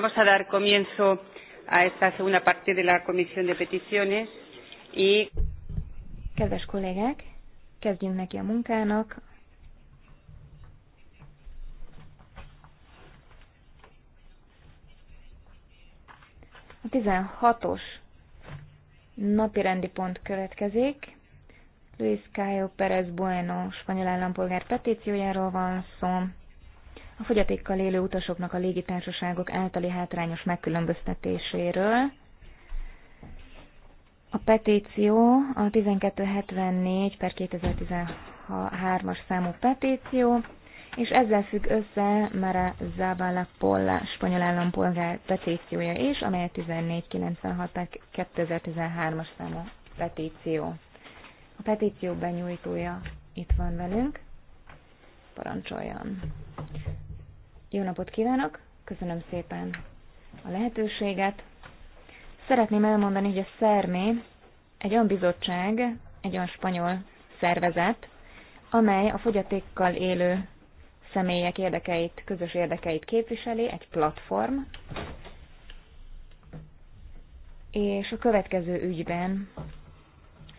Vamos a dar comienzo a esta segunda parte de la Comisión de Peticiones y... Kedves kollégák, kezdjünk neki a munkának. A 16-os napi rendi pont következik. Luis Cayo Pérez Bueno spanyol állampolgár petíciójáról van szó. Szóval a fogyatékkal élő utasoknak a légitársaságok általi hátrányos megkülönböztetéséről. A petíció a 1274 per 2013-as számú petíció, és ezzel függ össze már a Zabala Polla spanyol állampolgár petíciója is, amely a 1496 per 2013-as számú petíció. A petíció benyújtója itt van velünk. Parancsoljon. Jó napot kívánok, köszönöm szépen a lehetőséget. Szeretném elmondani, hogy a Szermé egy olyan bizottság, egy olyan spanyol szervezet, amely a fogyatékkal élő személyek érdekeit, közös érdekeit képviseli, egy platform, és a következő ügyben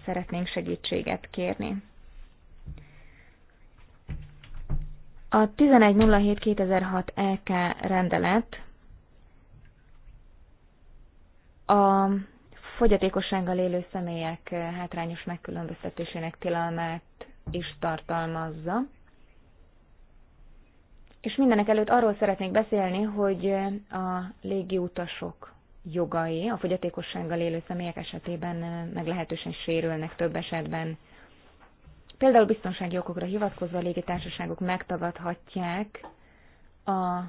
szeretnénk segítséget kérni. A 1107-2006 EK rendelet a fogyatékossággal élő személyek hátrányos megkülönböztetésének tilalmát is tartalmazza. És mindenek előtt arról szeretnék beszélni, hogy a légiutasok jogai a fogyatékossággal élő személyek esetében meglehetősen sérülnek több esetben. Például biztonsági okokra hivatkozva a légitársaságok megtagadhatják a,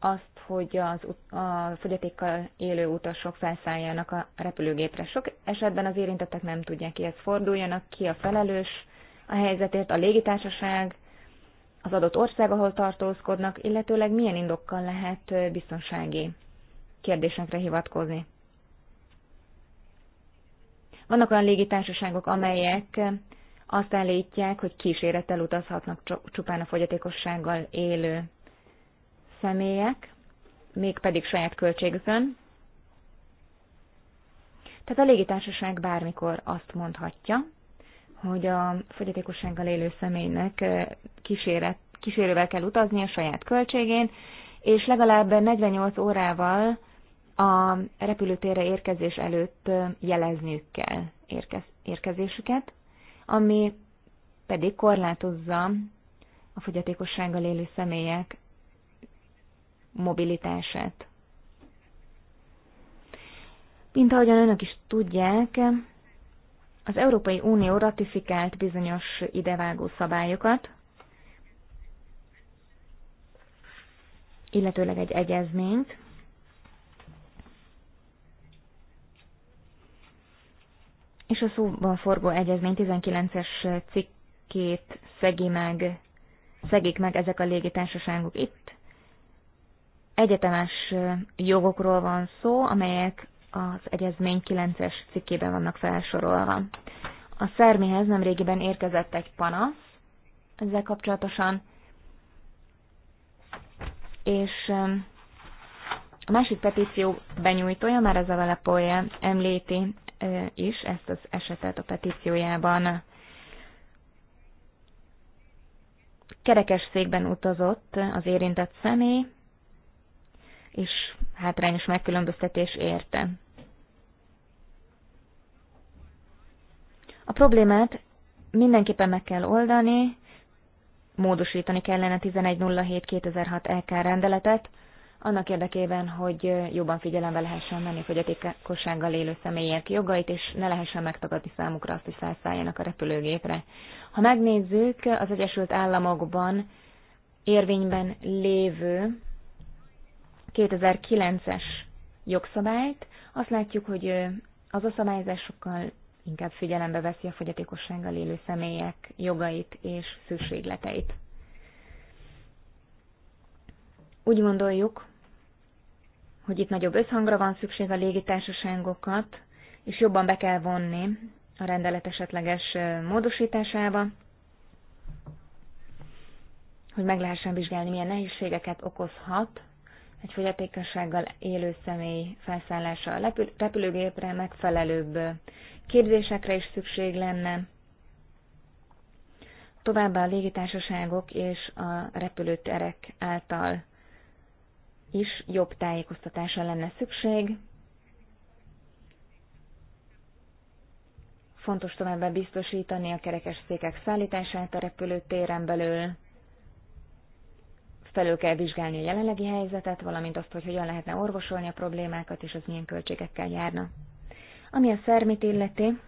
azt, hogy az, a fogyatékkal élő utasok felszálljanak a repülőgépre. Sok esetben az érintettek nem tudják, kihez forduljanak, ki a felelős a helyzetért, a légitársaság, az adott ország, ahol tartózkodnak, illetőleg milyen indokkal lehet biztonsági kérdésekre hivatkozni. Vannak olyan légitársaságok, amelyek azt állítják, hogy kísérettel utazhatnak csupán a fogyatékossággal élő személyek, mégpedig saját költségükön. Tehát a légitársaság bármikor azt mondhatja, hogy a fogyatékossággal élő személynek kíséret, kísérővel kell utazni a saját költségén, és legalább 48 órával a repülőtérre érkezés előtt jelezniük kell érkez, érkezésüket ami pedig korlátozza a fogyatékossággal élő személyek mobilitását. Mint ahogyan önök is tudják, az Európai Unió ratifikált bizonyos idevágó szabályokat, illetőleg egy egyezményt, és a szóban forgó egyezmény 19-es cikkét szegi meg, szegik meg ezek a légitársaságok itt. Egyetemes jogokról van szó, amelyek az egyezmény 9-es cikkében vannak felsorolva. A szermihez nemrégiben érkezett egy panasz ezzel kapcsolatosan, és um, a másik petíció benyújtója, már ez a Velepolje említi is ezt az esetet a petíciójában. Kerekes székben utazott az érintett személy, és hátrányos megkülönböztetés érte. A problémát mindenképpen meg kell oldani, módosítani kellene 1107-2006 LK rendeletet, annak érdekében, hogy jobban figyelembe lehessen menni fogyatékossággal élő személyek jogait, és ne lehessen megtagadni számukra azt, hogy felszálljanak a repülőgépre. Ha megnézzük az Egyesült Államokban érvényben lévő 2009-es jogszabályt, azt látjuk, hogy az a szabályzás sokkal inkább figyelembe veszi a fogyatékossággal élő személyek jogait és szükségleteit. Úgy gondoljuk, hogy itt nagyobb összhangra van szükség a légitársaságokat, és jobban be kell vonni a rendelet esetleges módosításába, hogy meg lehessen vizsgálni, milyen nehézségeket okozhat egy fogyatékossággal élő személy felszállása a repülőgépre, megfelelőbb képzésekre is szükség lenne. Továbbá a légitársaságok és a repülőterek által is jobb tájékoztatásra lenne szükség. Fontos továbbá biztosítani a kerekesszékek szállítását a repülőtéren belül. Felül kell vizsgálni a jelenlegi helyzetet, valamint azt, hogy hogyan lehetne orvosolni a problémákat, és az milyen költségekkel járna. Ami a szermit illeti,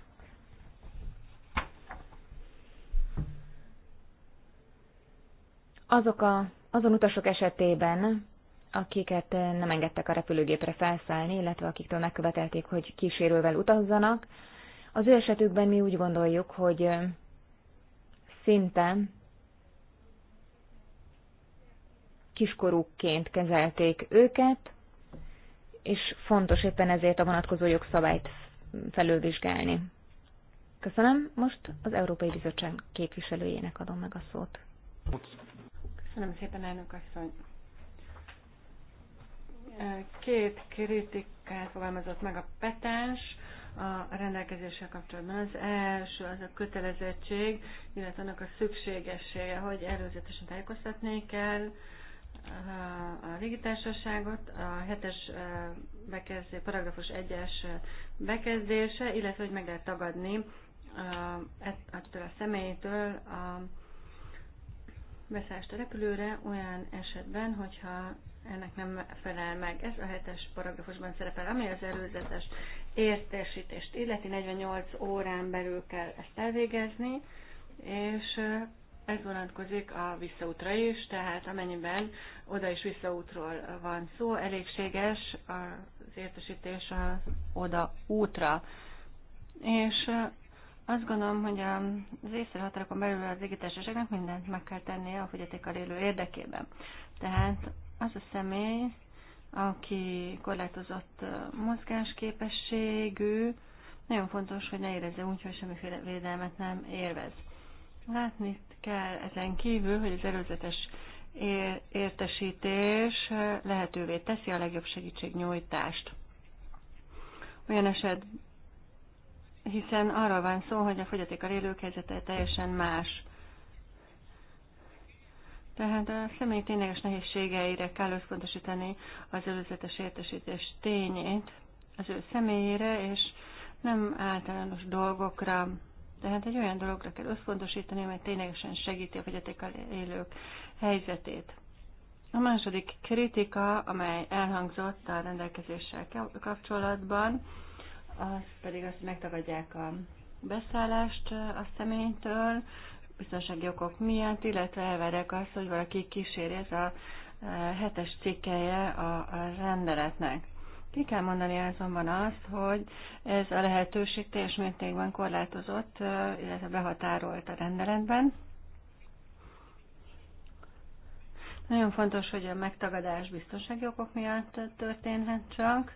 azok a, azon utasok esetében, akiket eh, nem engedtek a repülőgépre felszállni, illetve akiktől megkövetelték, hogy kísérővel utazzanak. Az ő esetükben mi úgy gondoljuk, hogy eh, szinte kiskorúkként kezelték őket, és fontos éppen ezért a vonatkozó jogszabályt felülvizsgálni. Köszönöm, most az Európai Bizottság képviselőjének adom meg a szót. Köszönöm szépen, elnök asszony. Két kritikát fogalmazott meg a petáns a rendelkezéssel kapcsolatban. Az első az a kötelezettség, illetve annak a szükségessége, hogy előzetesen tájékoztatni kell a légitársaságot, a hetes bekezdés, paragrafus egyes bekezdése, illetve hogy meg lehet tagadni ettől a személytől a beszállást a repülőre olyan esetben, hogyha ennek nem felel meg. Ez a hetes paragrafusban szerepel, ami az előzetes értesítést illeti, 48 órán belül kell ezt elvégezni, és ez vonatkozik a visszaútra is, tehát amennyiben oda és visszaútról van szó, elégséges az értesítés az oda útra. És azt gondolom, hogy az észrehatárokon belül az égitársaságnak mindent meg kell tennie a fogyatékkal élő érdekében. Tehát az a személy, aki korlátozott mozgásképességű, nagyon fontos, hogy ne érezze úgy, hogy semmiféle védelmet nem élvez. Látni kell ezen kívül, hogy az előzetes értesítés lehetővé teszi a legjobb segítségnyújtást. Olyan eset, hiszen arról van szó, hogy a fogyatékkal élők helyzete teljesen más. Tehát a személy tényleges nehézségeire kell összpontosítani az előzetes értesítés tényét az ő személyére, és nem általános dolgokra. Tehát egy olyan dologra kell összpontosítani, amely ténylegesen segíti a fogyatékkal élők helyzetét. A második kritika, amely elhangzott a rendelkezéssel kapcsolatban, az pedig azt, hogy megtagadják a beszállást a személytől, biztonsági okok miatt, illetve elvárják azt, hogy valaki kíséri ez a e, hetes cikkelje a rendeletnek. Ki kell mondani azonban azt, hogy ez a lehetőség teljes mértékben korlátozott, e, illetve behatárolt a rendeletben. Nagyon fontos, hogy a megtagadás biztonsági okok miatt történhet csak,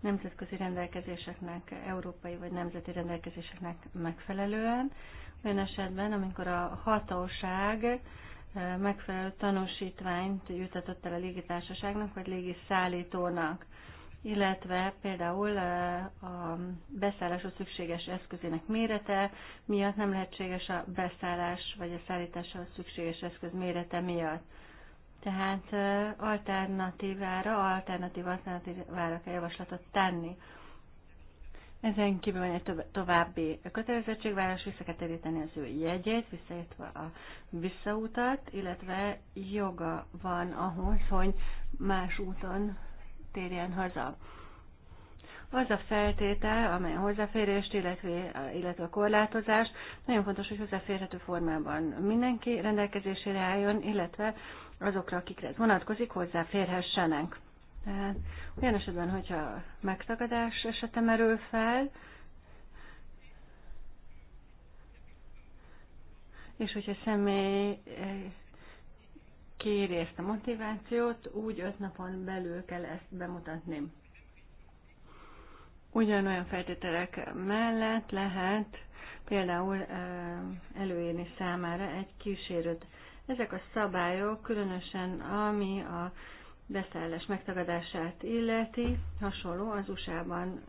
nemzetközi rendelkezéseknek, európai vagy nemzeti rendelkezéseknek megfelelően, olyan esetben, amikor a hatóság eh, megfelelő tanúsítványt jutatott el a légitársaságnak vagy légiszállítónak, illetve például eh, a beszálláshoz szükséges eszközének mérete miatt nem lehetséges a beszállás vagy a szállításhoz szükséges eszköz mérete miatt. Tehát eh, alternatívára, alternatív alternatívára kell javaslatot tenni. Ezen kívül van egy további kötelezettségvállalás vissza kell téríteni az ő jegyét, visszaértve a visszautat, illetve joga van ahhoz, hogy más úton térjen haza. Az a feltétel, amely a hozzáférést, illetve, illetve a korlátozást, nagyon fontos, hogy hozzáférhető formában mindenki rendelkezésére álljon, illetve azokra, akikre ez vonatkozik, hozzáférhessenek. Tehát olyan esetben, hogyha megtagadás esete merül fel, és hogyha személy eh, kéri ezt a motivációt, úgy öt napon belül kell ezt bemutatni. Ugyanolyan feltételek mellett lehet például eh, előírni számára egy kísérőt. Ezek a szabályok, különösen ami a beszállás megtagadását illeti, hasonló az USA-ban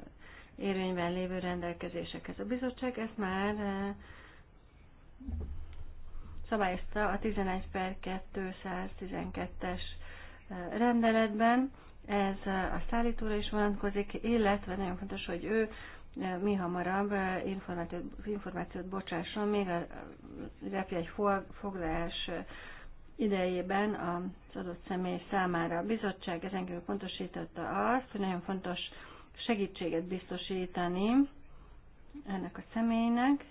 érvényben lévő rendelkezésekhez. A bizottság ezt már eh, szabályozta a 11 per 212-es eh, rendeletben, ez eh, a szállítóra is vonatkozik, illetve nagyon fontos, hogy ő mi hamarabb információt, információt bocsásson, még a repjegy foglalás idejében az adott személy számára. A bizottság ezen pontosította azt, hogy nagyon fontos segítséget biztosítani ennek a személynek.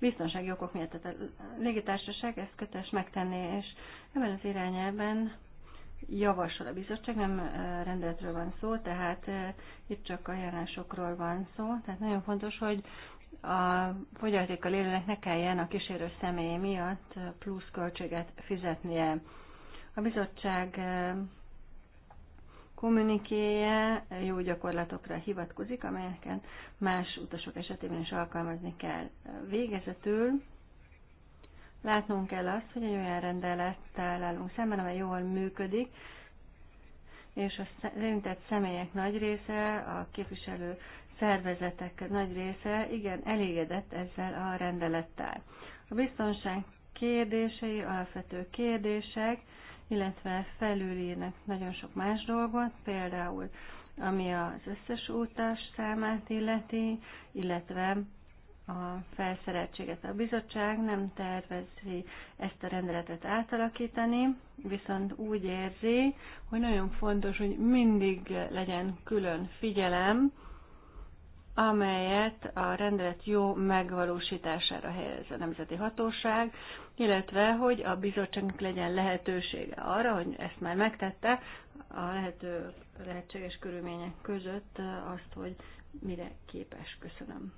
Biztonsági okok miatt tehát a légitársaság ezt köteles megtenni, és ebben az irányában javasol a bizottság, nem rendeletről van szó, tehát itt csak ajánlásokról van szó. Tehát nagyon fontos, hogy a fogyatékkal élőnek ne kelljen a kísérő személy miatt plusz költséget fizetnie. A bizottság kommunikéje jó gyakorlatokra hivatkozik, amelyeket más utasok esetében is alkalmazni kell. Végezetül látnunk kell azt, hogy egy olyan rendelettel állunk szemben, amely jól működik, és az érintett személyek nagy része a képviselő szervezetek nagy része igen elégedett ezzel a rendelettel. A biztonság kérdései, alapvető kérdések, illetve felülírnak nagyon sok más dolgot, például ami az összes utas számát illeti, illetve a felszereltséget a bizottság nem tervezi ezt a rendeletet átalakítani, viszont úgy érzi, hogy nagyon fontos, hogy mindig legyen külön figyelem amelyet a rendelet jó megvalósítására helyez a Nemzeti Hatóság, illetve hogy a bizottságnak legyen lehetősége arra, hogy ezt már megtette a lehető lehetséges körülmények között azt, hogy mire képes. Köszönöm.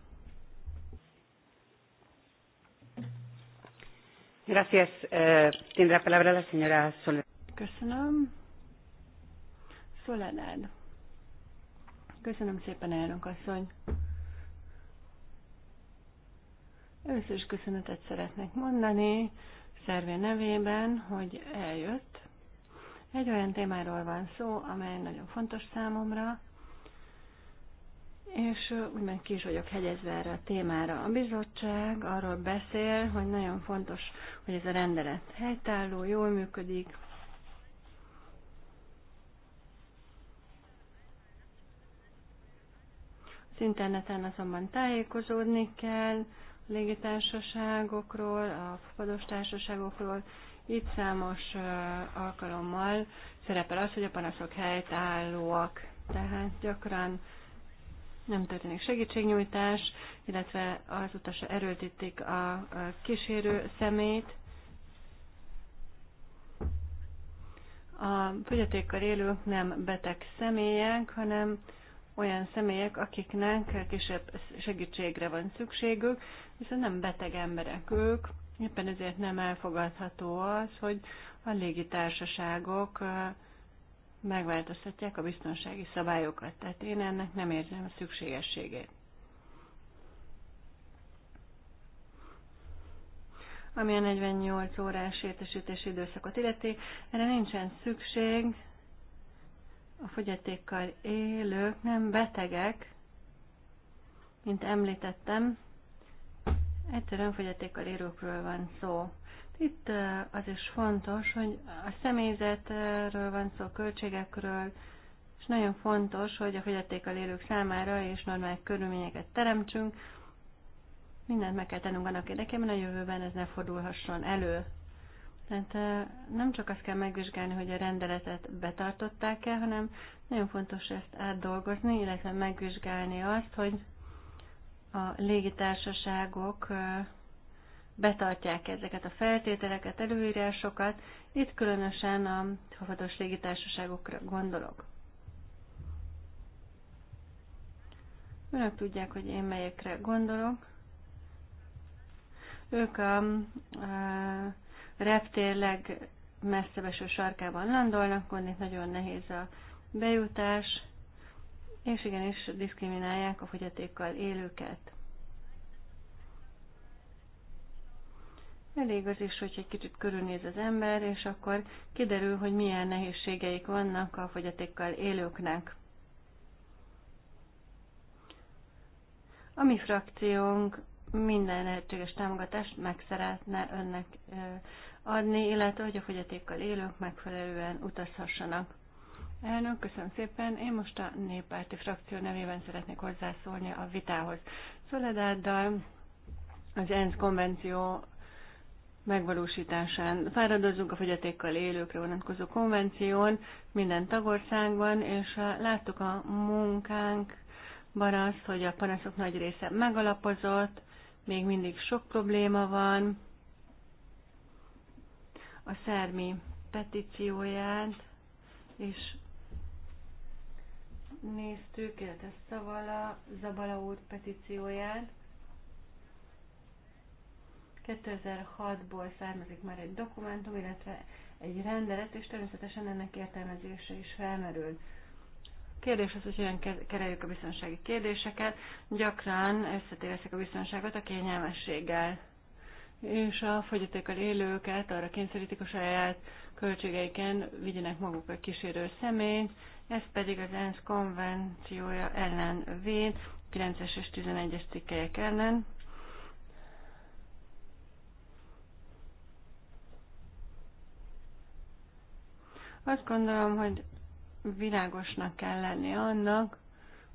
Gracias. Eh, tiene la palabra la señora Soledad. Köszönöm. Soledad. Köszönöm szépen, elnök asszony. Először is köszönetet szeretnék mondani Szervé nevében, hogy eljött. Egy olyan témáról van szó, amely nagyon fontos számomra, és úgymond ki is vagyok hegyezve erre a témára. A bizottság arról beszél, hogy nagyon fontos, hogy ez a rendelet helytálló, jól működik, Az interneten azonban tájékozódni kell a légitársaságokról, a fapados társaságokról. Itt számos alkalommal szerepel az, hogy a panaszok helytállóak, tehát gyakran nem történik segítségnyújtás, illetve az utasa erőltetik a kísérő szemét. A fogyatékkal élők nem beteg személyek, hanem olyan személyek, akiknek kisebb segítségre van szükségük, viszont nem beteg emberek ők, éppen ezért nem elfogadható az, hogy a légitársaságok megváltoztatják a biztonsági szabályokat. Tehát én ennek nem érzem a szükségességét. Ami a 48 órás értesítési időszakot illeti, erre nincsen szükség, a fogyatékkal élők nem betegek, mint említettem, egyszerűen fogyatékkal élőkről van szó. Itt az is fontos, hogy a személyzetről van szó, költségekről, és nagyon fontos, hogy a fogyatékkal élők számára és normál körülményeket teremtsünk. Mindent meg kell tennünk annak érdekében, hogy a jövőben ez ne fordulhasson elő. Tehát nem csak azt kell megvizsgálni, hogy a rendeletet betartották-e, hanem nagyon fontos ezt átdolgozni, illetve megvizsgálni azt, hogy a légitársaságok betartják ezeket a feltételeket, előírásokat. Itt különösen a havatos légitársaságokra gondolok. Önök tudják, hogy én melyekre gondolok. Ők a, a reptér legmesszebeső sarkában landolnak, onnit nagyon nehéz a bejutás, és igenis diszkriminálják a fogyatékkal élőket. Elég az is, hogy egy kicsit körülnéz az ember, és akkor kiderül, hogy milyen nehézségeik vannak a fogyatékkal élőknek. A mi frakciónk minden lehetséges támogatást meg szeretne önnek adni, illetve hogy a fogyatékkal élők megfelelően utazhassanak. Elnök, köszönöm szépen. Én most a néppárti frakció nevében szeretnék hozzászólni a vitához. Szoledáddal az ENSZ konvenció megvalósításán fáradozunk a fogyatékkal élőkre vonatkozó konvención minden tagországban, és eh, láttuk a munkánkban azt, hogy a panaszok nagy része megalapozott, még mindig sok probléma van, a szermi petícióját, és néztük, illetve Szavala, Zabala úr petícióját. 2006-ból származik már egy dokumentum, illetve egy rendelet, és természetesen ennek értelmezése is felmerül. Kérdés az, hogy hogyan kereljük a biztonsági kérdéseket. Gyakran összetéveszek a biztonságot a kényelmességgel és a fogyatékkal élőket arra kényszerítik a saját költségeiken vigyenek maguk a kísérő személy, ez pedig az ENSZ konvenciója ellen véd, 9-es és 11-es cikkelyek ellen. Azt gondolom, hogy világosnak kell lenni annak,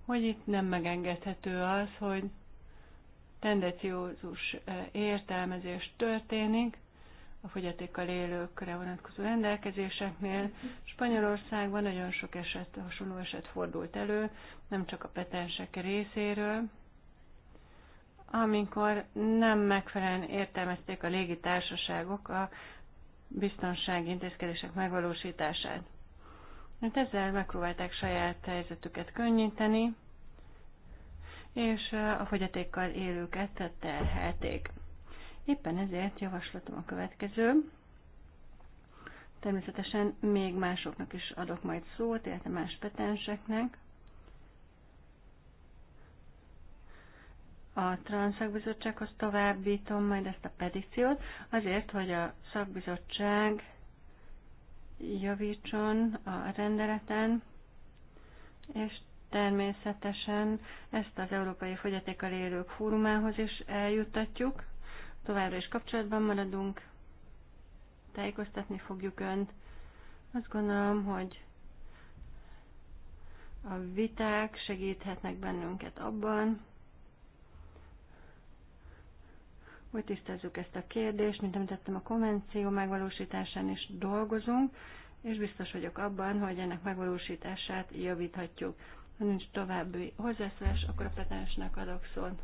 hogy itt nem megengedhető az, hogy tendenciózus értelmezés történik a fogyatékkal élőkre vonatkozó rendelkezéseknél. Spanyolországban nagyon sok eset, hasonló eset fordult elő, nem csak a petensek részéről, amikor nem megfelelően értelmezték a légitársaságok a biztonsági intézkedések megvalósítását. Mert ezzel megpróbálták saját helyzetüket könnyíteni, és a fogyatékkal élőket terhelték. Éppen ezért javaslatom a következő. Természetesen még másoknak is adok majd szót, illetve más petenseknek. A Transzakbizottsághoz továbbítom majd ezt a petíciót, azért, hogy a szakbizottság javítson a rendeleten, és természetesen ezt az Európai Fogyatékkal Élők Fórumához is eljuttatjuk. Továbbra is kapcsolatban maradunk, tájékoztatni fogjuk Önt. Azt gondolom, hogy a viták segíthetnek bennünket abban, hogy tisztázzuk ezt a kérdést, mint említettem, a konvenció megvalósításán is dolgozunk, és biztos vagyok abban, hogy ennek megvalósítását javíthatjuk. Ha nincs további hozzászólás, akkor a petensnek adok szót,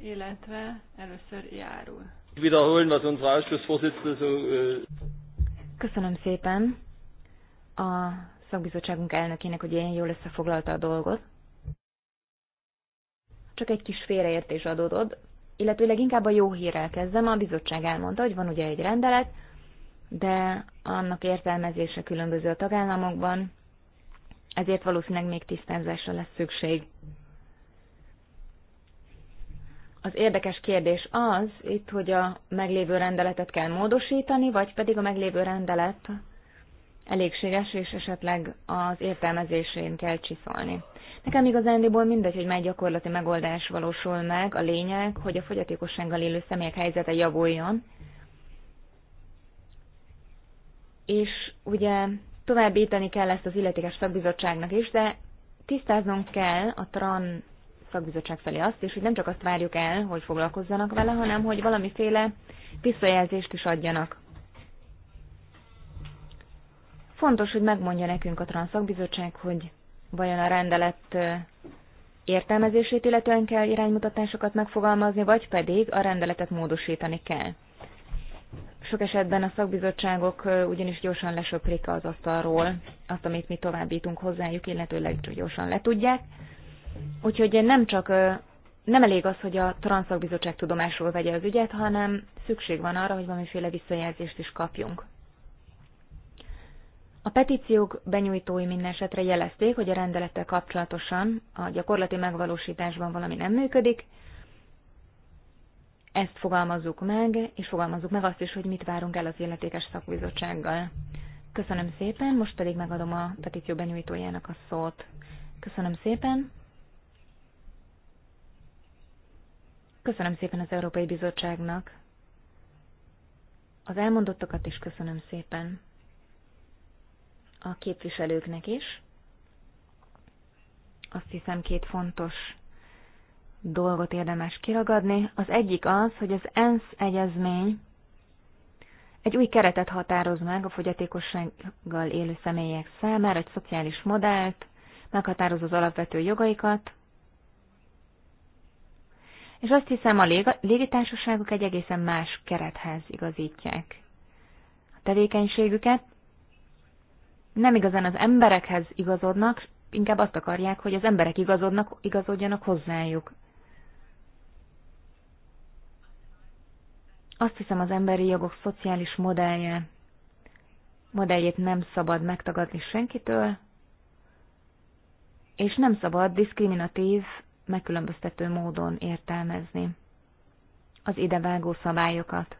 illetve először járul. Äh, Köszönöm szépen a szakbizottságunk elnökének, hogy ilyen jól összefoglalta a dolgot. Csak egy kis félreértés adódott, illetőleg inkább a jó hírrel kezdem. A bizottság elmondta, hogy van ugye egy rendelet, de annak értelmezése különböző a tagállamokban, ezért valószínűleg még tisztázásra lesz szükség. Az érdekes kérdés az itt, hogy a meglévő rendeletet kell módosítani, vagy pedig a meglévő rendelet elégséges, és esetleg az értelmezésén kell csiszolni. Nekem igazándiból mindegy, hogy mely gyakorlati megoldás valósul meg, a lényeg, hogy a fogyatékossággal élő személyek helyzete javuljon, és ugye Továbbítani kell ezt az illetékes szakbizottságnak is, de tisztáznunk kell a TRAN szakbizottság felé azt is, hogy nem csak azt várjuk el, hogy foglalkozzanak vele, hanem hogy valamiféle visszajelzést is adjanak. Fontos, hogy megmondja nekünk a Transzakbizottság, hogy vajon a rendelet értelmezését illetően kell iránymutatásokat megfogalmazni, vagy pedig a rendeletet módosítani kell. Sok esetben a szakbizottságok ugyanis gyorsan lesöprik az asztalról azt, amit mi továbbítunk hozzájuk, illetőleg gyorsan letudják. Úgyhogy nem csak nem elég az, hogy a transzakbizottság tudomásul vegye az ügyet, hanem szükség van arra, hogy valamiféle visszajelzést is kapjunk. A petíciók benyújtói minden esetre jelezték, hogy a rendelettel kapcsolatosan a gyakorlati megvalósításban valami nem működik, ezt fogalmazzuk meg, és fogalmazzuk meg azt is, hogy mit várunk el az illetékes szakbizottsággal. Köszönöm szépen, most pedig megadom a petíció benyújtójának a szót. Köszönöm szépen. Köszönöm szépen az Európai Bizottságnak. Az elmondottakat is köszönöm szépen. A képviselőknek is. Azt hiszem két fontos dolgot érdemes kiragadni. Az egyik az, hogy az ENSZ egyezmény egy új keretet határoz meg a fogyatékossággal élő személyek számára, egy szociális modellt, meghatároz az alapvető jogaikat, és azt hiszem a légitársaságok egy egészen más kerethez igazítják a tevékenységüket. Nem igazán az emberekhez igazodnak, inkább azt akarják, hogy az emberek igazodnak, igazodjanak hozzájuk. Azt hiszem az emberi jogok szociális modellje, modelljét nem szabad megtagadni senkitől, és nem szabad diszkriminatív, megkülönböztető módon értelmezni az idevágó szabályokat.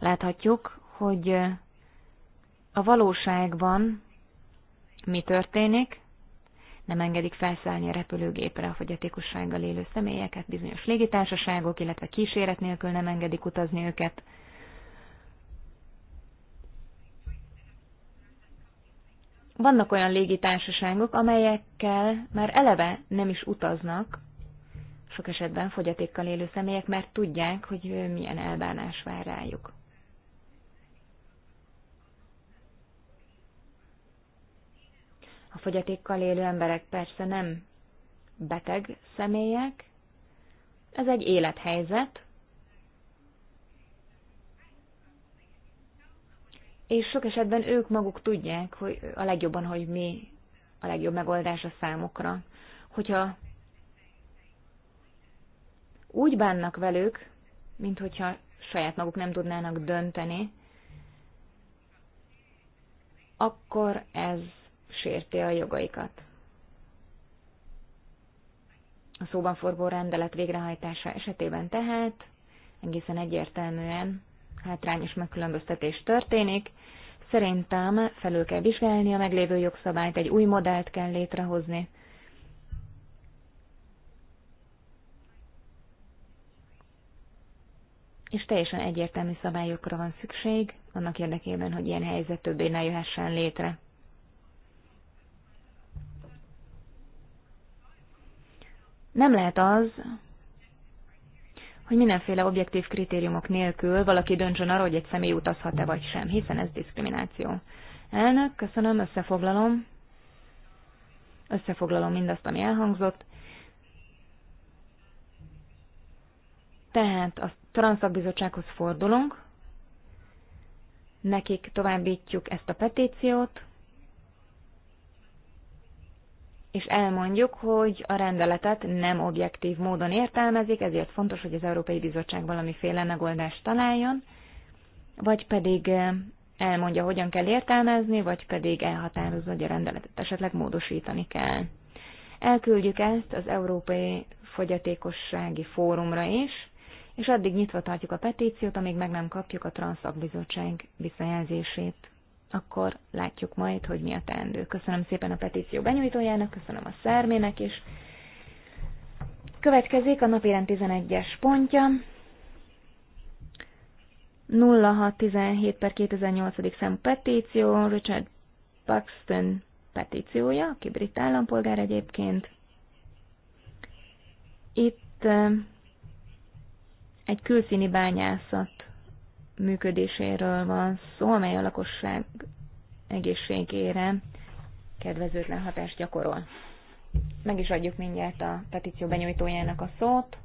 Láthatjuk, hogy a valóságban mi történik, nem engedik felszállni a repülőgépre a fogyatékossággal élő személyeket, bizonyos légitársaságok, illetve kíséret nélkül nem engedik utazni őket. Vannak olyan légitársaságok, amelyekkel már eleve nem is utaznak, sok esetben fogyatékkal élő személyek, mert tudják, hogy milyen elbánás vár rájuk. A fogyatékkal élő emberek persze nem beteg személyek, ez egy élethelyzet, és sok esetben ők maguk tudják hogy a legjobban, hogy mi a legjobb megoldás a számukra. Hogyha úgy bánnak velük, mint hogyha saját maguk nem tudnának dönteni, akkor ez sérti a jogaikat. A szóban forgó rendelet végrehajtása esetében tehát egészen egyértelműen hátrányos megkülönböztetés történik. Szerintem felül kell vizsgálni a meglévő jogszabályt, egy új modellt kell létrehozni. És teljesen egyértelmű szabályokra van szükség, annak érdekében, hogy ilyen helyzet többé ne jöhessen létre. Nem lehet az, hogy mindenféle objektív kritériumok nélkül valaki döntsön arról, hogy egy személy utazhat-e vagy sem, hiszen ez diszkrimináció. Elnök, köszönöm, összefoglalom. Összefoglalom mindazt, ami elhangzott. Tehát a Transzakbizottsághoz fordulunk, nekik továbbítjuk ezt a petíciót, és elmondjuk, hogy a rendeletet nem objektív módon értelmezik, ezért fontos, hogy az Európai Bizottság valamiféle megoldást találjon, vagy pedig eh, elmondja, hogyan kell értelmezni, vagy pedig elhatározza, hogy a rendeletet esetleg módosítani kell. Elküldjük ezt az Európai Fogyatékossági Fórumra is, és addig nyitva tartjuk a petíciót, amíg meg nem kapjuk a Transzakbizottság visszajelzését akkor látjuk majd, hogy mi a teendő. Köszönöm szépen a petíció benyújtójának, köszönöm a szermének is. Következik a napirend 11-es pontja. 0617 per 2008. számú petíció, Richard Buxton petíciója, aki brit állampolgár egyébként. Itt eh, egy külszíni bányászat működéséről van szó, amely a lakosság egészségére kedvezőtlen hatást gyakorol. Meg is adjuk mindjárt a petíció benyújtójának a szót,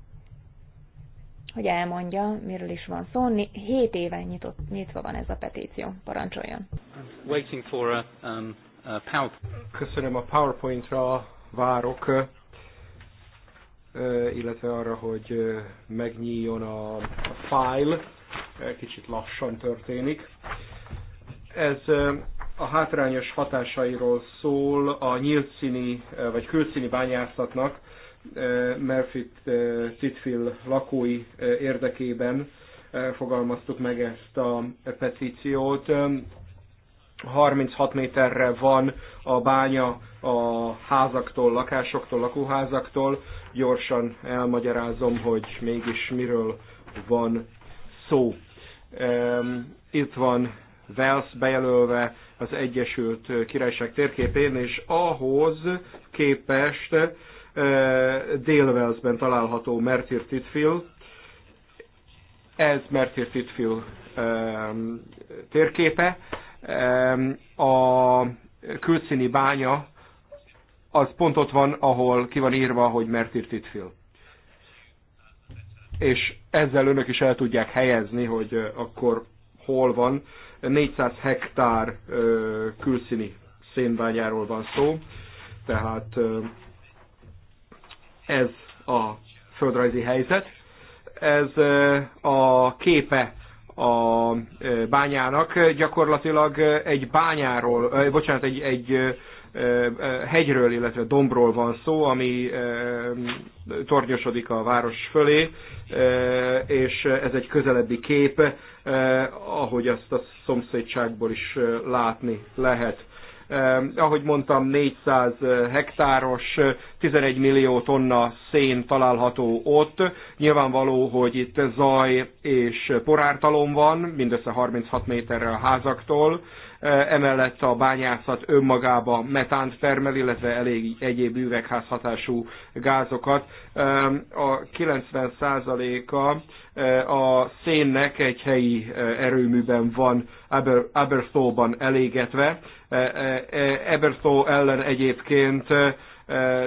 hogy elmondja, miről is van szó. Hét éven nyitott, nyitva van ez a petíció. Parancsoljon. Waiting for a, um, a PowerPoint. Köszönöm a várok illetve arra, hogy megnyíljon a, a file, kicsit lassan történik. Ez a hátrányos hatásairól szól a nyílt színi, vagy külszíni bányászatnak, Merfit Titfil lakói érdekében fogalmaztuk meg ezt a petíciót. 36 méterre van a bánya a házaktól, lakásoktól, lakóházaktól. Gyorsan elmagyarázom, hogy mégis miről van szó. Itt van Wales bejelölve az Egyesült Királyság térképén, és ahhoz képest eh, Dél-Walesben található Mertir Titfil. Ez Mertir Titfil térképe. A külszíni bánya az pont ott van, ahol ki van írva, hogy Mertir Titfil és ezzel önök is el tudják helyezni, hogy akkor hol van. 400 hektár külszíni szénbányáról van szó, tehát ez a földrajzi helyzet. Ez a képe a bányának gyakorlatilag egy bányáról, bocsánat, egy, egy hegyről, illetve dombról van szó, ami tornyosodik a város fölé, és ez egy közelebbi kép, ahogy azt a szomszédságból is látni lehet. Eh, ahogy mondtam, 400 hektáros, 11 millió tonna szén található ott. Nyilvánvaló, hogy itt zaj és porártalom van, mindössze 36 méterre a házaktól emellett a bányászat önmagába metánt termel, illetve elég egyéb üvegházhatású gázokat. A 90%-a a szénnek egy helyi erőműben van Aber, Aberthóban elégetve. Aberthó ellen egyébként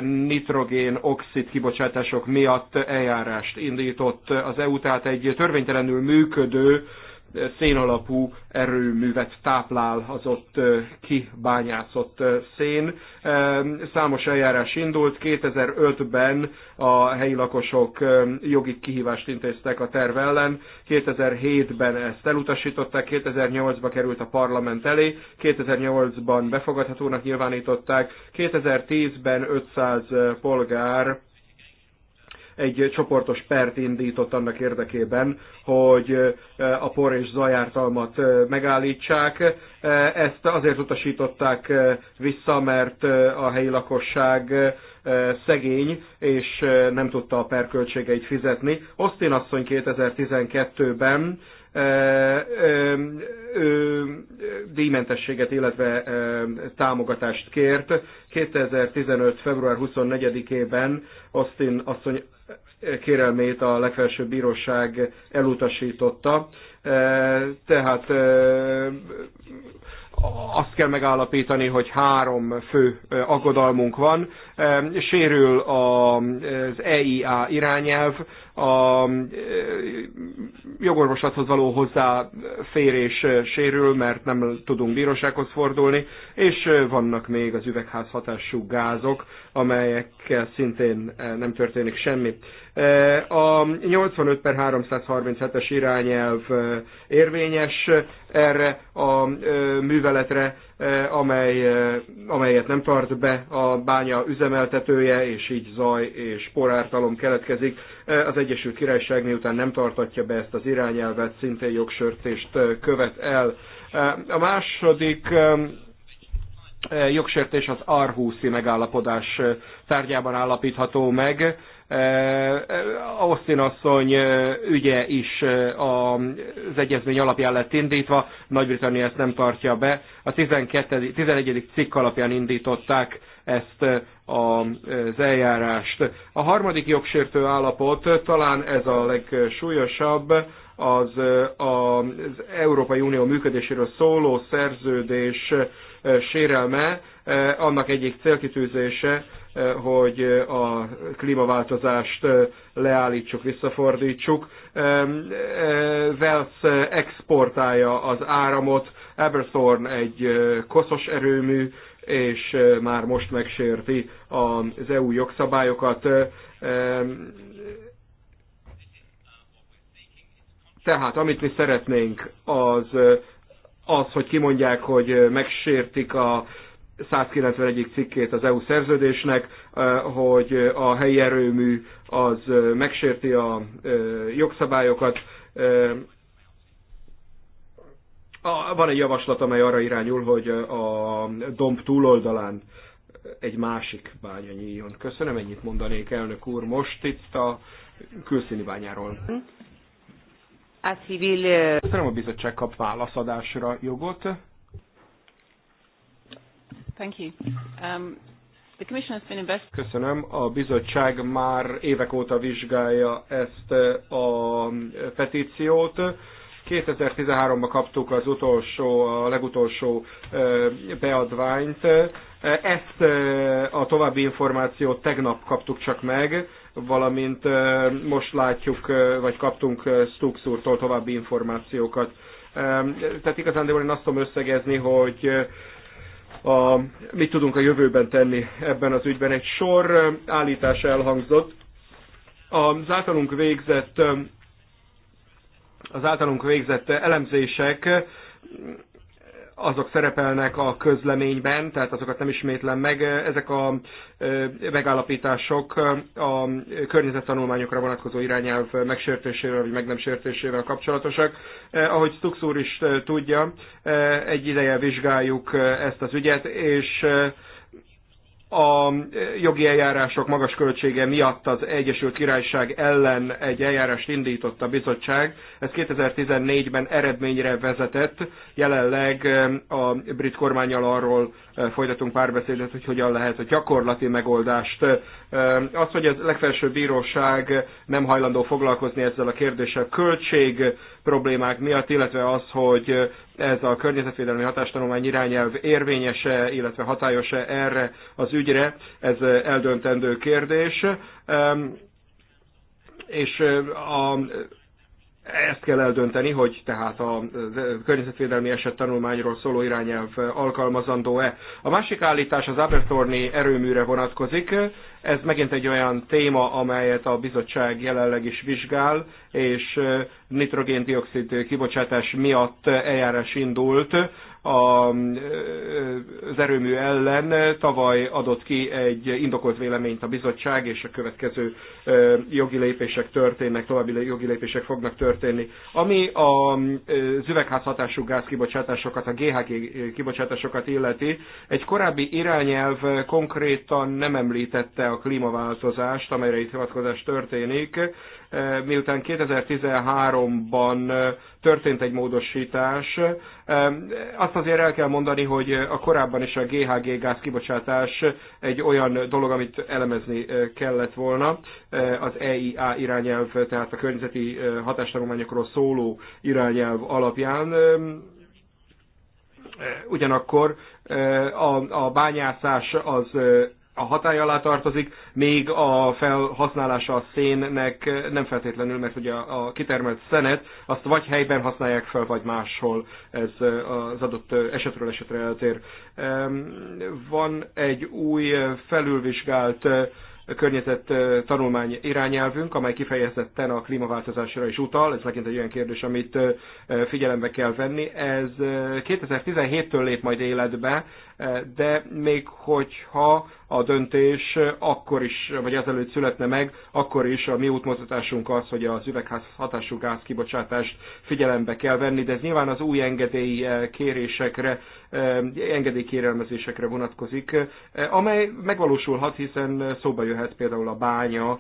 nitrogén oxid kibocsátások miatt eljárást indított az EU, tehát egy törvénytelenül működő szén alapú erőművet táplál az ott kibányászott szén. Számos eljárás indult, 2005-ben a helyi lakosok jogi kihívást intéztek a terv ellen, 2007-ben ezt elutasították, 2008 ban került a parlament elé, 2008-ban befogadhatónak nyilvánították, 2010-ben 500 polgár egy csoportos pert indított annak érdekében, hogy a por és zajártalmat megállítsák. Ezt azért utasították vissza, mert a helyi lakosság szegény, és nem tudta a perköltségeit fizetni. Osztin asszony 2012-ben díjmentességet, illetve támogatást kért. 2015. február 24-ében Austin asszony kérelmét a legfelsőbb bíróság elutasította. E, tehát e, azt kell megállapítani, hogy három fő e, aggodalmunk van. Sérül az EIA irányelv, a eh, jogorvoslathoz való hozzáférés eh, sérül, mert nem tudunk bírósághoz fordulni, és eh, vannak még az üvegházhatású gázok, amelyekkel szintén nem történik semmi. A 85 per 337-es irányelv érvényes erre a műveletre, amely, amelyet nem tart be a bánya üzemeltetője, és így zaj és porártalom keletkezik. Az Egyesült Királyság miután nem tartatja be ezt az irányelvet, szintén jogsörtést követ el. A második jogsértés az r megállapodás tárgyában állapítható meg. Austin asszony ügye is az egyezmény alapján lett indítva, Nagy-Britannia ezt nem tartja be. A 12, 11. cikk alapján indították ezt eh, az eljárást. A harmadik jogsértő állapot, eh, talán ez a legsúlyosabb, az eh, az Európai Unió működéséről szóló szerződés sérelme, annak egyik célkitűzése, hogy a klímaváltozást leállítsuk, visszafordítsuk. Wells exportálja az áramot, Aberthorn egy koszos erőmű, és már most megsérti az EU jogszabályokat. Tehát amit mi szeretnénk, az az, hogy kimondják, hogy megsértik a 191. cikkét az EU szerződésnek, hogy a helyi erőmű az megsérti a jogszabályokat, a, van egy javaslat, amely arra irányul, hogy a domb túloldalán egy másik bánya nyíljon. Köszönöm, ennyit mondanék, elnök úr. Most itt a külszíni bányáról. A civil... Köszönöm, a bizottság kap válaszadásra jogot. Thank you. Um, the commission has been Köszönöm. A bizottság már évek óta vizsgálja ezt a petíciót 2013-ban kaptuk az utolsó, a legutolsó beadványt. Ezt a további információt tegnap kaptuk csak meg, valamint most látjuk, vagy kaptunk Stux úrtól további információkat. Tehát igazán, de én azt tudom összegezni, hogy a, mit tudunk a jövőben tenni ebben az ügyben. Egy sor állítás elhangzott. Az általunk végzett az általunk végzett elemzések azok szerepelnek a közleményben, tehát azokat nem ismétlem meg. Ezek a megállapítások a környezettanulmányokra vonatkozó irányelv megsértésével vagy meg nem sértésével kapcsolatosak. Ahogy Stux úr is tudja, egy ideje vizsgáljuk ezt az ügyet, és a jogi eljárások magas költsége miatt az Egyesült Királyság ellen egy eljárást indított a bizottság. Ez 2014-ben eredményre vezetett. Jelenleg eh, a brit kormányjal arról eh, folytatunk párbeszédet, hogy hogyan lehet a gyakorlati megoldást. Eh, az, hogy a legfelsőbb bíróság nem hajlandó foglalkozni ezzel a kérdéssel, költség problémák miatt, illetve az, hogy ez a környezetvédelmi hatástanulmány irányelv érvényese, illetve hatályos-e erre az ügyre, ez eldöntendő kérdés. És a ezt kell eldönteni, hogy tehát a környezetvédelmi eset tanulmányról szóló irányelv alkalmazandó-e. A másik állítás az Abertorni erőműre vonatkozik. Ez megint egy olyan téma, amelyet a bizottság jelenleg is vizsgál, és nitrogéndioxid kibocsátás miatt eljárás indult az erőmű ellen tavaly adott ki egy indokolt véleményt a bizottság, és a következő jogi lépések történnek, további jogi lépések fognak történni. Ami a üvegházhatású gázkibocsátásokat, a GHG kibocsátásokat illeti, egy korábbi irányelv konkrétan nem említette a klímaváltozást, amelyre itt hivatkozás történik, miután 2013-ban történt egy módosítás, azt azért el kell mondani, hogy a korábban is a GHG gáz kibocsátás egy olyan dolog, amit elemezni kellett volna. Az EIA irányelv, tehát a környezeti hatástanulmányokról szóló irányelv alapján ugyanakkor a, a bányászás az a hatály alá tartozik, még a felhasználása a szénnek nem feltétlenül, mert ugye a kitermelt szenet azt vagy helyben használják fel, vagy máshol. Ez eh, az adott eh, esetről esetre eltér. Van egy új eh, felülvizsgált környezet tanulmány irányelvünk, amely kifejezetten a klímaváltozásra is utal. Ez megint egy olyan kérdés, amit figyelembe kell venni. Ez 2017-től lép majd életbe, de még hogyha a döntés akkor is, vagy ezelőtt születne meg, akkor is a mi útmutatásunk az, hogy az üvegház hatású gáz kibocsátást figyelembe kell venni, de ez nyilván az új engedély eh, kérésekre, eh, engedélykérelmezésekre vonatkozik, eh, amely megvalósulhat, hiszen szóba jöhet például a bánya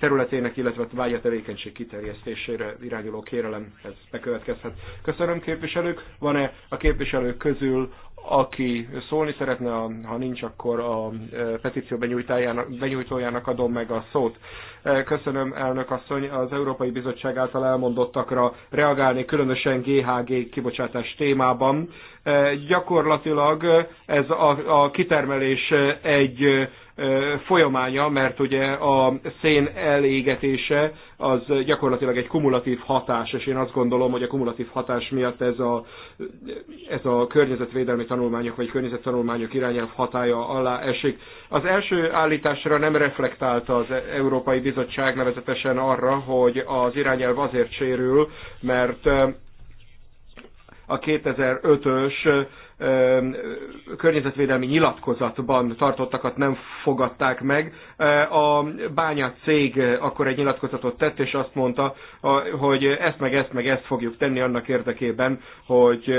területének, illetve a bánya tevékenység kiterjesztésére irányuló kérelem, ez bekövetkezhet. Köszönöm képviselők, van-e a képviselők közül, aki szólni szeretne, ha nincs, akkor a e, petíció benyújtójának adom meg a szót. E, köszönöm, elnök asszony, az Európai Bizottság által elmondottakra reagálni, különösen GHG kibocsátás témában. E, gyakorlatilag ez a, a kitermelés egy folyamánya, mert ugye a szén elégetése az gyakorlatilag egy kumulatív hatás, és én azt gondolom, hogy a kumulatív hatás miatt ez a, ez a környezetvédelmi tanulmányok vagy környezettanulmányok irányelv hatája alá esik. Az első állításra nem reflektálta az Európai Bizottság nevezetesen arra, hogy az irányelv azért sérül, mert a 2005-ös környezetvédelmi nyilatkozatban tartottakat nem fogadták meg. A bánya cég akkor egy nyilatkozatot tett, és azt mondta, hogy ezt meg ezt meg ezt fogjuk tenni annak érdekében, hogy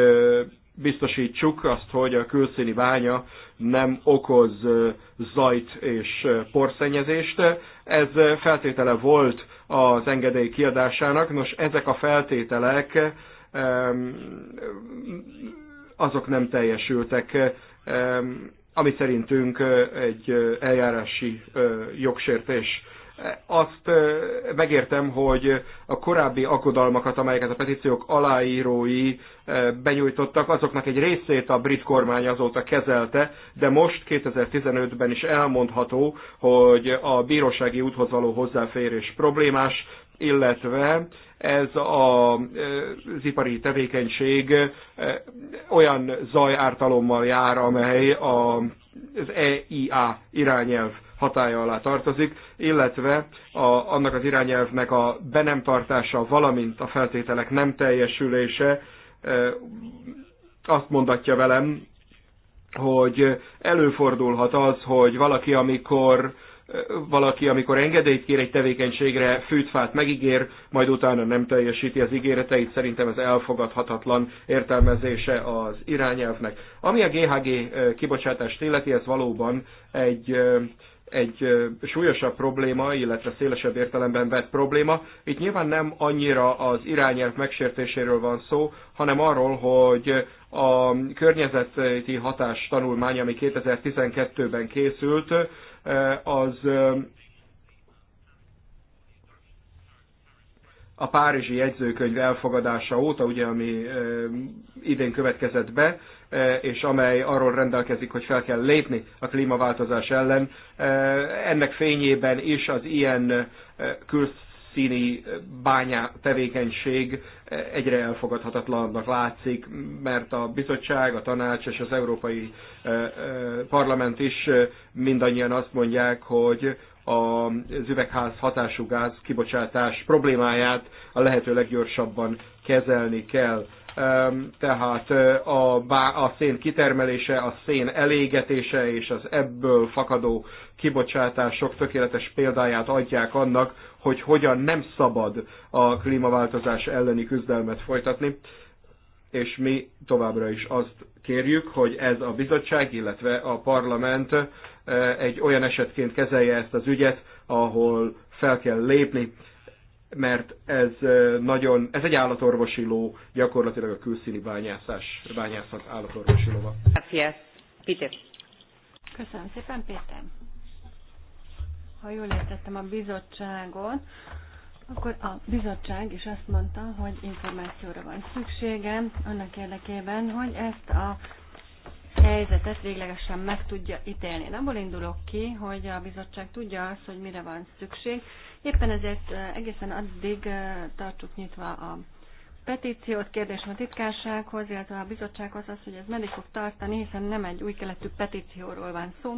biztosítsuk azt, hogy a külszíni bánya nem okoz zajt és porszennyezést. Ez feltétele volt az engedély kiadásának. Nos, ezek a feltételek azok nem teljesültek, eh, ami szerintünk eh, egy eh, eljárási jogsértés. Azt megértem, hogy a korábbi akodalmakat, amelyeket a petíciók aláírói benyújtottak, azoknak egy részét a brit kormány azóta kezelte, de most 2015-ben is elmondható, hogy a bírósági úthoz való hozzáférés problémás, illetve ez a, az ipari tevékenység eh, olyan zajártalommal jár, amely az EIA irányelv hatája alá tartozik, illetve a, annak az irányelvnek a be nem tartása, valamint a feltételek nem teljesülése eh, azt mondatja velem, hogy előfordulhat az, hogy valaki, amikor valaki, amikor engedélyt kér egy tevékenységre, főtfát megígér, majd utána nem teljesíti az ígéreteit, szerintem ez elfogadhatatlan értelmezése az irányelvnek. Ami a GHG eh, kibocsátást illeti, ez valóban egy eh, egy eh, súlyosabb probléma, illetve szélesebb értelemben vett probléma. Itt nyilván nem annyira az irányelv megsértéséről van szó, hanem arról, hogy a környezeti hatás tanulmány, ami 2012-ben készült, az a Párizsi jegyzőkönyv elfogadása óta, ugye, ami idén következett be, és amely arról rendelkezik, hogy fel kell lépni a klímaváltozás ellen. Ennek fényében is az ilyen színi bánya tevékenység egyre elfogadhatatlannak látszik, mert a bizottság, a tanács és az Európai eh, eh, Parlament is eh, mindannyian azt mondják, hogy az üvegház hatású gáz kibocsátás problémáját a lehető leggyorsabban kezelni kell tehát a, a szén kitermelése, a szén elégetése és az ebből fakadó kibocsátások tökéletes példáját adják annak, hogy hogyan nem szabad a klímaváltozás elleni küzdelmet folytatni és mi továbbra is azt kérjük, hogy ez a bizottság, illetve a parlament egy olyan esetként kezelje ezt az ügyet, ahol fel kell lépni mert ez nagyon, ez egy állatorvosi ló, gyakorlatilag a külszíni bányászás, bányászat állatorvosi lova. Köszönöm szépen, Péter. Ha jól értettem a bizottságot, akkor a bizottság is azt mondta, hogy információra van szüksége annak érdekében, hogy ezt a helyzetet véglegesen meg tudja ítélni. Nem abból indulok ki, hogy a bizottság tudja azt, hogy mire van szükség, Éppen ezért egészen addig tartjuk nyitva a petíciót, kérdésem a titkársághoz, illetve a bizottsághoz az, hogy ez meddig fog tartani, hiszen nem egy új keletű petícióról van szó,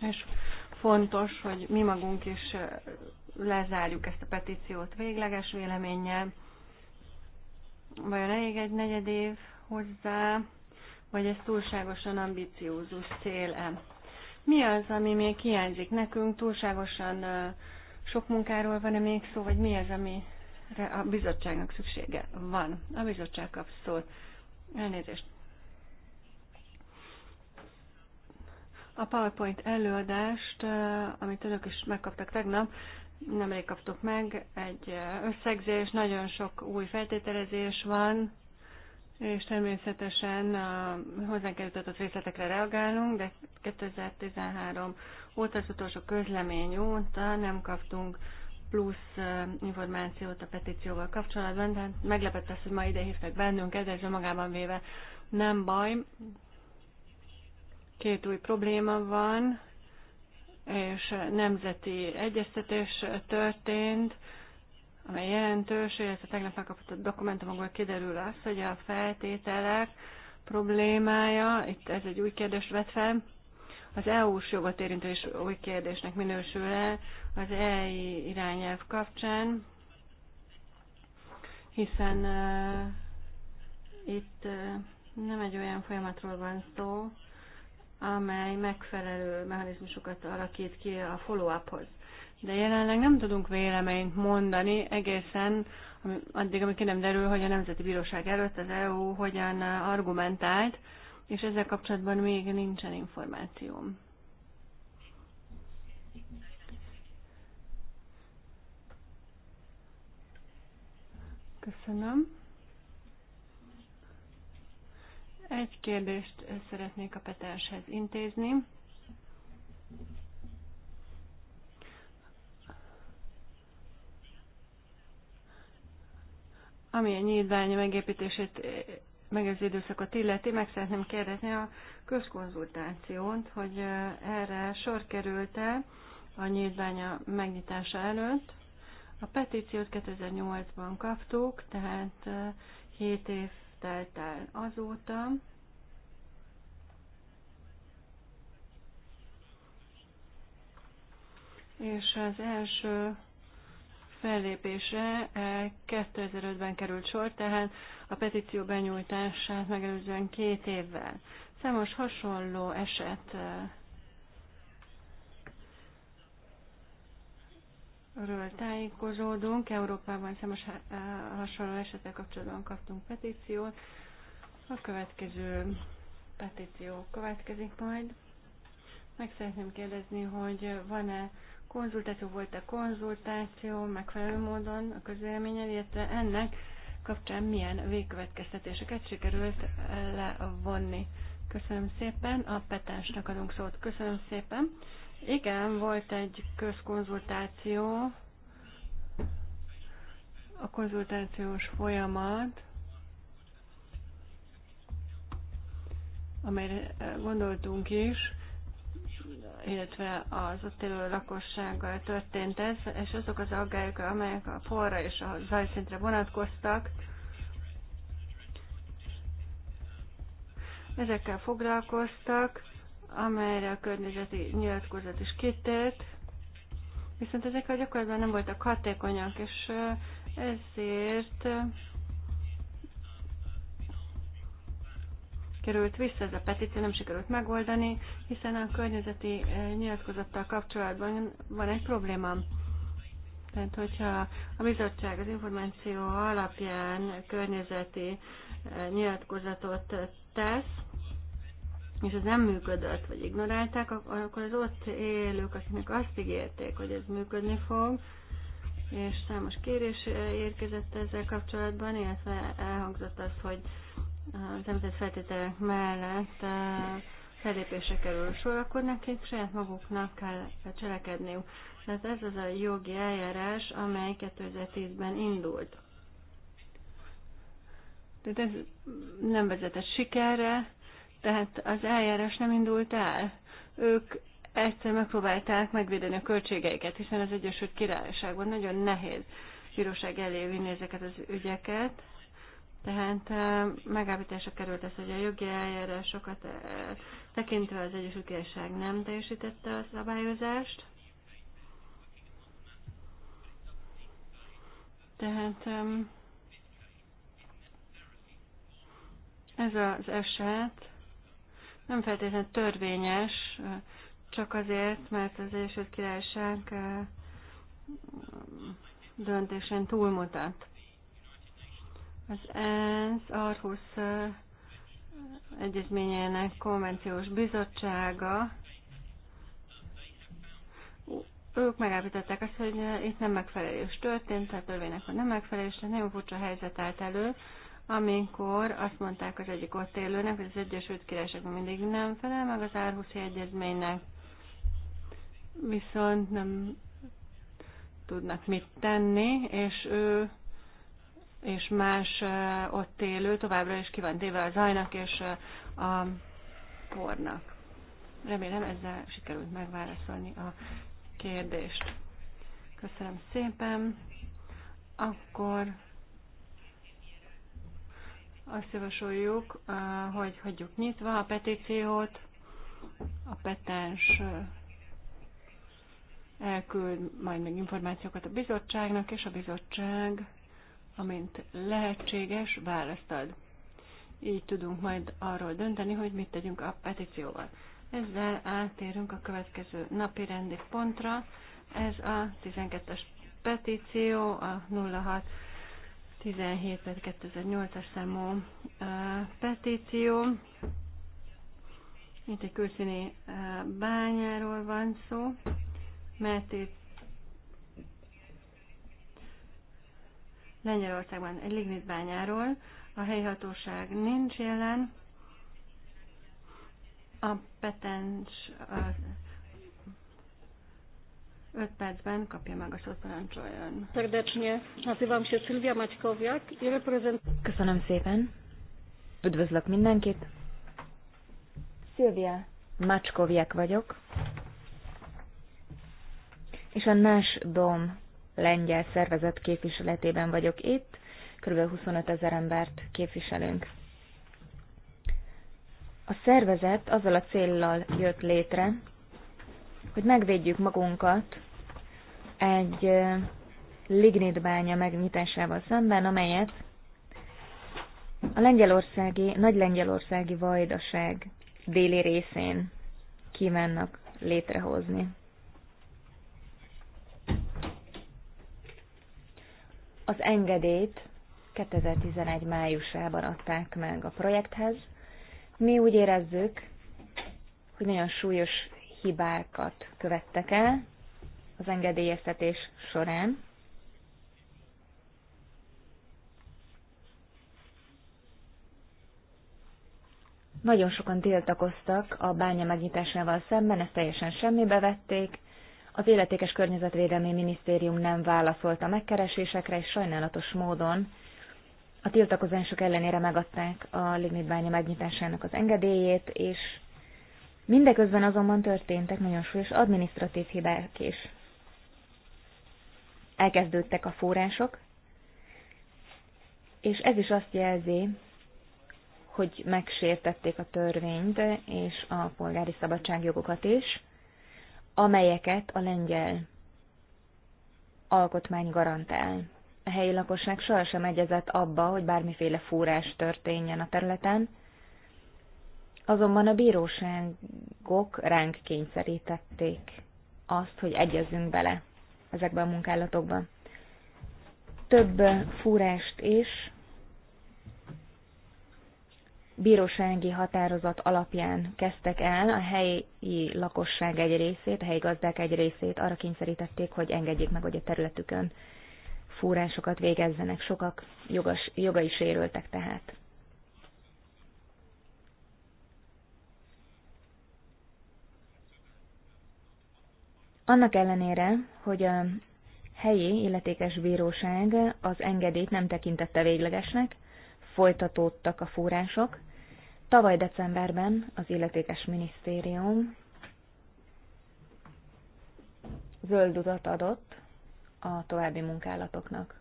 és fontos, hogy mi magunk is lezárjuk ezt a petíciót végleges véleménnyel. Vajon elég egy negyed év hozzá, vagy ez túlságosan ambiciózus cél -e? Mi az, ami még hiányzik nekünk? Túlságosan sok munkáról van-e még szó, vagy mi az, amire a bizottságnak szüksége van. A bizottság kap szót. Elnézést. A PowerPoint előadást, amit önök is megkaptak tegnap, nemrég kaptuk meg, egy összegzés, nagyon sok új feltételezés van, és természetesen a, hozzánk az részletekre reagálunk, de 2013 óta, az utolsó közlemény óta nem kaptunk plusz információt a petícióval kapcsolatban, tehát meglepett az, hogy ma ide hívtak bennünket, ez magában véve nem baj. Két új probléma van, és nemzeti egyeztetés történt, amely jelentős, illetve tegnap megkapott ahol kiderül az, hogy a feltételek problémája, itt ez egy új kérdést vet fel, az EU-s jogot érintő és új kérdésnek minősül-e az EI irányelv kapcsán, hiszen uh, itt uh, nem egy olyan folyamatról van szó, amely megfelelő mechanizmusokat alakít ki a follow-uphoz de jelenleg nem tudunk véleményt mondani egészen addig, amíg ki nem derül, hogy a Nemzeti Bíróság előtt az EU hogyan argumentált, és ezzel kapcsolatban még nincsen információm. Köszönöm. Egy kérdést szeretnék a Petershez intézni. Ami a nyitvány megépítését, eh, meg az időszakot illeti, meg szeretném kérdezni a közkonzultációt, hogy eh, erre sor került-e a nyitványa megnyitása előtt. A petíciót 2008-ban kaptuk, tehát 7 eh, év telt el azóta. És az első fellépésre 2005-ben eh, került sor, tehát a petíció benyújtását megelőzően két évvel. Számos hasonló eset eh, ről tájékozódunk. Európában számos eh, hasonló esetek kapcsolatban kaptunk petíciót. A következő petíció következik majd. Meg szeretném kérdezni, hogy van-e konzultáció volt a konzultáció megfelelő módon a közvéleménnyel, illetve ennek kapcsán milyen végkövetkeztetéseket sikerült levonni. Köszönöm szépen, a petásnak adunk szót. Köszönöm szépen. Igen, volt egy közkonzultáció, a konzultációs folyamat, amelyre gondoltunk is, illetve az ott élő lakossággal történt ez, és azok az aggályok, amelyek a forra és a zajszintre vonatkoztak, ezekkel foglalkoztak, amelyre a környezeti nyilatkozat is kitért, viszont ezek a gyakorlatban nem voltak hatékonyak, és ezért került vissza, ez a petíció nem sikerült megoldani, hiszen a környezeti eh, nyilatkozattal kapcsolatban van egy probléma. Tehát, hogyha a bizottság az információ alapján környezeti eh, nyilatkozatot tesz, és ez nem működött, vagy ignorálták, akkor az ott élők, akiknek azt ígérték, hogy ez működni fog, és számos kérés eh, érkezett ezzel kapcsolatban, illetve elhangzott az, hogy az említett feltételek mellett eh, fellépésre kerül sor, akkor nekik saját maguknak kell cselekedniük. Tehát ez az a jogi eljárás, amely 2010-ben indult. Tehát ez nem vezetett sikerre, tehát az eljárás nem indult el. Ők egyszer megpróbálták megvédeni a költségeiket, hiszen az Egyesült Királyságban nagyon nehéz bíróság elé vinni ezeket az ügyeket, tehát megállapításra került ez, hogy a jogi eljárásokat tekintve az Egyesült Királyság nem teljesítette a szabályozást. Tehát ez az eset nem feltétlenül törvényes, csak azért, mert az Egyesült Királyság döntésen túlmutat. Az ENSZ Arhusz egyezményének konvenciós bizottsága ők megállapították azt, hogy itt nem megfelelős történt, tehát törvénynek, hogy nem megfelelős, tehát nagyon furcsa helyzet állt elő, amikor azt mondták az egyik ott élőnek, hogy az Egyesült Királyságban mindig nem felel meg az Árhuszi Egyezménynek, viszont nem tudnak mit tenni, és ő és más ott élő továbbra is ki van téve a zajnak és a pornak. Remélem ezzel sikerült megválaszolni a kérdést. Köszönöm szépen. Akkor azt javasoljuk, hogy hagyjuk nyitva a petíciót. A petens elküld majd még információkat a bizottságnak, és a bizottság amint lehetséges, választ ad. Így tudunk majd arról dönteni, hogy mit tegyünk a petícióval. Ezzel átérünk a következő napi rendi pontra. Ez a 12-es petíció, a 06 17 2008-as számú petíció. Itt egy külszíni bányáról van szó, mert itt Lengyelországban egy lignitbányáról. A helyi hatóság nincs jelen. A petens az 5 percben kapja meg a szót, parancsoljon. Serdecznie nazywam się Szilvia Maćkowiak Köszönöm szépen. Üdvözlök mindenkit. Szilvia Macskoviak vagyok, és a Nash Dom lengyel szervezet képviseletében vagyok itt, kb. 25 ezer embert képviselünk. A szervezet azzal a céllal jött létre, hogy megvédjük magunkat egy lignitbánya megnyitásával szemben, amelyet a lengyelországi, nagy lengyelországi vajdaság déli részén kívánnak létrehozni. Az engedélyt 2011 májusában adták meg a projekthez. Mi úgy érezzük, hogy nagyon súlyos hibákat követtek el az engedélyeztetés során. Nagyon sokan tiltakoztak a bánya megnyitásával szemben, ezt teljesen semmibe vették, az Életékes Környezetvédelmi Minisztérium nem válaszolt a megkeresésekre, és sajnálatos módon a tiltakozások ellenére megadták a lignitbánya megnyitásának az engedélyét, és mindeközben azonban történtek nagyon súlyos administratív hibák is. Elkezdődtek a források, és ez is azt jelzi, hogy megsértették a törvényt és a polgári szabadságjogokat is amelyeket a lengyel alkotmány garantál. A helyi lakosság sohasem egyezett abba, hogy bármiféle fúrás történjen a területen, azonban a bíróságok ránk kényszerítették azt, hogy egyezzünk bele ezekbe a munkálatokba. Több fúrást is bírósági határozat alapján kezdtek el a helyi lakosság egy részét, a helyi gazdák egy részét arra kényszerítették, hogy engedjék meg, hogy a területükön fúrásokat végezzenek. Sokak jogas, jogai sérültek tehát. Annak ellenére, hogy a helyi illetékes bíróság az engedélyt nem tekintette véglegesnek, folytatódtak a fúrások, Tavaly decemberben az illetékes minisztérium zöld utat adott a további munkálatoknak.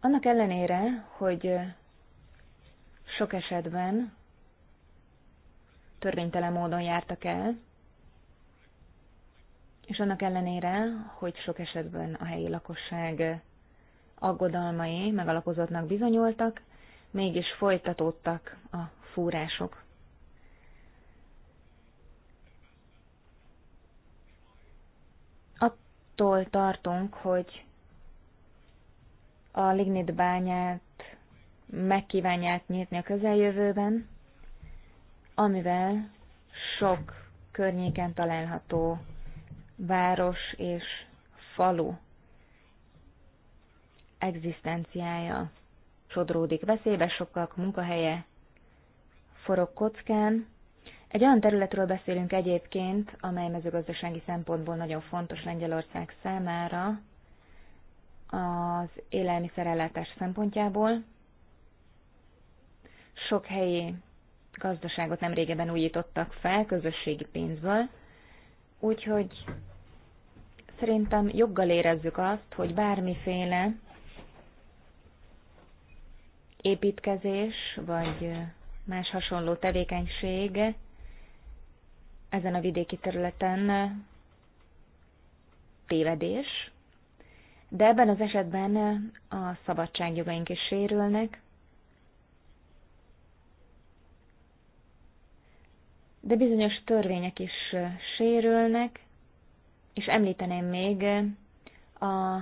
Annak ellenére, hogy sok esetben törvénytelen módon jártak el, és annak ellenére, hogy sok esetben a helyi lakosság aggodalmai megalapozottnak bizonyultak, mégis folytatódtak a fúrások. Attól tartunk, hogy a lignit bányát megkívánják nyitni a közeljövőben, amivel sok környéken található város és falu egzisztenciája sodródik veszélybe, sokak munkahelye forog kockán. Egy olyan területről beszélünk egyébként, amely mezőgazdasági szempontból nagyon fontos Lengyelország számára, az élelmiszerellátás szempontjából. Sok helyi gazdaságot nem régebben újítottak fel közösségi pénzből, úgyhogy szerintem joggal érezzük azt, hogy bármiféle építkezés vagy más hasonló tevékenység ezen a vidéki területen tévedés, de ebben az esetben a szabadságjogaink is sérülnek, de bizonyos törvények is sérülnek, és említeném még a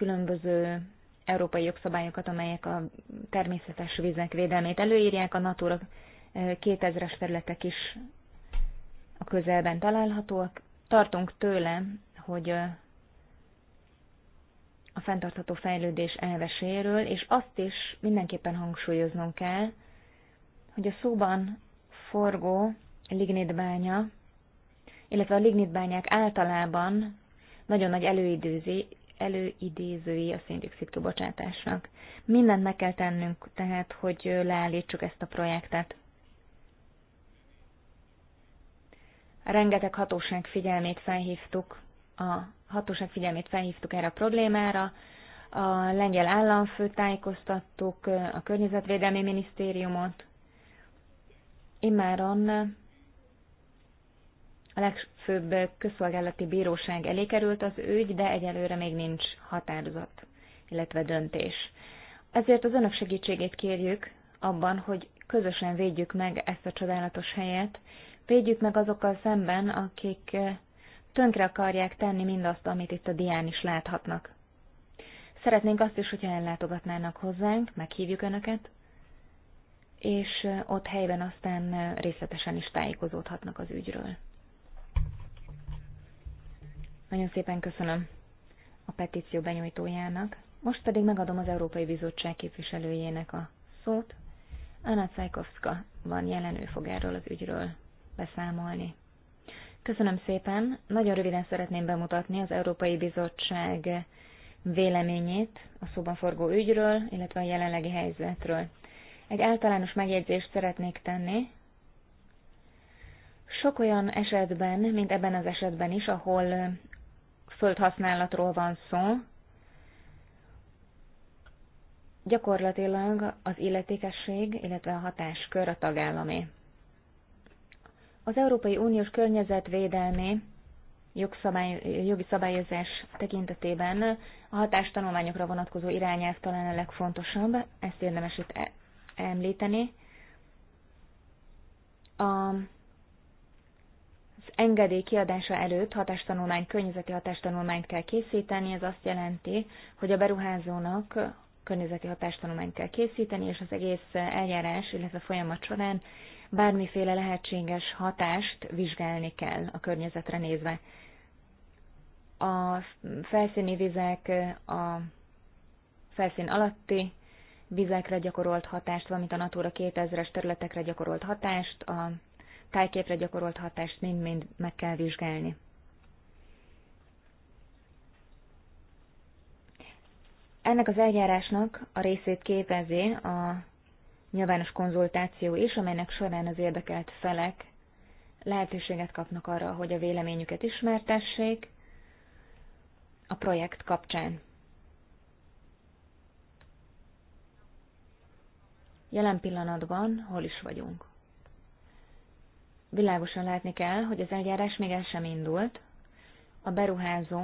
különböző európai jogszabályokat, amelyek a természetes vizek védelmét előírják, a Natura 2000-es eh, területek is a közelben találhatóak. Tartunk tőle, hogy eh, a fenntartható fejlődés elveséről, és azt is mindenképpen hangsúlyoznunk kell, hogy a szóban forgó lignitbánya, illetve a lignitbányák általában nagyon nagy előidőzi, előidézői a széndiokszid kibocsátásnak. Mindent meg kell tennünk, tehát, hogy leállítsuk ezt a projektet. Rengeteg hatóság figyelmét felhívtuk, a hatóság figyelmét felhívtuk erre a problémára, a lengyel államfőt tájékoztattuk, a környezetvédelmi minisztériumot. Imáron a legfőbb közszolgálati bíróság elé került az ügy, de egyelőre még nincs határozat, illetve döntés. Ezért az önök segítségét kérjük abban, hogy közösen védjük meg ezt a csodálatos helyet, védjük meg azokkal szemben, akik tönkre akarják tenni mindazt, amit itt a dián is láthatnak. Szeretnénk azt is, hogyha ellátogatnának hozzánk, meghívjuk Önöket, és ott helyben aztán részletesen is tájékozódhatnak az ügyről. Nagyon szépen köszönöm a petíció benyújtójának. Most pedig megadom az Európai Bizottság képviselőjének a szót. Anna Czajkovska van jelen, ő fog erről az ügyről beszámolni. Köszönöm szépen. Nagyon röviden szeretném bemutatni az Európai Bizottság véleményét a szóban forgó ügyről, illetve a jelenlegi helyzetről. Egy általános megjegyzést szeretnék tenni. Sok olyan esetben, mint ebben az esetben is, ahol földhasználatról van szó, gyakorlatilag az illetékesség, illetve a hatáskör a tagállami. Az Európai Uniós környezetvédelmi jogszabály, jogi szabályozás tekintetében a hatástanulmányokra vonatkozó irányelv talán a legfontosabb, ezt érdemes itt e- említeni. A engedély kiadása előtt hatástanulmány, környezeti hatástanulmányt kell készíteni, ez azt jelenti, hogy a beruházónak környezeti hatástanulmányt kell készíteni, és az egész eljárás, illetve folyamat során bármiféle lehetséges hatást vizsgálni kell a környezetre nézve. A felszíni vizek, a felszín alatti vizekre gyakorolt hatást, valamint a Natura 2000-es területekre gyakorolt hatást, a tájképre gyakorolt hatást mind-mind meg kell vizsgálni. Ennek az eljárásnak a részét képezi a nyilvános konzultáció is, amelynek során az érdekelt felek lehetőséget kapnak arra, hogy a véleményüket ismertessék a projekt kapcsán. Jelen pillanatban hol is vagyunk? Világosan látni kell, hogy az eljárás még el sem indult. A beruházó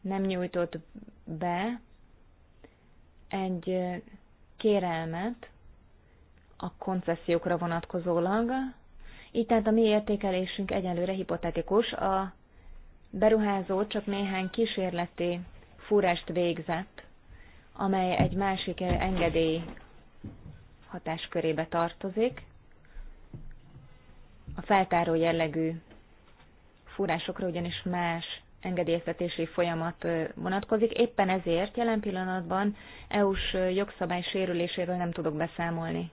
nem nyújtott be egy kérelmet a koncesziókra vonatkozólag, így tehát a mi értékelésünk egyelőre hipotetikus. A beruházó csak néhány kísérleti fúrást végzett, amely egy másik engedély hatáskörébe tartozik, a feltáró jellegű fúrásokra ugyanis más engedélyeztetési folyamat vonatkozik. Éppen ezért jelen pillanatban EU-s jogszabály sérüléséről nem tudok beszámolni.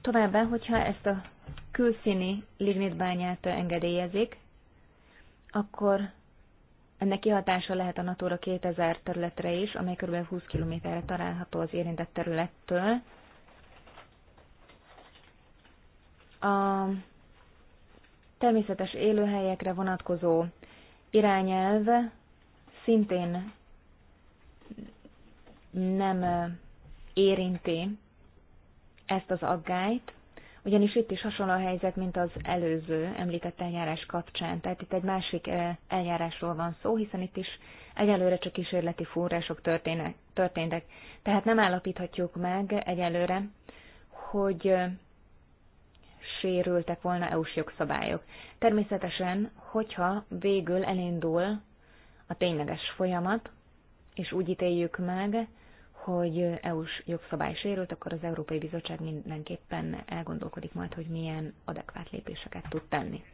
Továbbá, hogyha ezt a külszíni lignitbányát engedélyezik, akkor ennek kihatása lehet a Natura 2000 területre is, amely kb. 20 kilométerre található az érintett területtől. A természetes élőhelyekre vonatkozó irányelv szintén nem érinti ezt az aggályt, ugyanis itt is hasonló a helyzet, mint az előző említett eljárás kapcsán. Tehát itt egy másik eh, eljárásról van szó, hiszen itt is egyelőre csak kísérleti források történtek. Tehát nem állapíthatjuk meg egyelőre, hogy eh, sérültek volna EU-s jogszabályok. Természetesen, hogyha végül elindul a tényleges folyamat, és úgy ítéljük meg, hogy EU-s jogszabály sérült, akkor az Európai Bizottság mindenképpen elgondolkodik majd, hogy milyen adekvát lépéseket tud tenni.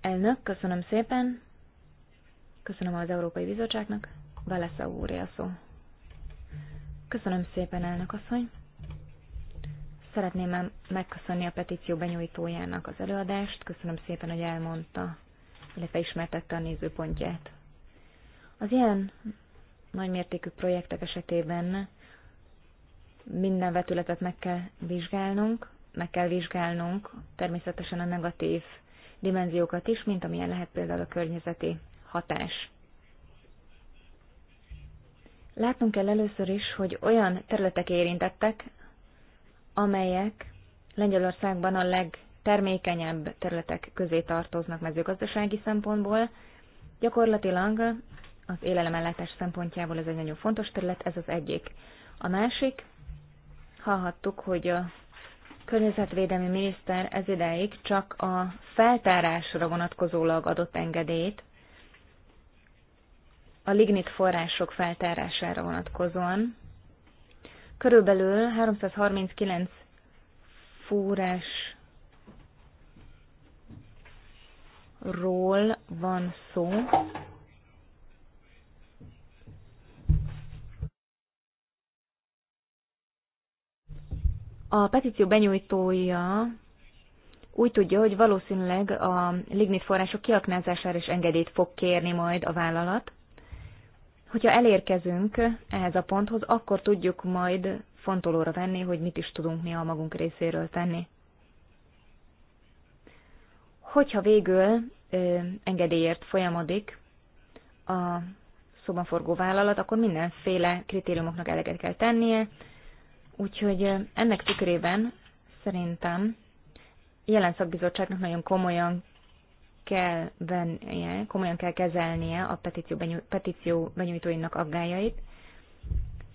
Elnök, köszönöm szépen. Köszönöm az Európai Bizottságnak. Valesza úré a szó. Köszönöm szépen, elnök asszony. Szeretném megköszönni a petíció benyújtójának az előadást, köszönöm szépen, hogy elmondta, illetve ismertette a nézőpontját. Az ilyen nagymértékű projektek esetében minden vetületet meg kell vizsgálnunk, meg kell vizsgálnunk természetesen a negatív dimenziókat is, mint amilyen lehet például a környezeti hatás. Látnunk kell először is, hogy olyan területek érintettek, amelyek Lengyelországban a legtermékenyebb területek közé tartoznak mezőgazdasági szempontból. Gyakorlatilag az élelemellátás szempontjából ez egy nagyon fontos terület, ez az egyik. A másik, hallhattuk, hogy a környezetvédelmi miniszter ez ideig csak a feltárásra vonatkozólag adott engedélyt, a lignit források feltárására vonatkozóan, Körülbelül 339 fúrás ról van szó. A petíció benyújtója úgy tudja, hogy valószínűleg a lignit források kiaknázására is engedélyt fog kérni majd a vállalat. Hogyha elérkezünk ehhez a ponthoz, akkor tudjuk majd fontolóra venni, hogy mit is tudunk mi a magunk részéről tenni. Hogyha végül ö, engedélyért folyamodik a szóban forgó vállalat, akkor mindenféle kritériumoknak eleget kell tennie, úgyhogy ennek tükrében szerintem jelen szakbizottságnak nagyon komolyan kell vennie, komolyan kell kezelnie a petíció, benyú, petíció benyújtóinak aggájait,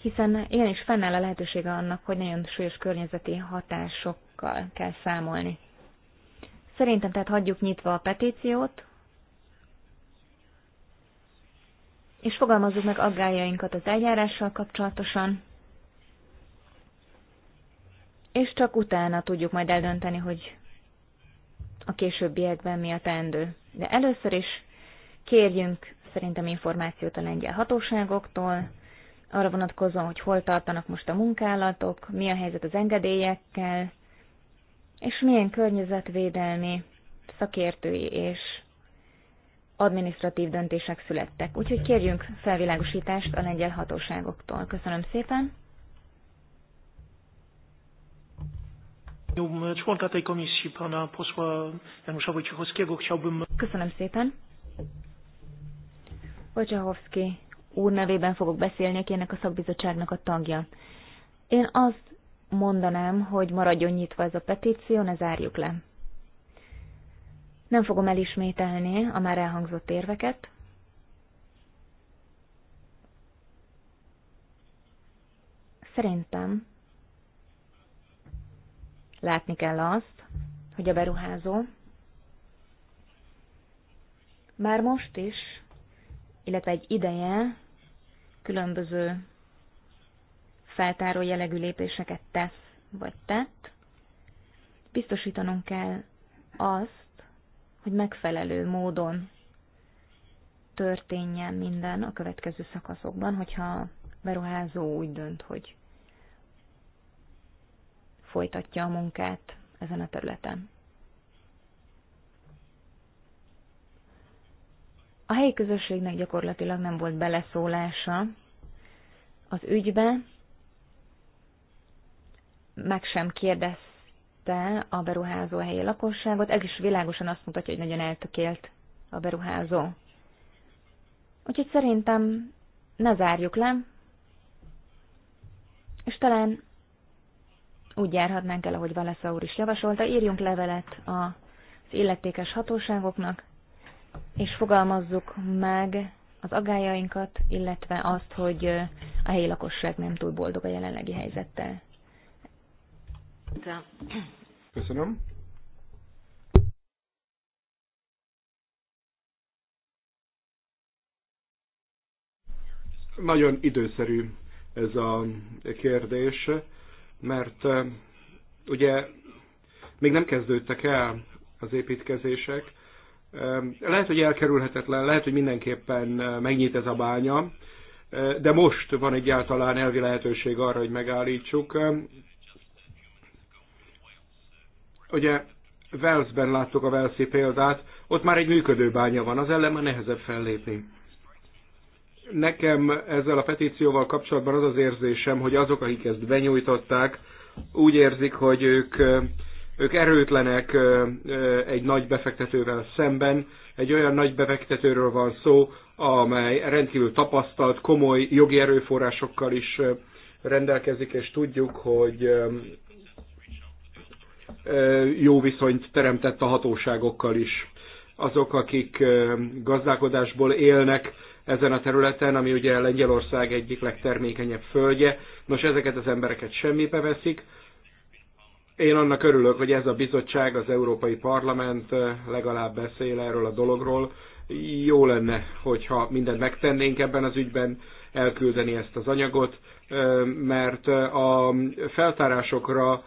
hiszen igenis fennáll a lehetősége annak, hogy nagyon súlyos környezeti hatásokkal kell számolni. Szerintem tehát hagyjuk nyitva a petíciót, és fogalmazzuk meg aggájainkat az eljárással kapcsolatosan, és csak utána tudjuk majd eldönteni, hogy a későbbiekben mi a teendő. De először is kérjünk szerintem információt a lengyel hatóságoktól, arra vonatkozóan, hogy hol tartanak most a munkálatok, mi a helyzet az engedélyekkel, és milyen környezetvédelmi, szakértői és administratív döntések születtek. Úgyhogy kérjünk felvilágosítást a lengyel hatóságoktól. Köszönöm szépen! E, członka tej komisji, pana posła Janusza Wojciechowskiego, chciałbym... Köszönöm szépen. Wojciechowski úr nevében fogok beszélni, aki ennek a szakbizottságnak a tagja. Én azt mondanám, hogy maradjon nyitva ez a petíció, ne zárjuk le. Nem fogom elismételni a már elhangzott érveket. Szerintem Látni kell azt, hogy a beruházó már most is, illetve egy ideje különböző feltáró jellegű lépéseket tesz vagy tett, biztosítanunk kell azt, hogy megfelelő módon történjen minden a következő szakaszokban, hogyha beruházó úgy dönt, hogy folytatja a munkát ezen a területen. A helyi közösségnek gyakorlatilag nem volt beleszólása az ügybe, meg sem kérdezte a beruházó helyi lakosságot, ez is világosan azt mutatja, hogy nagyon eltökélt a beruházó. Úgyhogy szerintem ne zárjuk le, és talán úgy járhatnánk el, ahogy Valesza úr is javasolta, írjunk levelet az illetékes hatóságoknak, és fogalmazzuk meg az agályainkat, illetve azt, hogy a helyi lakosság nem túl boldog a jelenlegi helyzettel. Köszönöm. Nagyon időszerű ez a kérdés mert ugye még nem kezdődtek el az építkezések. Lehet, hogy elkerülhetetlen, lehet, hogy mindenképpen megnyit ez a bánya, de most van egyáltalán elvi lehetőség arra, hogy megállítsuk. Ugye Velszben láttuk a Velszi példát, ott már egy működő bánya van, az ellen már nehezebb fellépni. Nekem ezzel a petícióval kapcsolatban az az érzésem, hogy azok, akik ezt benyújtották, úgy érzik, hogy ők, ők erőtlenek egy nagy befektetővel szemben. Egy olyan nagy befektetőről van szó, amely rendkívül tapasztalt, komoly jogi erőforrásokkal is rendelkezik, és tudjuk, hogy jó viszonyt teremtett a hatóságokkal is. Azok, akik gazdálkodásból élnek, ezen a területen, ami ugye Lengyelország egyik legtermékenyebb földje. Nos, ezeket az embereket semmibe veszik. Én annak örülök, hogy ez a bizottság, az Európai Parlament eh, legalább beszél erről a dologról. Jó lenne, hogyha mindent megtennénk ebben az ügyben, elküldeni ezt az anyagot, eh, mert eh, a feltárásokra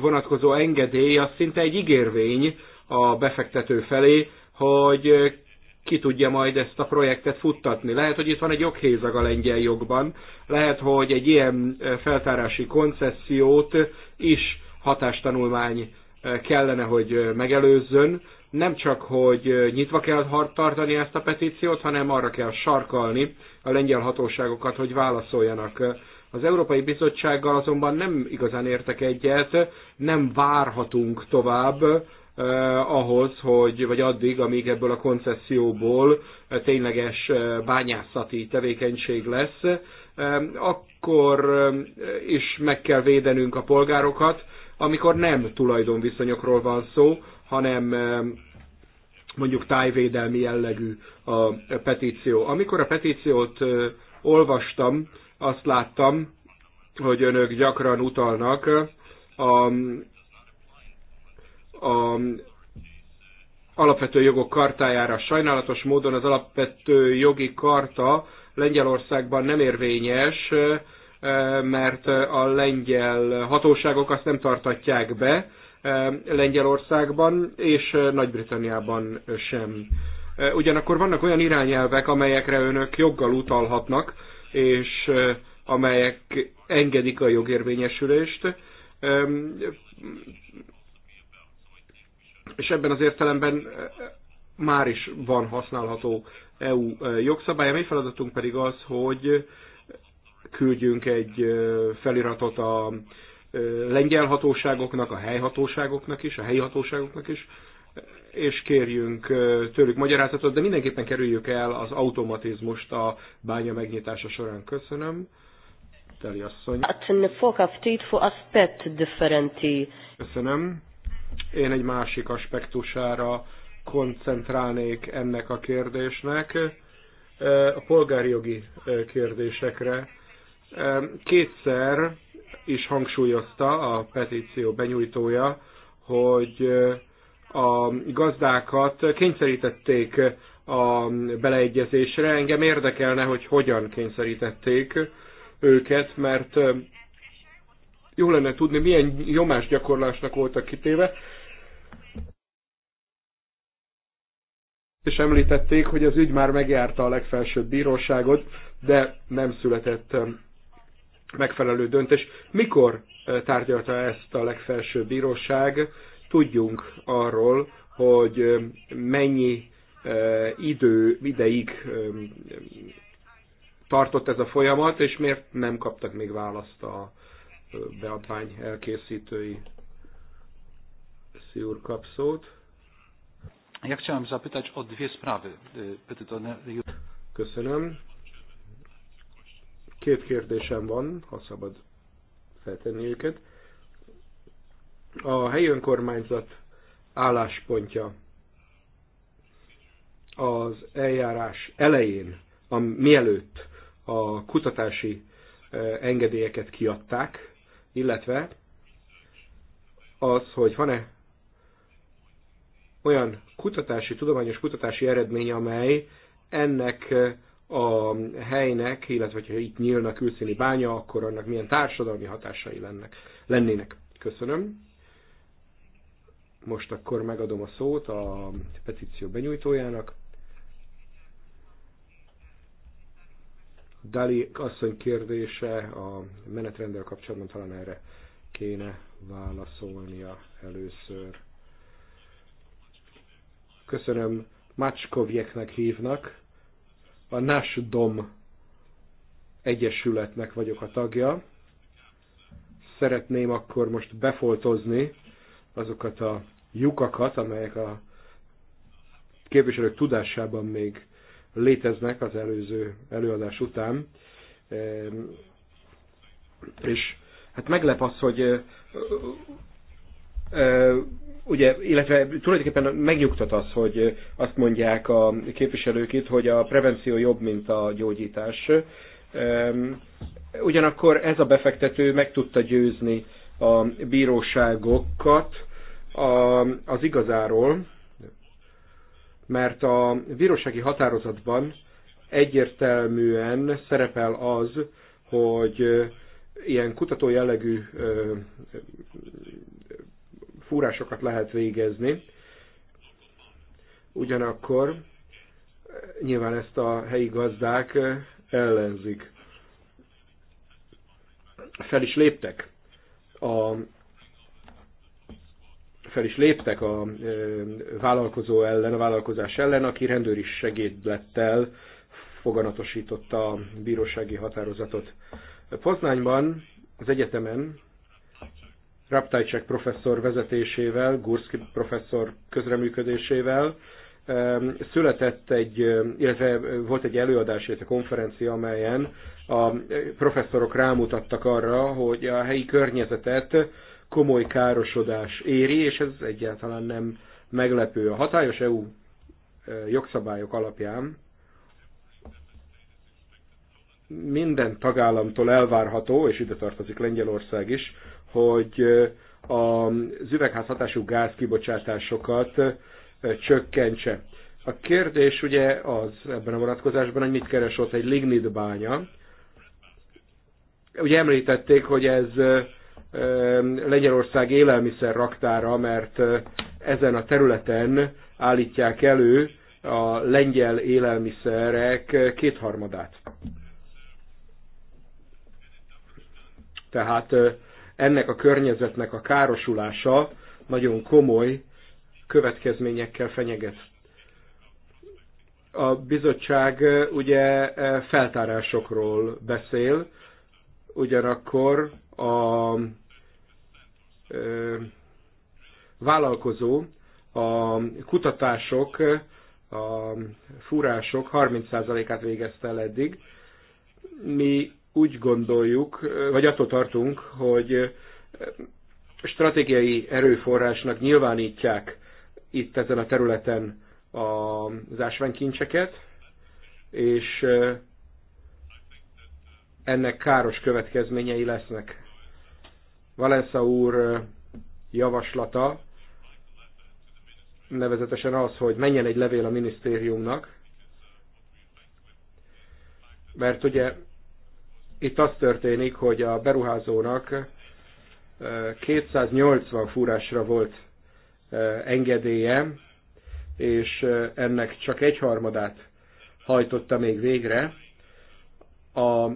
vonatkozó engedély az szinte egy ígérvény a befektető felé, hogy ki tudja majd ezt a projektet futtatni. Lehet, hogy itt van egy joghézag a lengyel jogban, lehet, hogy egy ilyen feltárási koncesziót is hatástanulmány kellene, hogy megelőzzön. Nem csak, hogy nyitva kell tartani ezt a petíciót, hanem arra kell sarkalni a lengyel hatóságokat, hogy válaszoljanak. Az Európai Bizottsággal azonban nem igazán értek egyet, nem várhatunk tovább, Eh, ahhoz, hogy, vagy addig, amíg ebből a koncesszióból eh, tényleges eh, bányászati tevékenység lesz, akkor is meg kell védenünk a polgárokat, amikor nem tulajdonviszonyokról van szó, hanem mondjuk tájvédelmi jellegű a petíció. Amikor a petíciót olvastam, azt láttam, hogy önök gyakran utalnak a a alapvető jogok kartájára. Sajnálatos módon az alapvető jogi karta Lengyelországban nem érvényes, mert a lengyel hatóságok azt nem tartatják be Lengyelországban és Nagy-Britanniában sem. Ugyanakkor vannak olyan irányelvek, amelyekre önök joggal utalhatnak, és amelyek engedik a jogérvényesülést és ebben az értelemben eh, már is van használható EU eh, jogszabály. A mi feladatunk pedig az, hogy küldjünk egy eh, feliratot a lengyel hatóságoknak, a helyhatóságoknak is, a helyi hatóságoknak is, és kérjünk tőlük magyarázatot, de mindenképpen kerüljük el az automatizmust a bánya megnyitása során. Köszönöm. Teli asszony. Köszönöm. Én egy másik aspektusára koncentrálnék ennek a kérdésnek, a polgári jogi kérdésekre. Kétszer is hangsúlyozta a petíció benyújtója, hogy a gazdákat kényszerítették a beleegyezésre. Engem érdekelne, hogy hogyan kényszerítették őket, mert jó lenne tudni, milyen nyomásgyakorlásnak voltak kitéve, és említették, hogy az ügy már megjárta a legfelsőbb bíróságot, de nem született um, megfelelő döntés. Mikor uh, tárgyalta ezt a legfelsőbb bíróság? Tudjunk arról, hogy um, mennyi uh, idő, ideig um, tartott ez a folyamat, és miért nem kaptak még választ a uh, beadvány elkészítői. Szűr kap Ja chciałem zapytać o dwie sprawy. Köszönöm. Két kérdésem van, ha szabad feltenni őket. A helyi önkormányzat álláspontja az eljárás elején, a, mielőtt a kutatási engedélyeket kiadták, illetve az, hogy van-e olyan kutatási, tudományos kutatási eredmény, amely ennek a helynek, illetve ha itt nyílna külszíni bánya, akkor annak milyen társadalmi hatásai lennek, lennének. Köszönöm. Most akkor megadom a szót a petíció benyújtójának. Dali asszony kérdése a menetrendel kapcsolatban talán erre kéne válaszolnia először. Köszönöm, Macskovjeknek hívnak. A Nasdom Egyesületnek vagyok a tagja. Szeretném akkor most befoltozni azokat a lyukakat, amelyek a képviselők tudásában még léteznek az előző előadás után. Ehm, és hát meglep az, hogy ugye, illetve tulajdonképpen megnyugtat az, hogy azt mondják a képviselők itt, hogy a prevenció jobb, mint a gyógyítás. Ugyanakkor ez a befektető meg tudta győzni a bíróságokat az igazáról, mert a bírósági határozatban egyértelműen szerepel az, hogy ilyen kutató jellegű fúrásokat lehet végezni. Ugyanakkor eh, nyilván ezt a helyi gazdák eh, ellenzik. Fel is léptek a fel is léptek a eh, vállalkozó ellen, a vállalkozás ellen, aki rendőri segédlettel foganatosította a bírósági határozatot. Poznányban, az egyetemen Raptajcsek professzor vezetésével, Gurski professzor közreműködésével született egy, illetve volt egy előadás, illetve konferencia, amelyen a professzorok rámutattak arra, hogy a helyi környezetet komoly károsodás éri, és ez egyáltalán nem meglepő. A hatályos EU jogszabályok alapján minden tagállamtól elvárható, és ide tartozik Lengyelország is, hogy az üvegházhatású gázkibocsátásokat csökkentse. A kérdés ugye az ebben a vonatkozásban, hogy mit keres ott egy lignit bánya. Ugye említették, hogy ez Lengyelország élelmiszer raktára, mert ezen a területen állítják elő a lengyel élelmiszerek kétharmadát. Tehát ennek a környezetnek a károsulása nagyon komoly következményekkel fenyeget. A bizottság eh, ugye eh, feltárásokról beszél, ugyanakkor a eh, vállalkozó a kutatások, a fúrások 30%-át végezte el eddig. Mi úgy gondoljuk, vagy attól tartunk, hogy stratégiai erőforrásnak nyilvánítják itt ezen a területen az ásványkincseket, és eh, ennek káros következményei lesznek. Valensza úr eh, javaslata nevezetesen az, hogy menjen egy levél a minisztériumnak, mert ugye itt az történik, hogy a beruházónak 280 fúrásra volt engedélye, és ennek csak egyharmadát hajtotta még végre. A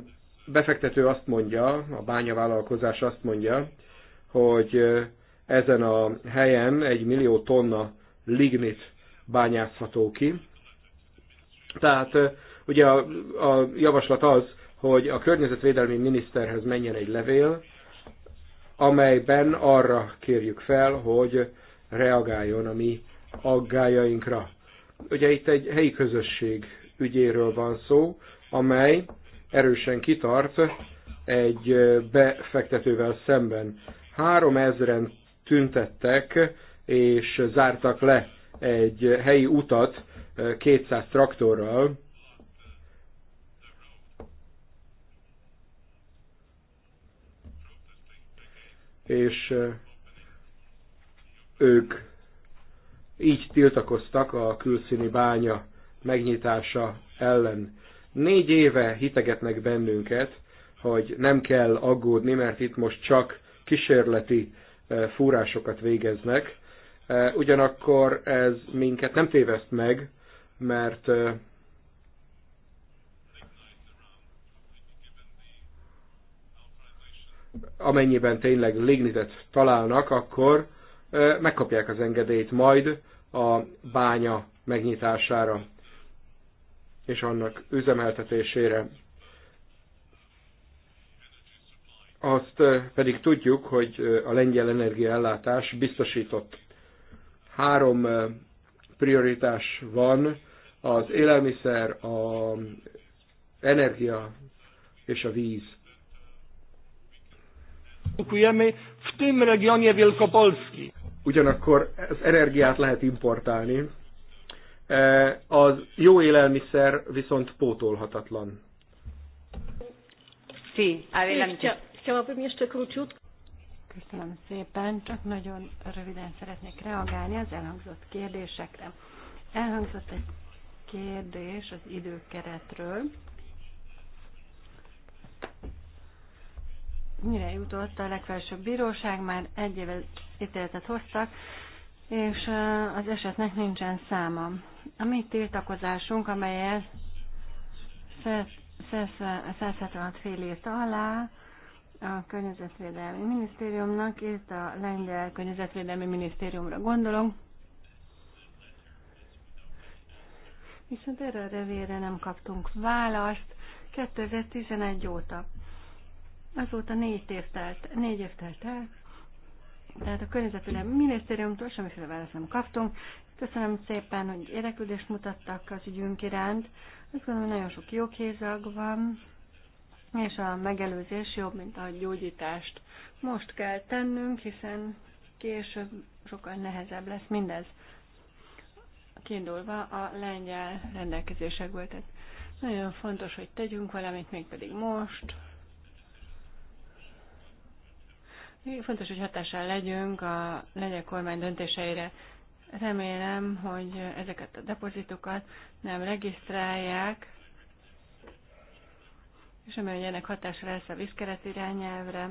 befektető azt mondja, a bányavállalkozás azt mondja, hogy ezen a helyen egy millió tonna lignit bányázható ki. Tehát ugye a, a javaslat az, hogy a környezetvédelmi miniszterhez menjen egy levél, amelyben arra kérjük fel, hogy reagáljon a mi aggájainkra. Ugye itt egy helyi közösség ügyéről van szó, amely erősen kitart egy befektetővel szemben. Három ezeren tüntettek és zártak le egy helyi utat 200 traktorral, és ők így tiltakoztak a külszíni bánya megnyitása ellen. Négy éve hitegetnek bennünket, hogy nem kell aggódni, mert itt most csak kísérleti fúrásokat végeznek. Ugyanakkor ez minket nem téveszt meg, mert amennyiben tényleg lignitet találnak, akkor megkapják az engedélyt majd a bánya megnyitására és annak üzemeltetésére. Azt pedig tudjuk, hogy a lengyel energiaellátás biztosított. Három prioritás van, az élelmiszer, a energia és a víz produkujemy w tym regionie Wielkopolski. Ugyanakkor az energiát lehet importálni. E, az jó élelmiszer viszont pótolhatatlan. Sí, Chciałabym jeszcze króciutko. Köszönöm szépen, csak nagyon röviden szeretnék reagálni az elhangzott kérdésekre. Elhangzott egy kérdés az időkeretről mire jutott a legfelsőbb bíróság, már egy évvel ítéletet hoztak, és az esetnek nincsen száma. A mi tiltakozásunk, amelyet 176 fél írta alá, a Környezetvédelmi Minisztériumnak, itt a Lengyel Környezetvédelmi Minisztériumra gondolom. Viszont erre a revére nem kaptunk választ 2011 óta. Azóta négy év telt, négy év telt el, tehát a környezetvédelem minisztériumtól semmiféle választ nem kaptunk. Köszönöm szépen, hogy érdeklődést mutattak az ügyünk iránt. Azt gondolom, hogy nagyon sok jó kézag van, és a megelőzés jobb, mint a gyógyítást. Most kell tennünk, hiszen később sokkal nehezebb lesz mindez. Kiindulva a lengyel rendelkezésekből. Tehát nagyon fontos, hogy tegyünk valamit, mégpedig most, Fontos, hogy hatással legyünk a lengyel kormány döntéseire. Remélem, hogy ezeket a depozitokat nem regisztrálják, és remélem, hogy ennek hatása lesz a vízkeret irányelvre,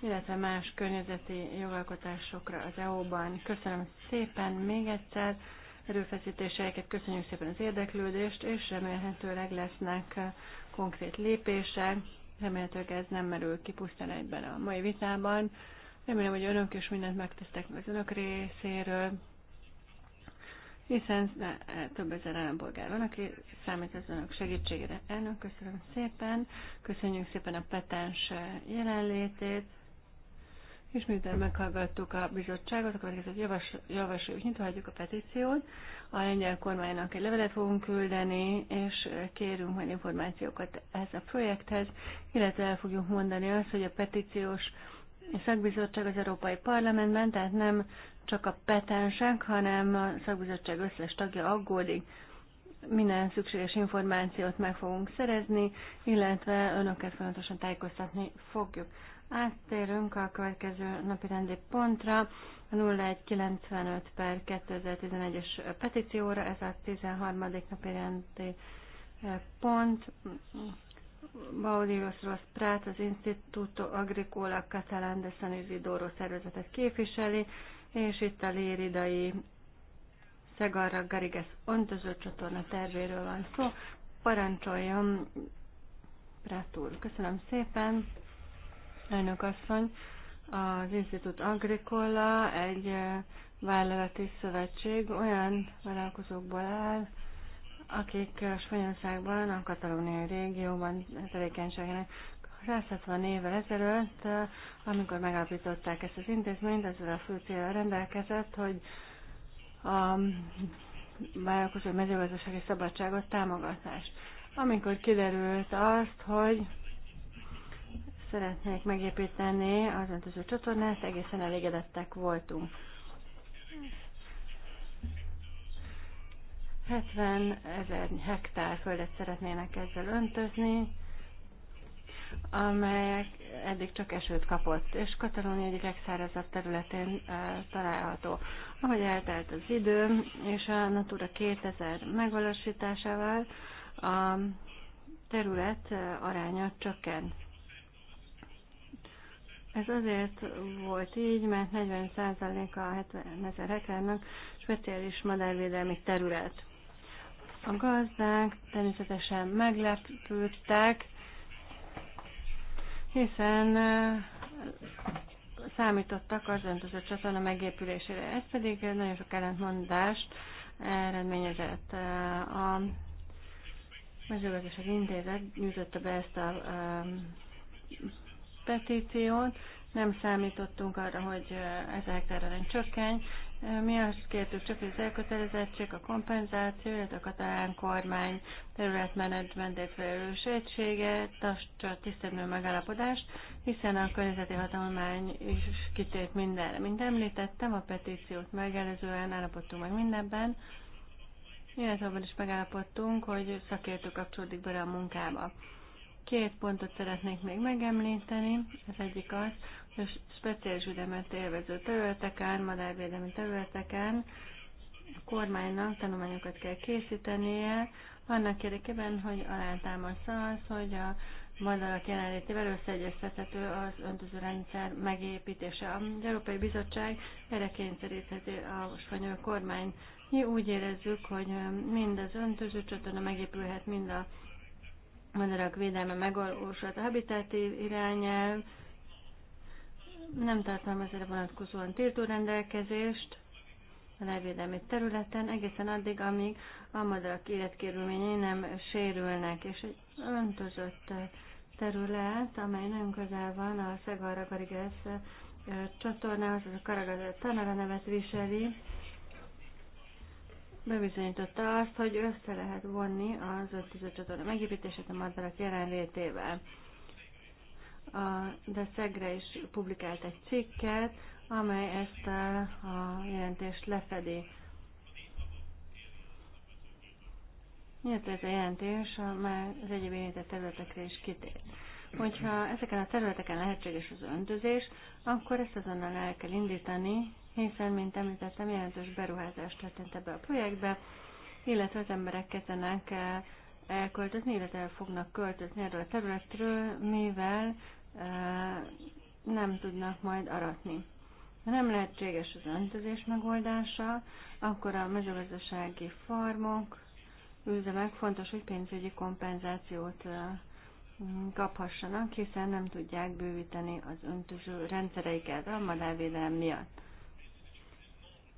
illetve más környezeti jogalkotásokra az EU-ban. Köszönöm szépen még egyszer erőfeszítéseiket, köszönjük szépen az érdeklődést, és remélhetőleg lesznek konkrét lépések. Remélhetőleg ez nem merül ki pusztán egyben a mai vitában. Remélem, hogy önök is mindent megtesztek az önök részéről, hiszen több ezer állampolgár van, aki számít az önök segítségére. Elnök, köszönöm szépen, köszönjük szépen a petens jelenlétét. És miután meghallgattuk a bizottságot, a következő javasló, javasoljuk, nyitva hagyjuk a petíciót. A lengyel kormánynak egy levelet fogunk küldeni, és kérünk majd információkat ehhez a projekthez, illetve el fogjuk mondani azt, hogy a petíciós szakbizottság az Európai Parlamentben, tehát nem csak a petensek, hanem a szakbizottság összes tagja aggódik. Minden szükséges információt meg fogunk szerezni, illetve önöket fontosan tájékoztatni fogjuk. Áttérünk a következő napi rendi pontra, 0195 per 2011-es petícióra, ez a 13. napi rendi eh, pont. Baudíros Rossz Prát, az Instituto Agricola Catalán de San Isidoro szervezetet képviseli, és itt a léridai Szegarra Gariges öntöző csatorna tervéről van szó. Parancsoljon, Prát úr. Köszönöm szépen elnök asszony. Az Institut Agricola egy vállalati szövetség olyan vállalkozókból áll, akik Spanyolországban, a katalóniai régióban tevékenységének 160 évvel ezelőtt, amikor megállapították ezt az intézményt, ezzel a fő célra rendelkezett, hogy a vállalkozói mezőgazdasági szabadságot, támogatás. Amikor kiderült azt, hogy szeretnék megépíteni az öntöző csatornát, egészen elégedettek voltunk. 70 ezer hektár földet szeretnének ezzel öntözni, amelyek eddig csak esőt kapott, és Katalónia egyik legszárazabb területén e, található. Ahogy eltelt az idő, és a Natura 2000 megvalósításával a terület aránya csökkent. Ez azért volt így, mert 40%-a a 70 ezer hektárnak speciális madárvédelmi terület. A gazdák természetesen meglepődtek, hiszen eh, számítottak az öntözött csatorna megépülésére. Ez pedig nagyon sok ellentmondást eredményezett. Eh, a mezőgazdaság intézet nyújtotta be ezt a eh, petíción, nem számítottunk arra, hogy ez hektárra csökken. Mi azt kértük csak, hogy az elkötelezettség, a kompenzáció, illetve a katalán kormány területmenedzsmentét felelős egysége, tisztelő megállapodást, hiszen a környezeti hatalmány is kitért mindenre. Mint említettem, a petíciót megelőzően állapodtunk meg mindenben, illetve abban is megállapodtunk, hogy szakértő kapcsolódik bele a munkába. Két pontot szeretnék még megemlíteni. Az egyik az, hogy a speciális üdemet élvező területeken, madárvédelmi területeken a kormánynak tanulmányokat kell készítenie, annak érdekében, hogy alátámaszza az, hogy a madarak jelenlétével összeegyeztethető az öntöző rendszer megépítése. Az Európai Bizottság erre kényszerítheti a spanyol kormány. Mi úgy érezzük, hogy mind az öntöző csatorna megépülhet, mind a madarak védelme megvalósult. A habitáti irányelv nem tartalmaz erre vonatkozóan tiltó rendelkezést a levélemi területen egészen addig, amíg a madarak életkérülményei nem sérülnek, és egy öntözött terület, amely nem közel van a Szegarra Garigesz csatornához, az a Karagazat Tanara nevet viseli, bebizonyította azt, hogy össze lehet vonni az 5 csatorna megépítését a madarak jelenlétével. A De Szegre is publikált egy cikket, amely ezt a, a jelentést lefedi. Miért ez a jelentés már az egyéb érintett területekre is kitér. Hogyha ezeken a területeken lehetséges az öntözés, akkor ezt azonnal el kell indítani, hiszen, mint említettem, jelentős beruházást történt ebbe a projektbe, illetve az emberek kezdenek elköltözni, illetve el fognak költözni erről a területről, mivel e, nem tudnak majd aratni. Ha nem lehetséges az öntözés megoldása, akkor a mezőgazdasági farmok, üzemek fontos, hogy pénzügyi kompenzációt e, kaphassanak, hiszen nem tudják bővíteni az öntöző rendszereiket a madárvédelem miatt.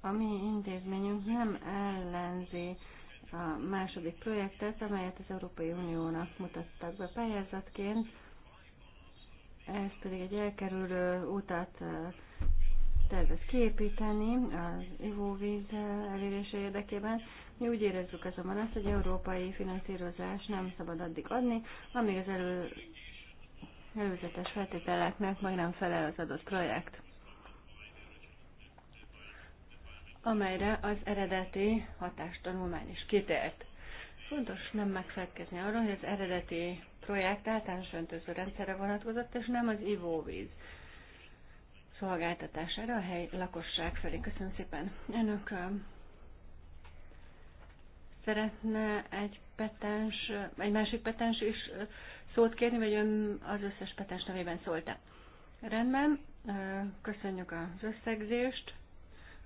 A mi intézményünk nem ellenzi a második projektet, amelyet az Európai Uniónak mutattak be pályázatként. Ez pedig egy elkerülő utat tervez kiépíteni az ivóvíz elérése érdekében. Mi úgy érezzük azonban azt, hogy európai finanszírozás nem szabad addig adni, amíg az elő, előzetes feltételeknek meg nem felel az adott projekt. amelyre az eredeti hatástanulmány is kitért. Fontos nem megfelelkezni arra, hogy az eredeti projekt általános öntöző rendszerre vonatkozott, és nem az ivóvíz szolgáltatására a hely lakosság felé. Köszönöm szépen. Önök szeretne egy petens, egy másik petens is szót kérni, vagy ön az összes petens nevében szólta? Rendben, köszönjük az összegzést.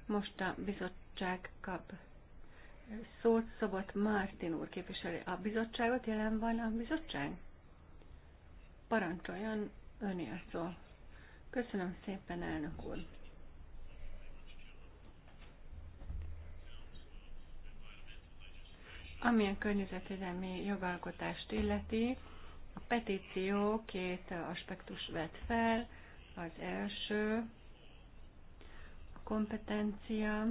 Most a bizottság kap szót Szobot Mártin úr képviseli a bizottságot, jelen van a bizottság? Parancsoljon, önél szó. Köszönöm szépen, elnök úr. Ami a környezetvédelmi jogalkotást illeti, a petíció két aspektus vet fel. Az első kompetencia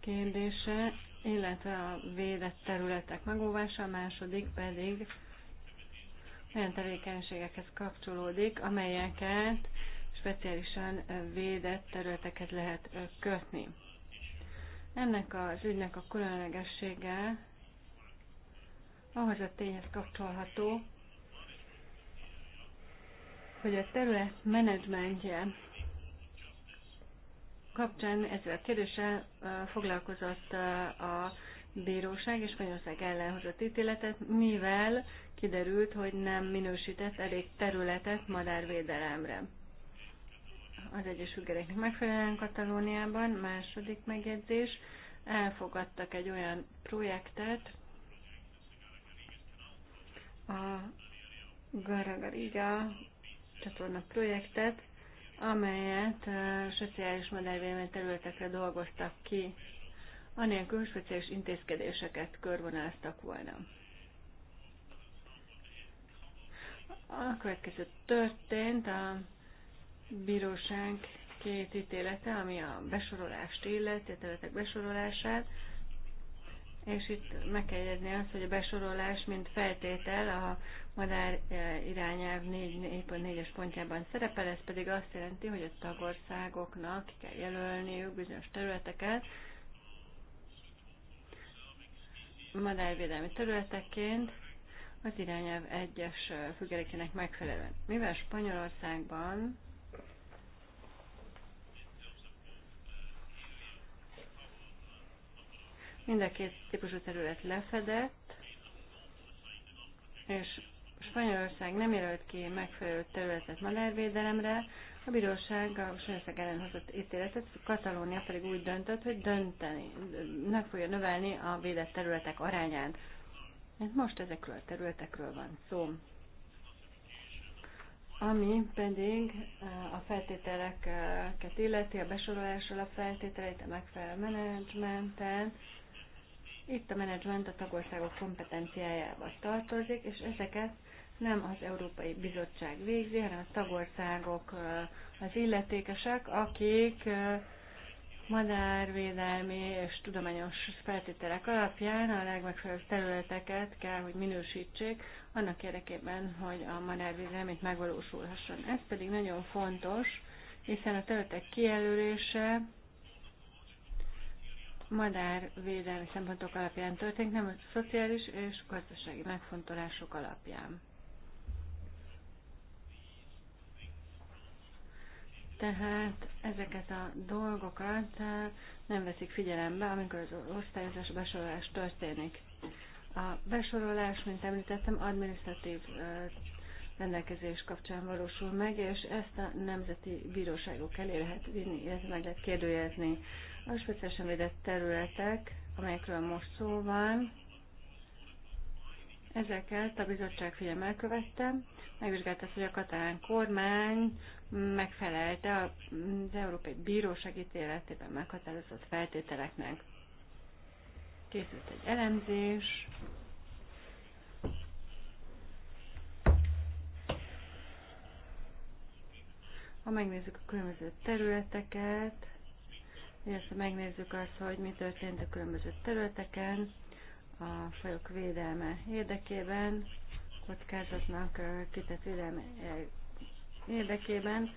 kérdése, illetve a védett területek megóvása, a második pedig olyan tevékenységekhez kapcsolódik, amelyeket speciálisan védett területeket lehet kötni. Ennek az ügynek a különlegessége ahhoz a tényhez kapcsolható, hogy a terület menedzsmentje kapcsán ezzel a kérdéssel foglalkozott a bíróság és Spanyolország ellen hozott ítéletet, mivel kiderült, hogy nem minősített elég területet madárvédelemre. Az Egyesült Gereknek megfelelően Katalóniában, második megjegyzés, elfogadtak egy olyan projektet, a Garagariga csatorna projektet, amelyet a szociális modellvédelmi területekre dolgoztak ki, anélkül speciális intézkedéseket körvonáztak volna. A következő történt a bíróság két ítélete, ami a besorolást illeti, a területek besorolását, és itt meg kell jegyezni azt, hogy a besorolás, mint feltétel a madár e, irányelv a négyes pontjában szerepel, ez pedig azt jelenti, hogy a tagországoknak ki kell jelölniük bizonyos területeket, madárvédelmi területeként az irányelv egyes e, függelékének megfelelően. Mivel Spanyolországban mind a két típusú terület lefedett, és Spanyolország nem jelölt ki megfelelő területet madárvédelemre, a bíróság a Spanyolország ellen hozott ítéletet, Katalónia pedig úgy döntött, hogy dönteni, meg fogja növelni a védett területek arányát. Mert most ezekről a területekről van szó. Ami pedig eh, a feltételeket illeti, a besorolásról a feltételeit, a megfelelő menedzsmentet, itt a menedzsment a tagországok kompetenciájába tartozik, és ezeket nem az Európai Bizottság végzi, hanem a tagországok az illetékesek, akik madárvédelmi és tudományos feltételek alapján a legmegfelelőbb területeket kell, hogy minősítsék annak érdekében, hogy a madárvédelmi megvalósulhasson. Ez pedig nagyon fontos, hiszen a területek kijelölése madárvédelmi szempontok alapján történik, nem a szociális és gazdasági megfontolások alapján. Tehát ezeket a dolgokat nem veszik figyelembe, amikor az osztályozás besorolás történik. A besorolás, mint említettem, administratív rendelkezés kapcsán valósul meg, és ezt a nemzeti bíróságok elé lehet vinni, illetve meg lehet kérdőjezni. A speciálisan védett területek, amelyekről most szó van, Ezeket a bizottság figyelmel követte, megvizsgálta hogy a katalán kormány megfelelte az Európai Bíróság ítéletében meghatározott feltételeknek. Készült egy elemzés, ha megnézzük a különböző területeket, illetve megnézzük azt, hogy mi történt a különböző területeken, a fajok védelme érdekében, kockázatnak kitett védelme érdekében.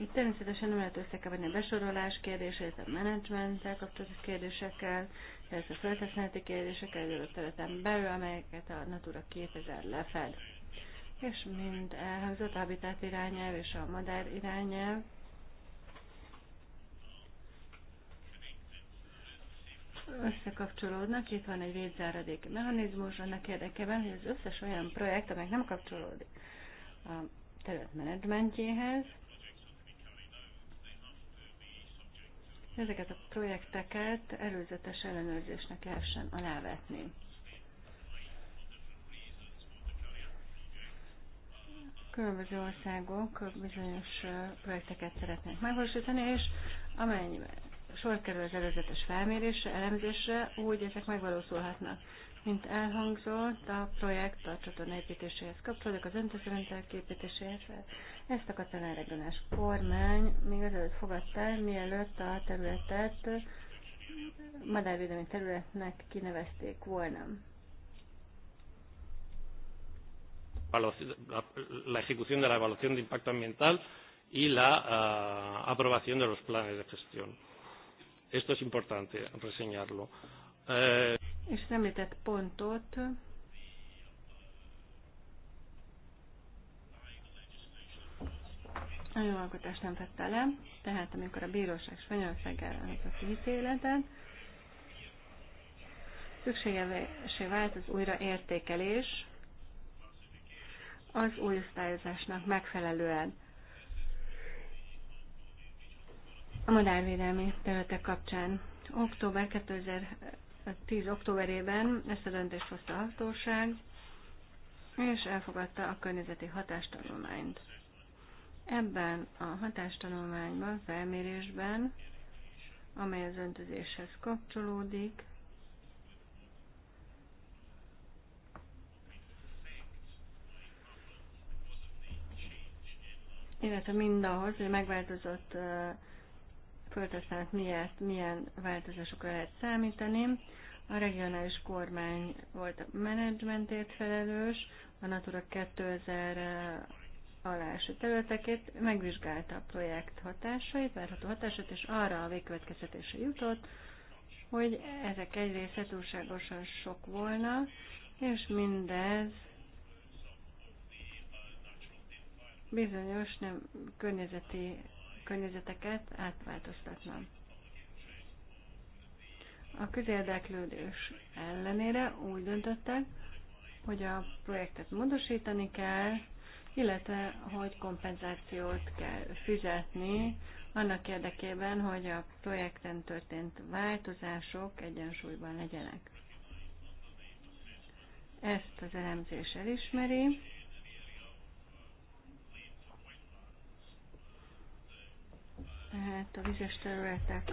Itt természetesen nem lehet összekeverni a besorolás kérdését, a menedzsmenttel kapcsolatos kérdésekkel, tehát a földhasználati kérdésekkel az adott területen belül, amelyeket a Natura 2000 lefed. És mind elhangzott a habitat irányelv és a madár irányelv, összekapcsolódnak, itt van egy védzáradék mechanizmus annak érdekében, hogy az összes olyan projekt, amely nem kapcsolódik a terület menedzsmentjéhez, ezeket a projekteket előzetes ellenőrzésnek lehessen alávetni. Különböző országok bizonyos projekteket szeretnek megvalósítani, és amennyiben sor kerül az előzetes felmérésre, elemzésre, úgy ezek megvalósulhatnak. Mint elhangzott, a projekt a csatorna építéséhez kapcsolódik, az öntösrendszer építéséhez. Ezt a katalán regionális kormány még azelőtt fogadta el, mielőtt a területet madárvédelmi területnek kinevezték volna. La ejecución de la evaluación de impacto ambiental y la uh, aprobación de los planes de gestión. Esto es importante reseñarlo. Eh... És az említett pontot a jogalkotás nem vette le, tehát amikor a bíróság Spanyolország a ítéletet, szükségesé vált az újraértékelés az új osztályozásnak megfelelően. a madárvédelmi területek kapcsán. Október 2010. Eh, októberében ezt a döntést hozta a hatóság, és elfogadta a környezeti hatástanulmányt. Ebben a hatástanulmányban, felmérésben, amely az öntözéshez kapcsolódik, illetve mindahhoz, hogy megváltozott eh, földhasználat miért, milyen változásokra lehet számítani. A regionális kormány volt a menedzsmentért felelős, a Natura 2000 alá eső területekét, megvizsgálta a projekt hatásait, várható hatásait, és arra a végkövetkeztetése jutott, hogy ezek egy része túlságosan sok volna, és mindez bizonyos nem környezeti környezeteket átváltoztatna. A közérdeklődés ellenére úgy döntöttek, hogy a projektet módosítani kell, illetve hogy kompenzációt kell fizetni annak érdekében, hogy a projekten történt változások egyensúlyban legyenek. Ezt az elemzés elismeri, tehát a vizes területek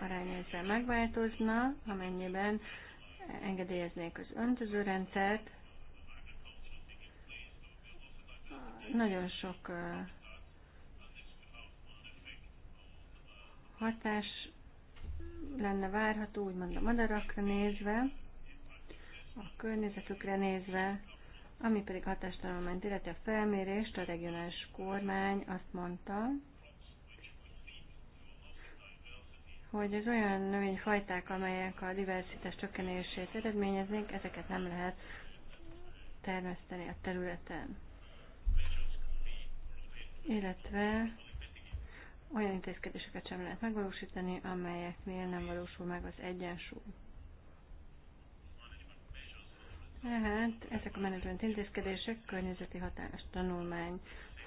aránya ezzel megváltozna, amennyiben engedélyeznék az öntözőrendszert. Nagyon sok hatás lenne várható, úgymond a madarakra nézve, a környezetükre nézve, ami pedig hatástalanul ment a felmérést, a regionális kormány azt mondta, hogy az olyan növényfajták, amelyek a diversitás csökkenését eredményeznék, ezeket nem lehet termeszteni a területen. Illetve olyan intézkedéseket sem lehet megvalósítani, amelyeknél nem valósul meg az egyensúly. Tehát ezek a menedzsment intézkedések környezeti hatás tanulmány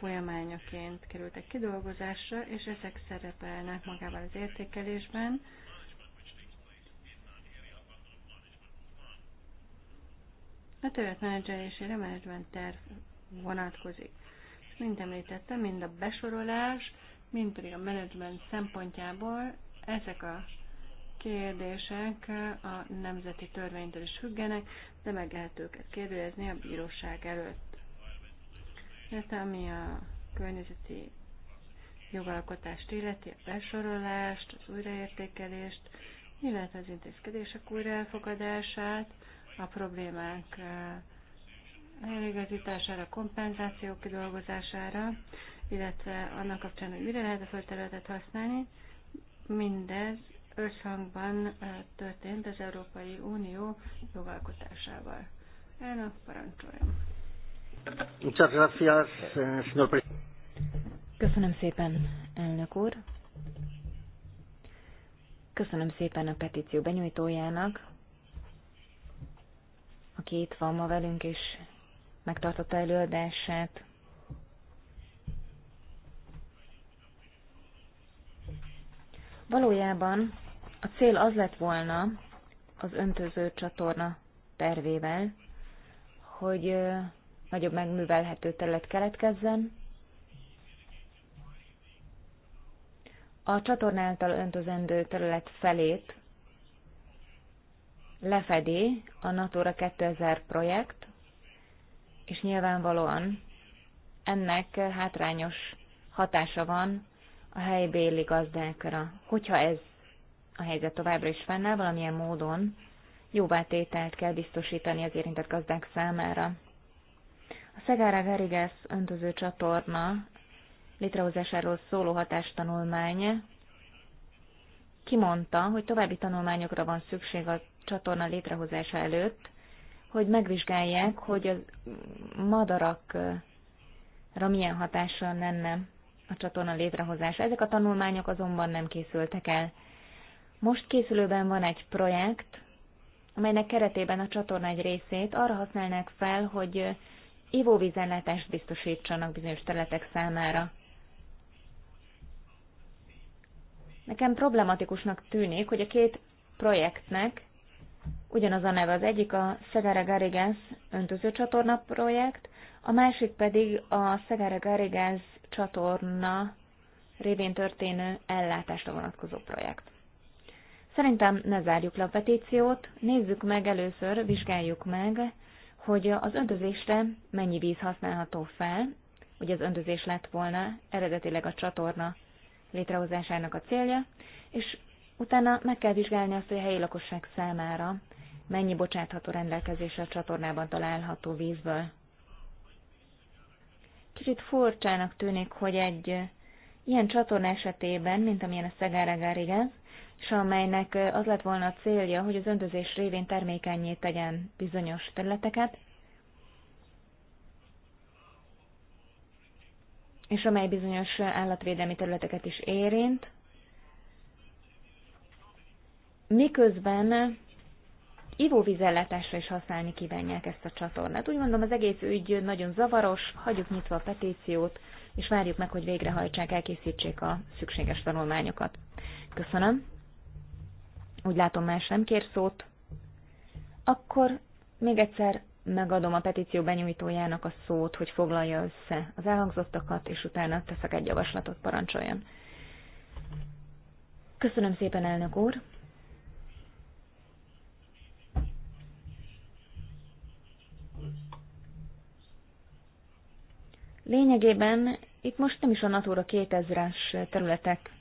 folyamányoként kerültek kidolgozásra, és ezek szerepelnek magában az értékelésben. A területmenedzselésére menedzsment terv vonatkozik. És mint említettem, mind a besorolás, mind pedig a menedzsment szempontjából ezek a kérdések a nemzeti törvénytől is függenek, de meg lehet őket kérdezni a bíróság előtt illetve ami a környezeti jogalkotást illeti, a besorolást, az újraértékelést, illetve az intézkedések újraelfogadását, a problémák eh, elégezítására, kompenzációk kidolgozására, illetve annak kapcsán, hogy mire lehet a földterületet használni, mindez összhangban eh, történt az Európai Unió jogalkotásával. Elnök parancsoljon! Eh, Köszönöm szépen, elnök úr. Köszönöm szépen a petíció benyújtójának, aki itt van ma velünk, és megtartotta előadását. Valójában a cél az lett volna az öntöző csatorna tervével, hogy nagyobb megművelhető terület keletkezzen. A csatornáltal öntözendő terület felét lefedi a Natura 2000 projekt, és nyilvánvalóan ennek hátrányos hatása van a helybéli gazdákra. Hogyha ez a helyzet továbbra is fennáll, valamilyen módon tételt kell biztosítani az érintett gazdák számára. A Szegára Garigász öntöző csatorna létrehozásáról szóló hatástanulmány kimondta, hogy további tanulmányokra van szükség a csatorna létrehozása előtt, hogy megvizsgálják, hogy a madarakra milyen hatással lenne a csatorna létrehozása. Ezek a tanulmányok azonban nem készültek el. Most készülőben van egy projekt, amelynek keretében a csatorna egy részét arra használnák fel, hogy ivóvízellátást biztosítsanak bizonyos területek számára. Nekem problematikusnak tűnik, hogy a két projektnek ugyanaz a neve. Az egyik a Szegere Öntöző öntözőcsatorna projekt, a másik pedig a Szegere Garigas csatorna révén történő ellátásra vonatkozó projekt. Szerintem ne zárjuk le a petíciót, nézzük meg először, vizsgáljuk meg hogy az öntözésre mennyi víz használható fel, hogy az öntözés lett volna eredetileg a csatorna létrehozásának a célja, és utána meg kell vizsgálni azt, hogy a helyi lakosság számára mennyi bocsátható rendelkezésre a csatornában található vízből. Kicsit furcsának tűnik, hogy egy ilyen csatorna esetében, mint amilyen a Szegáregár igaz, és amelynek az lett volna a célja, hogy az öntözés révén termékenyé tegyen bizonyos területeket, és amely bizonyos állatvédelmi területeket is érint, miközben ivóvízellátásra is használni kívánják ezt a csatornát. Úgy mondom, az egész ügy nagyon zavaros, hagyjuk nyitva a petíciót, és várjuk meg, hogy végrehajtsák, elkészítsék a szükséges tanulmányokat. Köszönöm. Úgy látom, más nem kér szót. Akkor még egyszer megadom a petíció benyújtójának a szót, hogy foglalja össze az elhangzottakat, és utána teszek egy javaslatot, parancsoljon. Köszönöm szépen, elnök úr! Lényegében itt most nem is a Natura 2000-es területek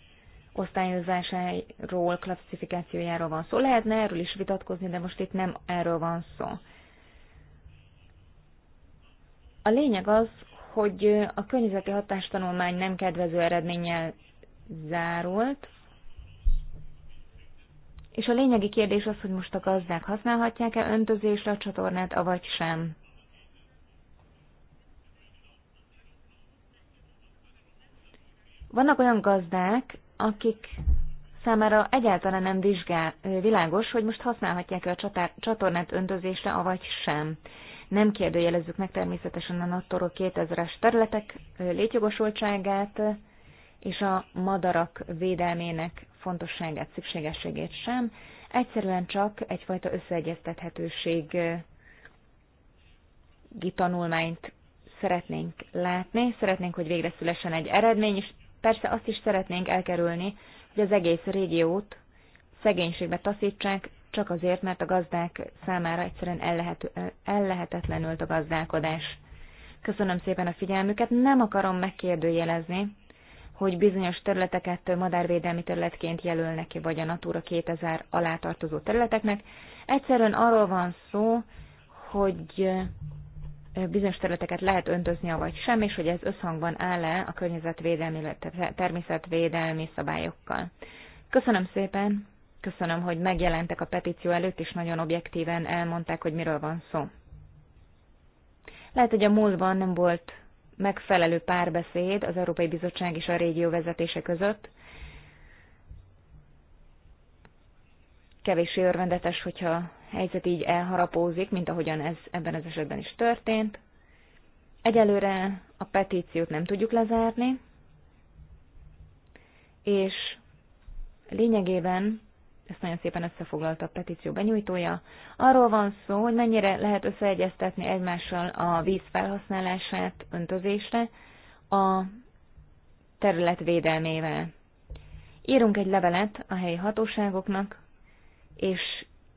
osztályozásáról, klasszifikációjáról van szó. Lehetne erről is vitatkozni, de most itt nem erről van szó. A lényeg az, hogy a környezeti hatástanulmány nem kedvező eredménnyel zárult, és a lényegi kérdés az, hogy most a gazdák használhatják-e öntözésre a csatornát, avagy sem. Vannak olyan gazdák, akik számára egyáltalán nem vizsgál, világos, hogy most használhatják-e a csatár, csatornát öntözésre, avagy sem. Nem kérdőjelezzük meg természetesen a Nattoró 2000-es területek létjogosultságát és a madarak védelmének fontosságát, szükségességét sem. Egyszerűen csak egyfajta összeegyeztethetőség tanulmányt szeretnénk látni, szeretnénk, hogy végre szülessen egy eredmény, és Persze azt is szeretnénk elkerülni, hogy az egész régiót szegénységbe taszítsák, csak azért, mert a gazdák számára egyszerűen ellehet, ellehetetlenült a gazdálkodás. Köszönöm szépen a figyelmüket, nem akarom megkérdőjelezni, hogy bizonyos területeket madárvédelmi területként jelölnek ki, vagy a Natura 2000 alá tartozó területeknek. Egyszerűen arról van szó, hogy bizonyos területeket lehet öntözni, vagy sem, és hogy ez összhangban áll-e a környezetvédelmi, illetve természetvédelmi szabályokkal. Köszönöm szépen, köszönöm, hogy megjelentek a petíció előtt, és nagyon objektíven elmondták, hogy miről van szó. Lehet, hogy a múltban nem volt megfelelő párbeszéd az Európai Bizottság és a régió vezetése között. Kevés örvendetes, hogyha helyzet így elharapózik, mint ahogyan ez ebben az esetben is történt. Egyelőre a petíciót nem tudjuk lezárni, és lényegében, ezt nagyon szépen összefoglalta a petíció benyújtója, arról van szó, hogy mennyire lehet összeegyeztetni egymással a víz felhasználását öntözésre a terület védelmével. Írunk egy levelet a helyi hatóságoknak, és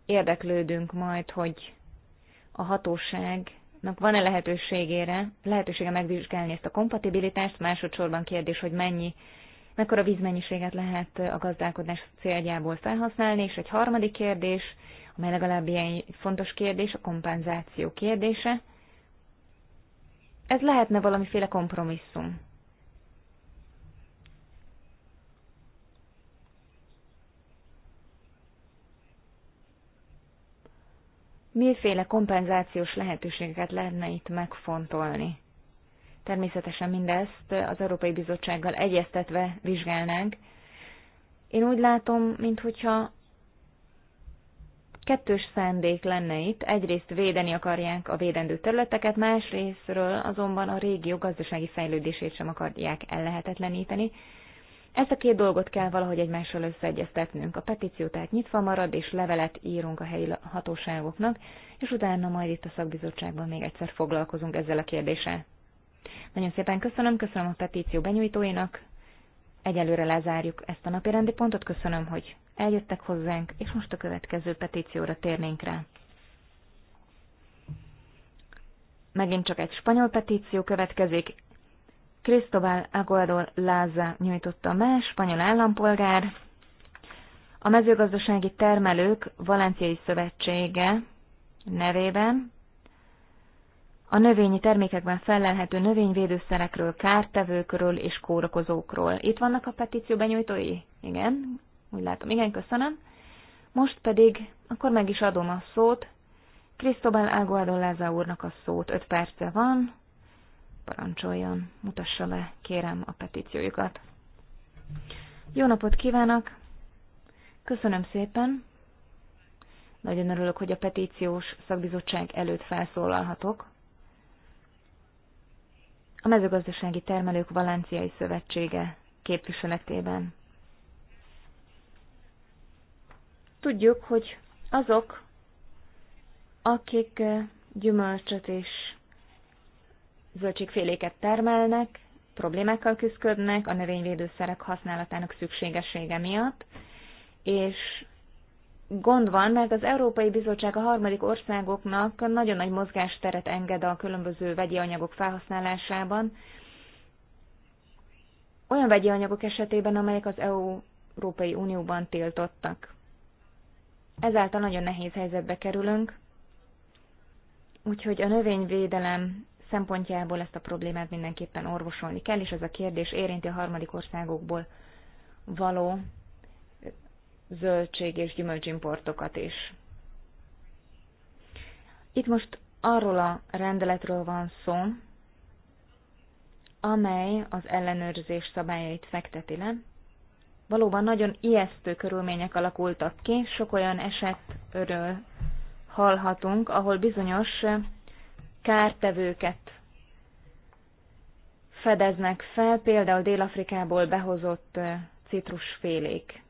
érdeklődünk majd, hogy a hatóságnak van-e lehetőségére, lehetősége megvizsgálni ezt a kompatibilitást, másodszorban kérdés, hogy mennyi, mekkora vízmennyiséget lehet a gazdálkodás céljából felhasználni, és egy harmadik kérdés, amely legalább ilyen fontos kérdés, a kompenzáció kérdése. Ez lehetne valamiféle kompromisszum miféle kompenzációs lehetőségeket lehetne itt megfontolni. Természetesen mindezt az Európai Bizottsággal egyeztetve vizsgálnánk. Én úgy látom, mintha kettős szándék lenne itt, egyrészt védeni akarják a védendő területeket, másrésztről azonban a régió gazdasági fejlődését sem akarják ellehetetleníteni, ezt a két dolgot kell valahogy egymással összeegyeztetnünk. A petíció tehát nyitva marad, és levelet írunk a helyi hatóságoknak, és utána majd itt a szakbizottságban még egyszer foglalkozunk ezzel a kérdéssel. Nagyon szépen köszönöm, köszönöm a petíció benyújtóinak. Egyelőre lezárjuk ezt a napi rendi pontot, köszönöm, hogy eljöttek hozzánk, és most a következő petícióra térnénk rá. Megint csak egy spanyol petíció következik, Cristobal Aguado Láza nyújtotta más spanyol állampolgár, a mezőgazdasági termelők Valenciai Szövetsége nevében a növényi termékekben fellelhető növényvédőszerekről, kártevőkről és kórokozókról. Itt vannak a petíció benyújtói? Igen, úgy látom. Igen, köszönöm. Most pedig akkor meg is adom a szót. Cristobal Aguado Láza úrnak a szót. Öt perce van. Parancsoljon, mutassa le, kérem, a petíciójukat. Jó napot kívánok! Köszönöm szépen! Nagyon örülök, hogy a petíciós szakbizottság előtt felszólalhatok. A mezőgazdasági termelők Valenciai Szövetsége képviseletében. Tudjuk, hogy azok, akik gyümölcsöt és zöldségféléket termelnek, problémákkal küzdködnek a növényvédőszerek használatának szükségessége miatt, és gond van, mert az Európai Bizottság a harmadik országoknak nagyon nagy mozgásteret enged a különböző vegyi anyagok felhasználásában, olyan vegyi anyagok esetében, amelyek az EU Európai Unióban tiltottak. Ezáltal nagyon nehéz helyzetbe kerülünk, úgyhogy a növényvédelem szempontjából ezt a problémát mindenképpen orvosolni kell, és ez a kérdés érinti a harmadik országokból való zöldség és gyümölcsimportokat is. Itt most arról a rendeletről van szó, amely az ellenőrzés szabályait fekteti le. Valóban nagyon ijesztő körülmények alakultak ki, sok olyan esetről hallhatunk, ahol bizonyos kártevőket fedeznek fel, például Dél-Afrikából behozott citrusfélék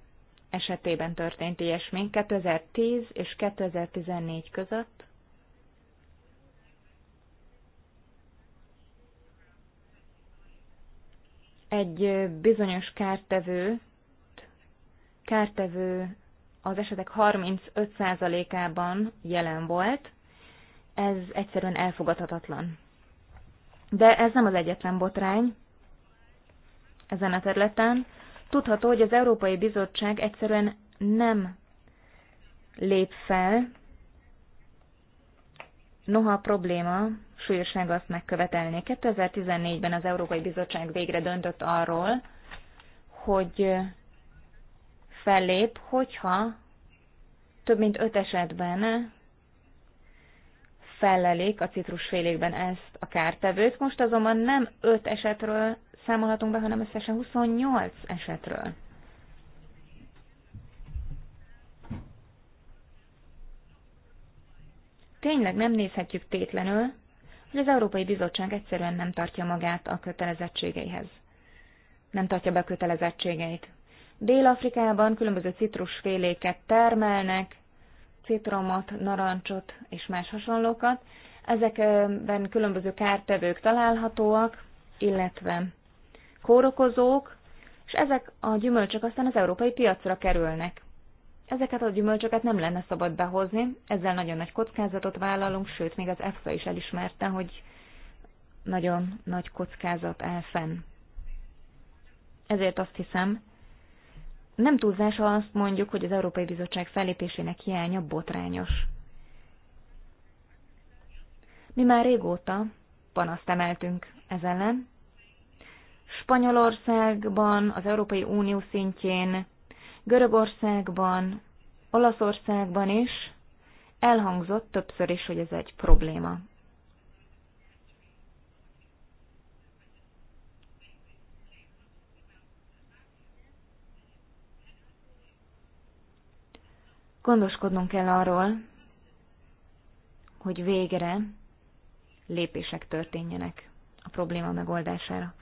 esetében történt ilyesmi 2010 és 2014 között. Egy bizonyos kártevő, kártevő az esetek 35%-ában jelen volt, ez egyszerűen elfogadhatatlan. De ez nem az egyetlen botrány ezen a területen. Tudható, hogy az Európai Bizottság egyszerűen nem lép fel, noha a probléma súlyossága azt megkövetelné. 2014-ben az Európai Bizottság végre döntött arról, hogy fellép, hogyha több mint öt esetben fellelik a citrusfélékben ezt a kártevőt. Most azonban nem 5 esetről számolhatunk be, hanem összesen 28 esetről. Tényleg nem nézhetjük tétlenül, hogy az Európai Bizottság egyszerűen nem tartja magát a kötelezettségeihez. Nem tartja be a kötelezettségeit. Dél-Afrikában különböző citrusféléket termelnek, citromot, narancsot és más hasonlókat. Ezekben különböző kártevők találhatóak, illetve kórokozók, és ezek a gyümölcsök aztán az európai piacra kerülnek. Ezeket a gyümölcsöket nem lenne szabad behozni, ezzel nagyon nagy kockázatot vállalunk, sőt, még az EFSA is elismerte, hogy nagyon nagy kockázat áll fenn. Ezért azt hiszem, nem túlzás, ha azt mondjuk, hogy az Európai Bizottság fellépésének hiánya botrányos. Mi már régóta panaszt emeltünk ez ellen. Spanyolországban, az Európai Unió szintjén, Görögországban, Olaszországban is elhangzott többször is, hogy ez egy probléma. Gondoskodnunk kell arról, hogy végre lépések történjenek a probléma megoldására.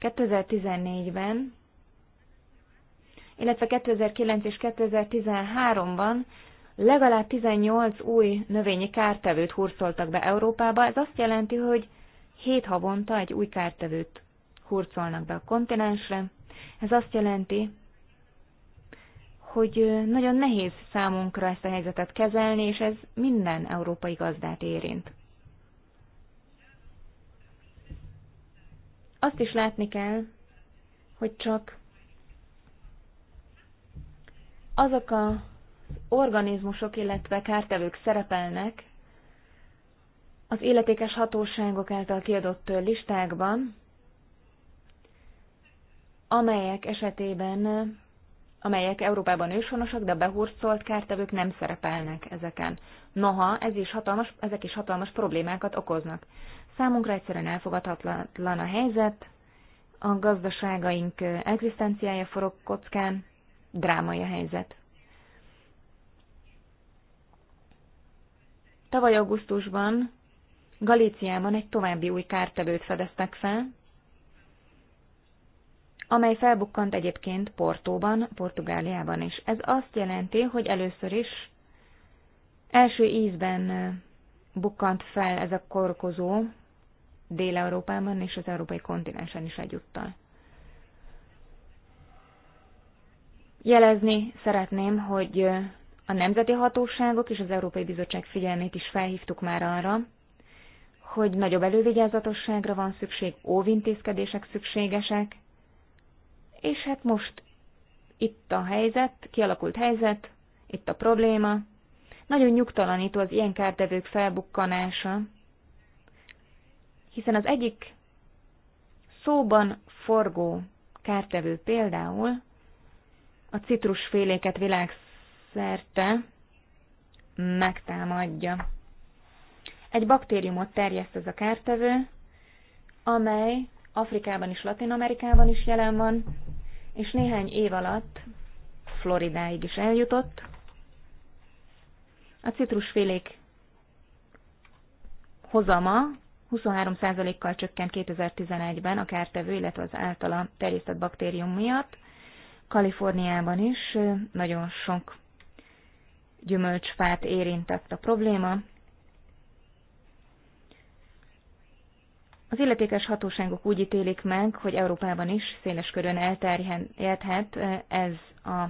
2014-ben, illetve 2009 és 2013-ban legalább 18 új növényi kártevőt hurcoltak be Európába. Ez azt jelenti, hogy 7 havonta egy új kártevőt hurcolnak be a kontinensre. Ez azt jelenti, hogy nagyon nehéz számunkra ezt a helyzetet kezelni, és ez minden európai gazdát érint. Azt is látni kell, hogy csak azok az organizmusok, illetve kártevők szerepelnek az életékes hatóságok által kiadott listákban, amelyek esetében amelyek Európában őshonosak, de behurcolt kártevők nem szerepelnek ezeken. Noha ez is hatalmas, ezek is hatalmas problémákat okoznak. Számunkra egyszerűen elfogadhatatlan a helyzet, a gazdaságaink egzisztenciája forog kockán, drámai a helyzet. Tavaly augusztusban Galíciában egy további új kártevőt fedeztek fel, amely felbukkant egyébként Portóban, Portugáliában is. Ez azt jelenti, hogy először is első ízben bukkant fel ez a korkozó Dél-Európában és az európai kontinensen is egyúttal. Jelezni szeretném, hogy a nemzeti hatóságok és az Európai Bizottság figyelmét is felhívtuk már arra, hogy nagyobb elővigyázatosságra van szükség, óvintézkedések szükségesek, és hát most itt a helyzet, kialakult helyzet, itt a probléma. Nagyon nyugtalanító az ilyen kártevők felbukkanása, hiszen az egyik szóban forgó kártevő például a citrusféléket világszerte megtámadja. Egy baktériumot terjeszt ez a kártevő, amely Afrikában és Latin Amerikában is jelen van, és néhány év alatt Floridáig is eljutott. A citrusfélék hozama 23%-kal csökkent 2011-ben a kártevő, illetve az általa terjesztett baktérium miatt. Kaliforniában is nagyon sok gyümölcsfát érintett a probléma. Az illetékes hatóságok úgy ítélik meg, hogy Európában is széles körön elterjedhet ez a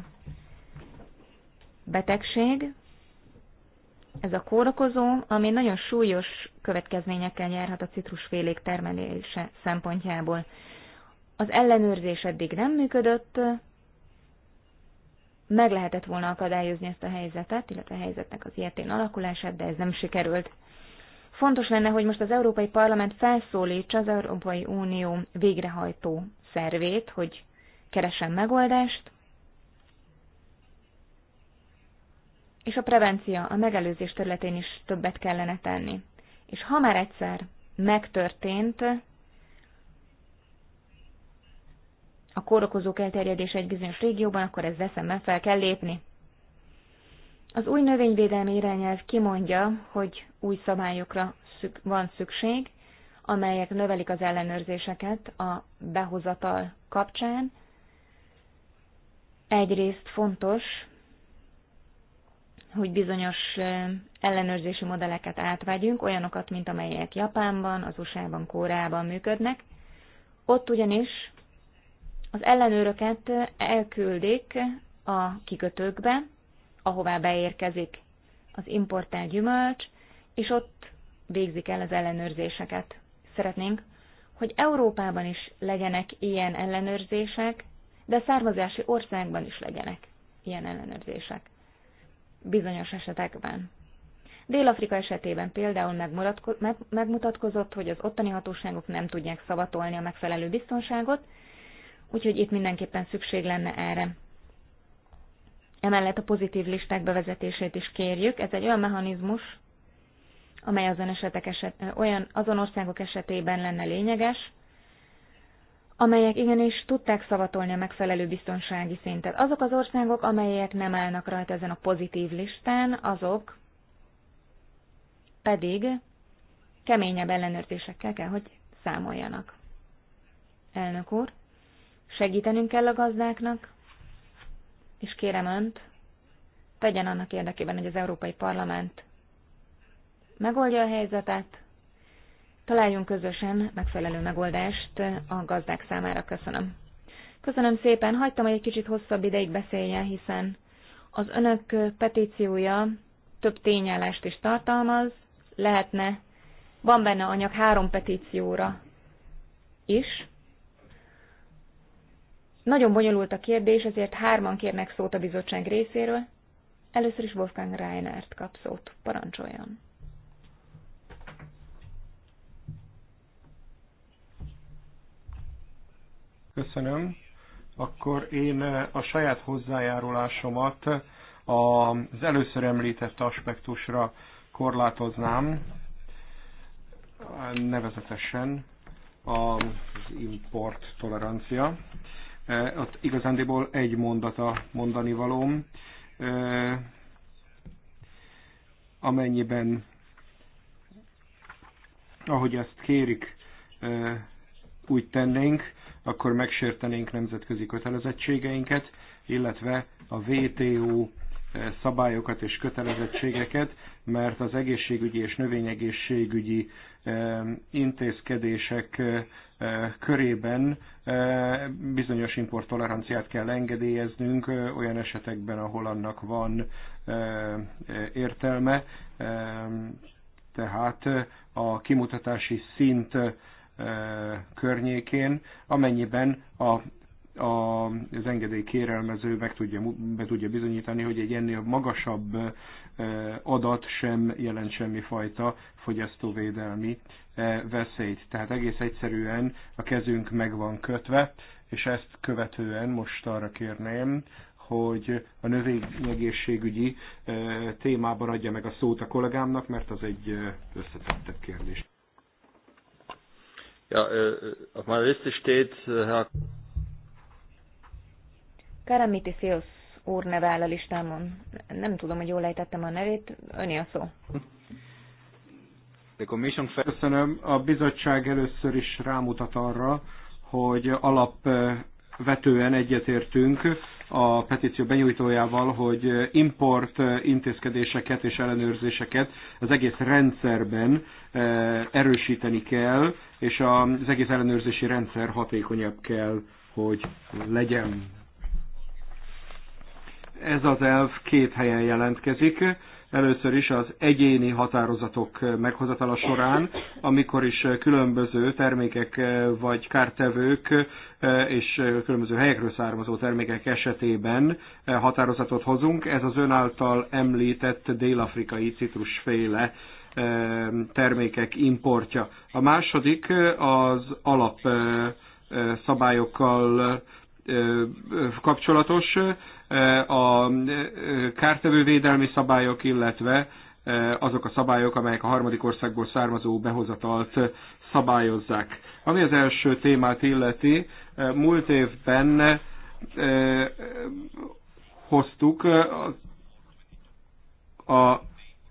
betegség, ez a kórokozó, ami nagyon súlyos következményekkel járhat a citrusfélék termelése szempontjából. Az ellenőrzés eddig nem működött, meg lehetett volna akadályozni ezt a helyzetet, illetve a helyzetnek az értén alakulását, de ez nem sikerült fontos lenne, hogy most az Európai Parlament felszólítsa az Európai Unió végrehajtó szervét, hogy keresen megoldást, és a prevencia, a megelőzés területén is többet kellene tenni. És ha már egyszer megtörtént, a kórokozók elterjedése egy bizonyos régióban, akkor ez eszembe fel kell lépni. Az új növényvédelmi irányelv kimondja, hogy új szabályokra szük van szükség, amelyek növelik az ellenőrzéseket a behozatal kapcsán. Egyrészt fontos, hogy bizonyos ellenőrzési modelleket átvegyünk, olyanokat, mint amelyek Japánban, az USA-ban, Kóreában működnek. Ott ugyanis az ellenőröket elküldik a kikötőkbe, ahová beérkezik az importált gyümölcs, és ott végzik el az ellenőrzéseket. Szeretnénk, hogy Európában is legyenek ilyen ellenőrzések, de származási országban is legyenek ilyen ellenőrzések. Bizonyos esetekben. Dél-Afrika esetében például megmutatkozott, hogy az ottani hatóságok nem tudják szavatolni a megfelelő biztonságot, úgyhogy itt mindenképpen szükség lenne erre. Emellett a pozitív listák bevezetését is kérjük. Ez egy olyan mechanizmus, amely azon, esetek eset, olyan, azon országok esetében lenne lényeges, amelyek igenis tudták szavatolni a megfelelő biztonsági szintet. Azok az országok, amelyek nem állnak rajta ezen a pozitív listán, azok pedig keményebb ellenőrzésekkel kell, hogy számoljanak. Elnök úr, segítenünk kell a gazdáknak, és kérem Önt, tegyen annak érdekében, hogy az Európai Parlament megoldja a helyzetet, találjunk közösen megfelelő megoldást a gazdák számára. Köszönöm. Köszönöm szépen, hagytam, hogy egy kicsit hosszabb ideig beszéljen, hiszen az önök petíciója több tényállást is tartalmaz, lehetne, van benne anyag három petícióra is, nagyon bonyolult a kérdés, ezért hárman kérnek szót a bizottság részéről. Először is Wolfgang Reinert kap szót. Parancsoljon! Köszönöm. Akkor én a saját hozzájárulásomat az először említett aspektusra korlátoznám, nevezetesen az import tolerancia. Ott igazándiból egy mondata mondani valóm, amennyiben, ahogy azt kérik, úgy tennénk, akkor megsértenénk nemzetközi kötelezettségeinket, illetve a WTO szabályokat és kötelezettségeket, mert az egészségügyi és növényegészségügyi eh, intézkedések eh, körében eh, bizonyos importtoleranciát kell engedélyeznünk olyan esetekben, ahol annak van értelme. Tehát a kimutatási szint környékén, amennyiben a az engedély kérelmező meg tudja, be tudja bizonyítani, hogy egy ennél magasabb adat sem jelent semmi fajta fogyasztóvédelmi veszélyt. Tehát egész egyszerűen a kezünk meg van kötve, és ezt követően most arra kérném, hogy a növényegészségügyi témában adja meg a szót a kollégámnak, mert az egy összetettebb kérdés. Ja, auf meiner Liste steht, Herr Karamiti Szélsz úr neve áll a listámon. Nem tudom, hogy jól ejtettem a nevét. Öné a szó. Köszönöm. A bizottság először is rámutat arra, hogy alapvetően egyetértünk a petíció benyújtójával, hogy import intézkedéseket és ellenőrzéseket az egész rendszerben eh, erősíteni kell, és az egész ellenőrzési rendszer hatékonyabb kell, hogy legyen ez az elv két helyen jelentkezik. Először is az egyéni határozatok meghozatala során, amikor is különböző termékek vagy kártevők és különböző helyekről származó termékek esetében határozatot hozunk. Ez az ön által említett dél-afrikai citrusféle eh, termékek importja. A második az alap eh, szabályokkal eh, kapcsolatos a kártevővédelmi szabályok, illetve e, azok a szabályok, amelyek a harmadik országból származó behozatalt szabályozzák. Ami az első témát illeti, e, múlt évben e, hoztuk a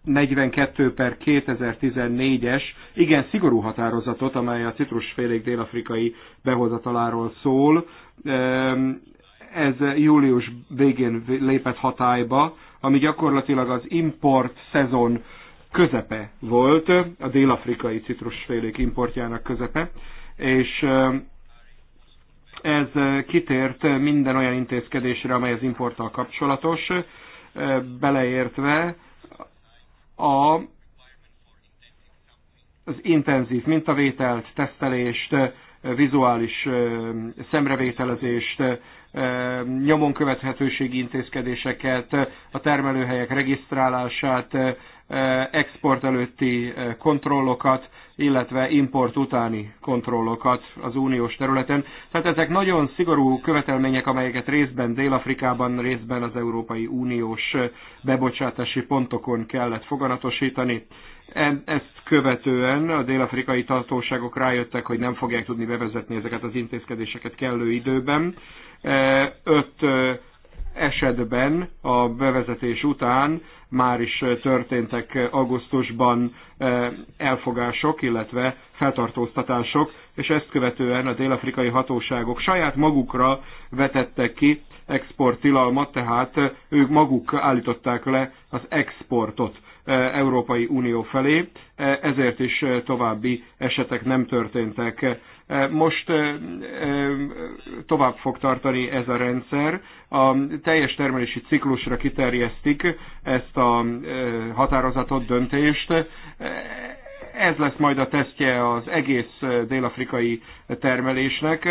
42 per 2014-es igen szigorú határozatot, amely a citrusfélék dél-afrikai behozataláról szól ez július végén lépett hatályba, ami gyakorlatilag az import szezon közepe volt, a dél-afrikai citrusfélék importjának közepe, és ez kitért minden olyan intézkedésre, amely az importtal kapcsolatos, beleértve a, az intenzív mintavételt, tesztelést, vizuális szemrevételezést, nyomon követhetőségi intézkedéseket, a termelőhelyek regisztrálását, export előtti kontrollokat, illetve import utáni kontrollokat az uniós területen. Tehát ezek nagyon szigorú követelmények, amelyeket részben Dél-Afrikában, részben az Európai Uniós bebocsátási pontokon kellett foganatosítani. E- ezt követően a dél-afrikai tartóságok rájöttek, hogy nem fogják tudni bevezetni ezeket az intézkedéseket kellő időben. E- öt e- esetben a bevezetés után már is történtek augusztusban elfogások, illetve feltartóztatások, és ezt követően a dél-afrikai hatóságok saját magukra vetettek ki exporttilalmat, tehát ők maguk állították le az exportot. E, Európai Unió felé, e, ezért is e, további esetek nem történtek. Most tovább fog tartani ez a rendszer. A teljes termelési ciklusra kiterjesztik ezt a határozatot, döntést ez lesz majd a tesztje az egész dél-afrikai termelésnek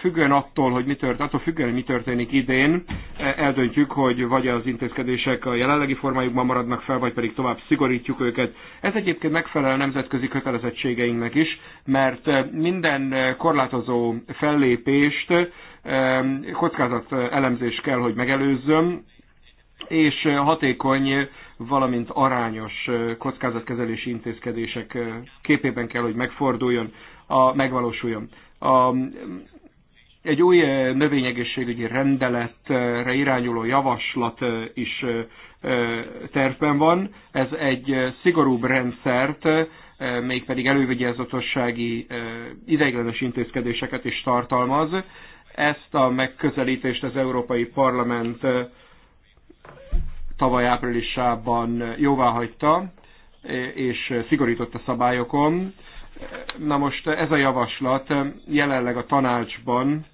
függően attól, hogy mi történik, attól függően, hogy mi történik idén, eldöntjük, hogy vagy az intézkedések a jelenlegi formájukban maradnak fel, vagy pedig tovább szigorítjuk őket. Ez egyébként megfelel a nemzetközi kötelezettségeinknek is, mert minden korlátozó fellépést kockázat elemzés kell, hogy megelőzzöm, és hatékony valamint arányos kockázatkezelési intézkedések képében kell, hogy megforduljon, a, megvalósuljon. A, egy új növényegészségügyi rendeletre irányuló javaslat is tervben van. Ez egy szigorúbb rendszert, mégpedig elővigyázatossági ideiglenes intézkedéseket is tartalmaz. Ezt a megközelítést az Európai Parlament tavaly áprilisában jóvá hagyta, és szigorított a szabályokon. Na most ez a javaslat jelenleg a tanácsban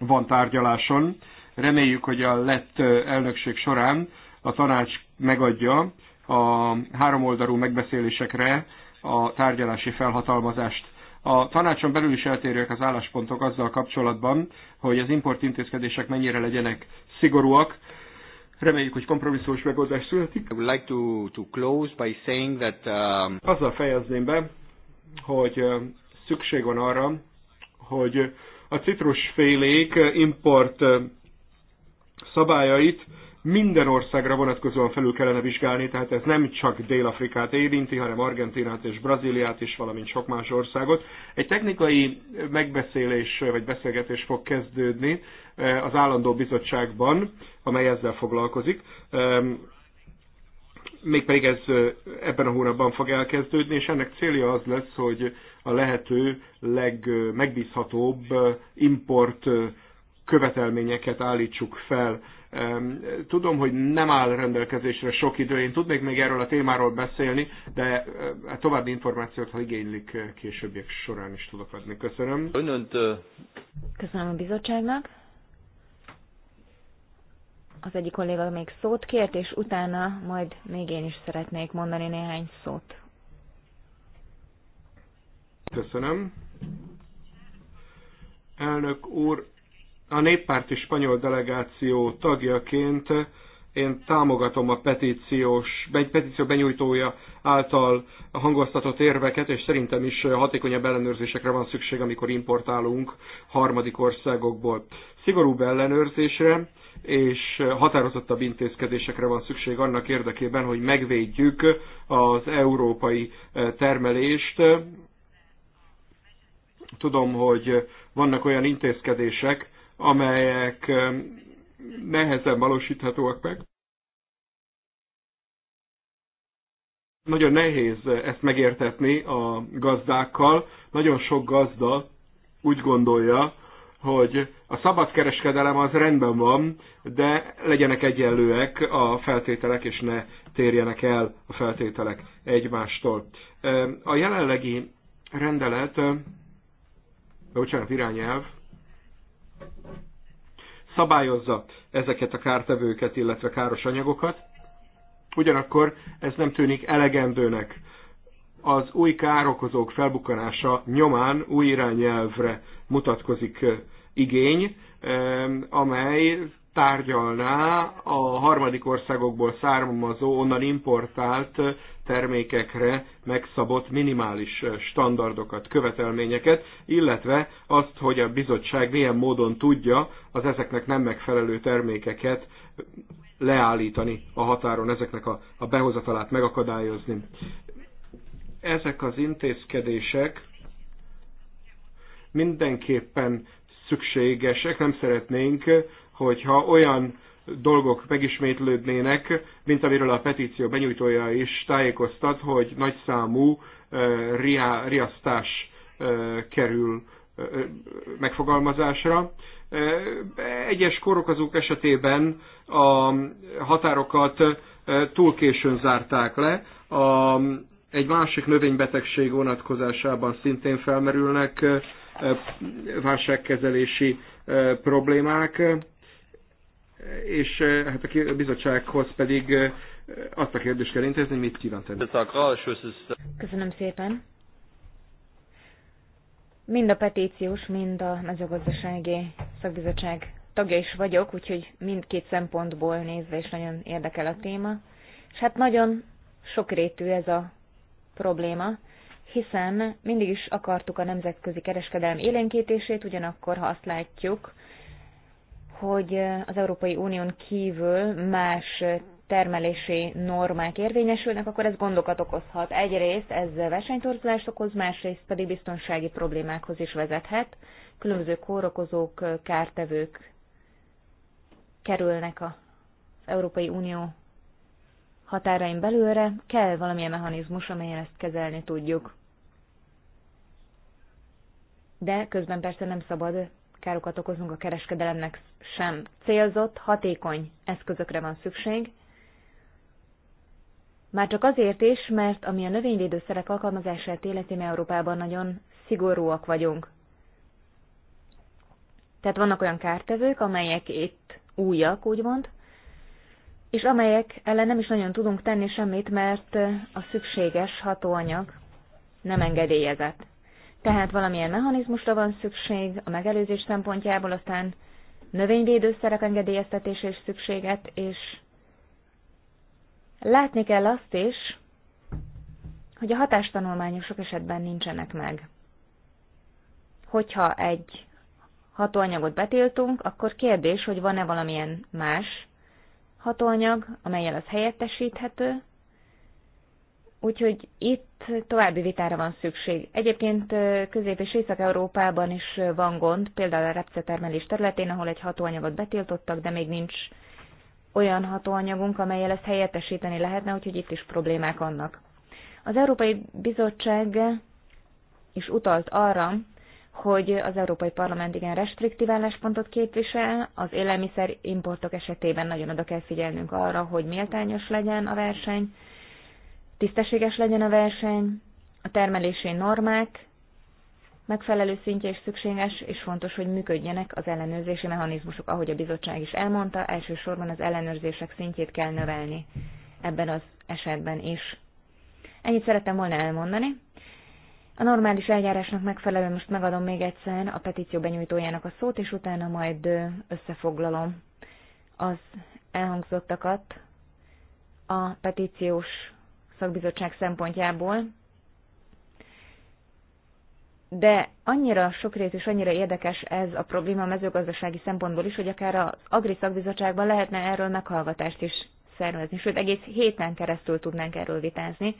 van tárgyaláson. Reméljük, hogy a lett elnökség során a tanács megadja a háromoldalú megbeszélésekre a tárgyalási felhatalmazást. A tanácson belül is eltérőek az álláspontok azzal kapcsolatban, hogy az import intézkedések mennyire legyenek szigorúak. Reméljük, hogy kompromisszós megoldás születik. I would like to, to close by saying that, um... Azzal fejezném be, hogy szükség van arra, hogy a citrusfélék import szabályait minden országra vonatkozóan felül kellene vizsgálni, tehát ez nem csak Dél-Afrikát érinti, hanem Argentinát és Brazíliát is, valamint sok más országot. Egy technikai megbeszélés vagy beszélgetés fog kezdődni eh, az állandó bizottságban, amely ezzel foglalkozik. Ehm, mégpedig ez eh, ebben a hónapban fog elkezdődni, és ennek célja az lesz, hogy a lehető legmegbízhatóbb eh, import követelményeket állítsuk fel Tudom, hogy nem áll rendelkezésre sok idő, én tudnék még erről a témáról beszélni, de eh, hát további információt, ha igénylik, eh, későbbiek során is tudok adni. Köszönöm. Önönt... Eh, Köszönöm a bizottságnak. Az egyik kolléga még szót kért, és utána majd még én is szeretnék mondani néhány szót. Köszönöm. Elnök úr, a néppárti spanyol delegáció tagjaként én támogatom a petíciós, egy petíció benyújtója által hangoztatott érveket, és szerintem is hatékonyabb ellenőrzésekre van szükség, amikor importálunk harmadik országokból. Szigorúbb ellenőrzésre és határozottabb intézkedésekre van szükség annak érdekében, hogy megvédjük az európai e, termelést. Tudom, hogy vannak olyan intézkedések, amelyek nehezen valósíthatóak meg. Nagyon nehéz ezt megértetni a gazdákkal. Nagyon sok gazda úgy gondolja, hogy a kereskedelem az rendben van, de legyenek egyenlőek a feltételek, és ne térjenek el a feltételek egymástól. A jelenlegi rendelet, bocsánat, irányelv, szabályozza ezeket a kártevőket, illetve káros anyagokat. Ugyanakkor ez nem tűnik elegendőnek. Az új károkozók felbukkanása nyomán új irányelvre mutatkozik igény, amely tárgyalná a harmadik országokból származó, onnan importált termékekre megszabott minimális standardokat, követelményeket, illetve azt, hogy a bizottság milyen módon tudja az ezeknek nem megfelelő termékeket leállítani a határon, ezeknek a, a behozatalát megakadályozni. Ezek az intézkedések mindenképpen szükségesek, nem szeretnénk hogyha olyan dolgok megismétlődnének, mint amiről a petíció benyújtója is tájékoztat, hogy nagyszámú eh, riasztás eh, kerül eh, megfogalmazásra. Egyes azok esetében a határokat túl későn zárták le. A, egy másik növénybetegség vonatkozásában szintén felmerülnek válságkezelési problémák és eh, hát a bizottsághoz pedig eh, azt a kérdést kell intézni, mit kíván tenni. Köszönöm szépen. Mind a petíciós, mind a mezőgazdasági szakbizottság tagja is vagyok, úgyhogy mindkét szempontból nézve is nagyon érdekel a téma. És hát nagyon sokrétű ez a probléma, hiszen mindig is akartuk a nemzetközi kereskedelem élénkítését, ugyanakkor, ha azt látjuk, hogy az Európai Unión kívül más termelési normák érvényesülnek, akkor ez gondokat okozhat. Egyrészt ez versenytorzulást okoz, másrészt pedig biztonsági problémákhoz is vezethet. Különböző kórokozók, kártevők kerülnek az Európai Unió határain belőle, kell valamilyen mechanizmus, amelyen ezt kezelni tudjuk. De közben persze nem szabad károkat okozunk a kereskedelemnek sem. Célzott, hatékony eszközökre van szükség, már csak azért is, mert ami a növényvédőszerek alkalmazását életi, mi Európában nagyon szigorúak vagyunk. Tehát vannak olyan kártevők, amelyek itt újak, úgymond, és amelyek ellen nem is nagyon tudunk tenni semmit, mert a szükséges hatóanyag nem engedélyezett. Tehát valamilyen mechanizmusra van szükség a megelőzés szempontjából, aztán növényvédőszerek engedélyeztetése is szükséget, és látni kell azt is, hogy a hatástanulmányok sok esetben nincsenek meg. Hogyha egy hatóanyagot betiltunk, akkor kérdés, hogy van-e valamilyen más hatóanyag, amelyel az helyettesíthető, Úgyhogy itt további vitára van szükség. Egyébként Közép- és Észak-Európában is van gond, például a repcetermelés területén, ahol egy hatóanyagot betiltottak, de még nincs olyan hatóanyagunk, amelyel ezt helyettesíteni lehetne, úgyhogy itt is problémák vannak. Az Európai Bizottság is utalt arra, hogy az Európai Parlament igen restriktív álláspontot képvisel, az élelmiszer importok esetében nagyon oda kell figyelnünk arra, hogy méltányos legyen a verseny, tisztességes legyen a verseny, a termelési normák megfelelő szintje is szükséges, és fontos, hogy működjenek az ellenőrzési mechanizmusok, ahogy a bizottság is elmondta, elsősorban az ellenőrzések szintjét kell növelni ebben az esetben is. Ennyit szerettem volna elmondani. A normális eljárásnak megfelelően most megadom még egyszer a petíció benyújtójának a szót, és utána majd összefoglalom az elhangzottakat a petíciós szakbizottság szempontjából, de annyira sokrét és annyira érdekes ez a probléma a mezőgazdasági szempontból is, hogy akár az Agri szakbizottságban lehetne erről meghallgatást is szervezni, sőt egész héten keresztül tudnánk erről vitázni.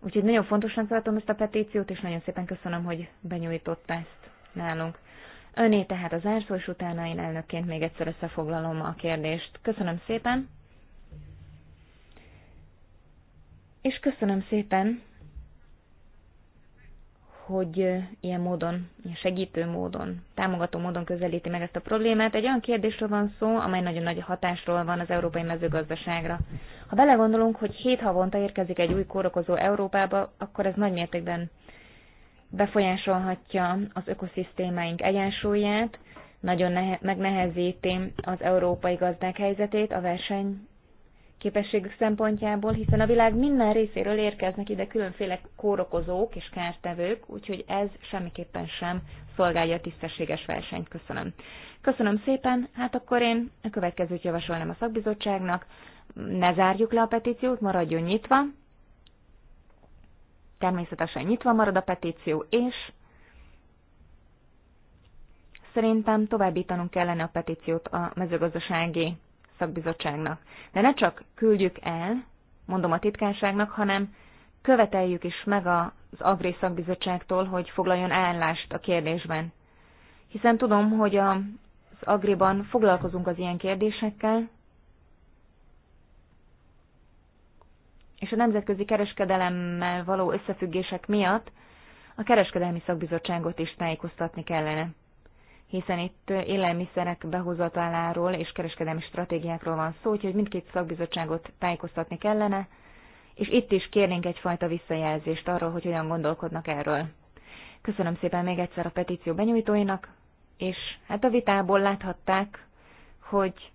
Úgyhogy nagyon fontosnak tartom ezt a petíciót, és nagyon szépen köszönöm, hogy benyújtott ezt nálunk. Öné tehát az árszó, és utána én elnökként még egyszer összefoglalom a kérdést. Köszönöm szépen! és köszönöm szépen, hogy ilyen módon, ilyen segítő módon, támogató módon közelíti meg ezt a problémát. Egy olyan kérdésről van szó, amely nagyon nagy hatásról van az európai mezőgazdaságra. Ha belegondolunk, hogy hét havonta érkezik egy új kórokozó Európába, akkor ez nagy mértékben befolyásolhatja az ökoszisztémáink egyensúlyát, nagyon nehe- megnehezíti az európai gazdák helyzetét, a verseny képességük szempontjából, hiszen a világ minden részéről érkeznek ide különféle kórokozók és kártevők, úgyhogy ez semmiképpen sem szolgálja a tisztességes versenyt. Köszönöm. Köszönöm szépen, hát akkor én a következőt javasolnám a szakbizottságnak, ne zárjuk le a petíciót, maradjon nyitva, természetesen nyitva marad a petíció, és szerintem továbbítanunk kellene a petíciót a mezőgazdasági szakbizottságnak. De ne csak küldjük el, mondom a titkárságnak, hanem követeljük is meg az Agré szakbizottságtól, hogy foglaljon állást a kérdésben. Hiszen tudom, hogy az Agriban foglalkozunk az ilyen kérdésekkel, és a nemzetközi kereskedelemmel való összefüggések miatt a kereskedelmi szakbizottságot is tájékoztatni kellene hiszen itt élelmiszerek behozataláról és kereskedelmi stratégiákról van szó, úgyhogy mindkét szakbizottságot tájékoztatni kellene, és itt is kérnénk egyfajta visszajelzést arról, hogy hogyan gondolkodnak erről. Köszönöm szépen még egyszer a petíció benyújtóinak, és hát a vitából láthatták, hogy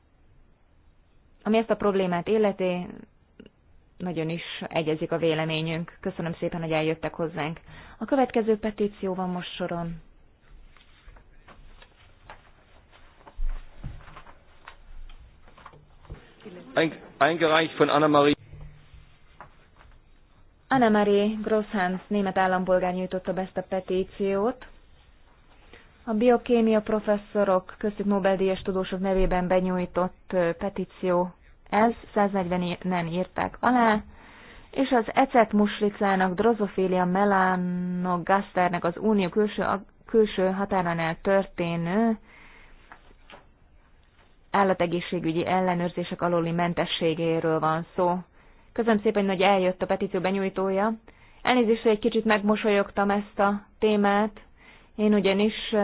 ami ezt a problémát életé, nagyon is egyezik a véleményünk. Köszönöm szépen, hogy eljöttek hozzánk. A következő petíció van most soron. eingereicht von Annemarie. Grosshans német állampolgár nyújtotta be ezt a petíciót. A biokémia professzorok, köztük Nobel-díjas tudósok nevében benyújtott petíció ez, 140-en írták alá, és az ecet muslicának, drozofília melanogasternek az unió külső, külső határánál történő állategészségügyi ellenőrzések alóli mentességéről van szó. Köszönöm szépen, hogy eljött a petíció benyújtója. Elnézést, hogy egy kicsit megmosolyogtam ezt a témát. Én ugyanis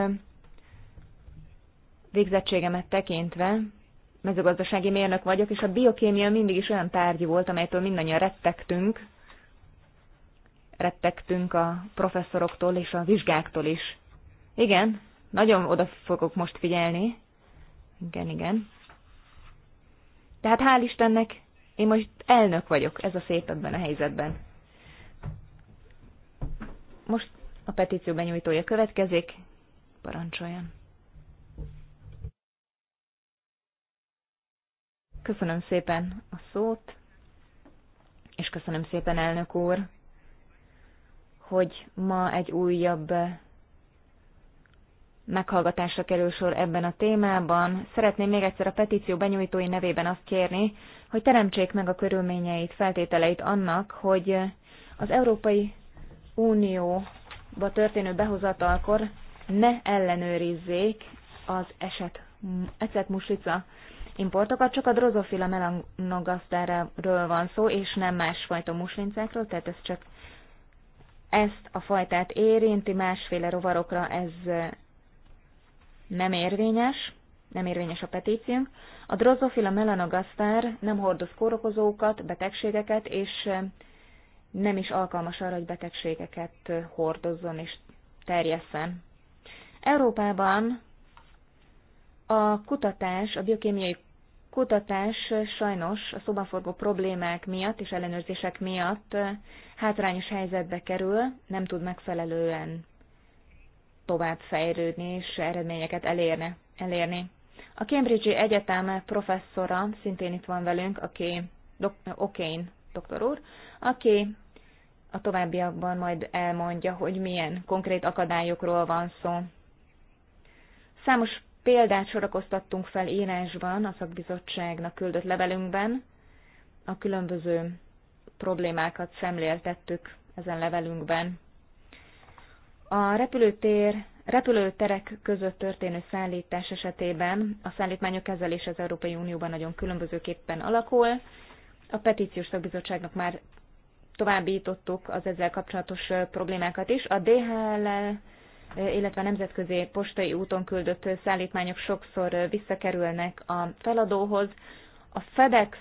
végzettségemet tekintve mezőgazdasági mérnök vagyok, és a biokémia mindig is olyan tárgy volt, amelytől mindannyian rettegtünk, rettegtünk a professzoroktól és a vizsgáktól is. Igen, nagyon oda fogok most figyelni, igen, igen. Tehát hál' Istennek, én most elnök vagyok, ez a szép ebben a helyzetben. Most a petíció benyújtója következik, parancsoljon. Köszönöm szépen a szót, és köszönöm szépen, elnök úr, hogy ma egy újabb meghallgatásra kerül sor ebben a témában. Szeretném még egyszer a petíció benyújtói nevében azt kérni, hogy teremtsék meg a körülményeit, feltételeit annak, hogy az Európai Unióba történő behozatalkor ne ellenőrizzék az eset, eset muslica importokat, csak a drozofila melanogasztáról van szó, és nem másfajta muslincákról, tehát ez csak ezt a fajtát érinti, másféle rovarokra ez nem érvényes, nem érvényes a petíciónk. A drozofila melanogaster nem hordoz kórokozókat, betegségeket, és eh, nem is alkalmas arra, hogy betegségeket eh, hordozzon és terjesszen. Európában a kutatás, a biokémiai kutatás eh, sajnos a szobaforgó problémák miatt és ellenőrzések miatt hátrányos helyzetbe kerül, nem tud megfelelően tovább fejlődni és eredményeket elérni. elérni. A Cambridge Egyetem professzora szintén itt van velünk, aki dok, Okén doktor úr, aki a továbbiakban majd elmondja, hogy milyen konkrét akadályokról van szó. Számos példát sorakoztattunk fel írásban a szakbizottságnak küldött levelünkben, a különböző problémákat szemléltettük ezen levelünkben. A repülőtér repülőterek között történő szállítás esetében a szállítmányok kezelése az Európai Unióban nagyon különbözőképpen alakul. A petíciós szakbizottságnak már továbbítottuk az ezzel kapcsolatos problémákat is. A dhl illetve a nemzetközi postai úton küldött szállítmányok sokszor visszakerülnek a feladóhoz. A fedex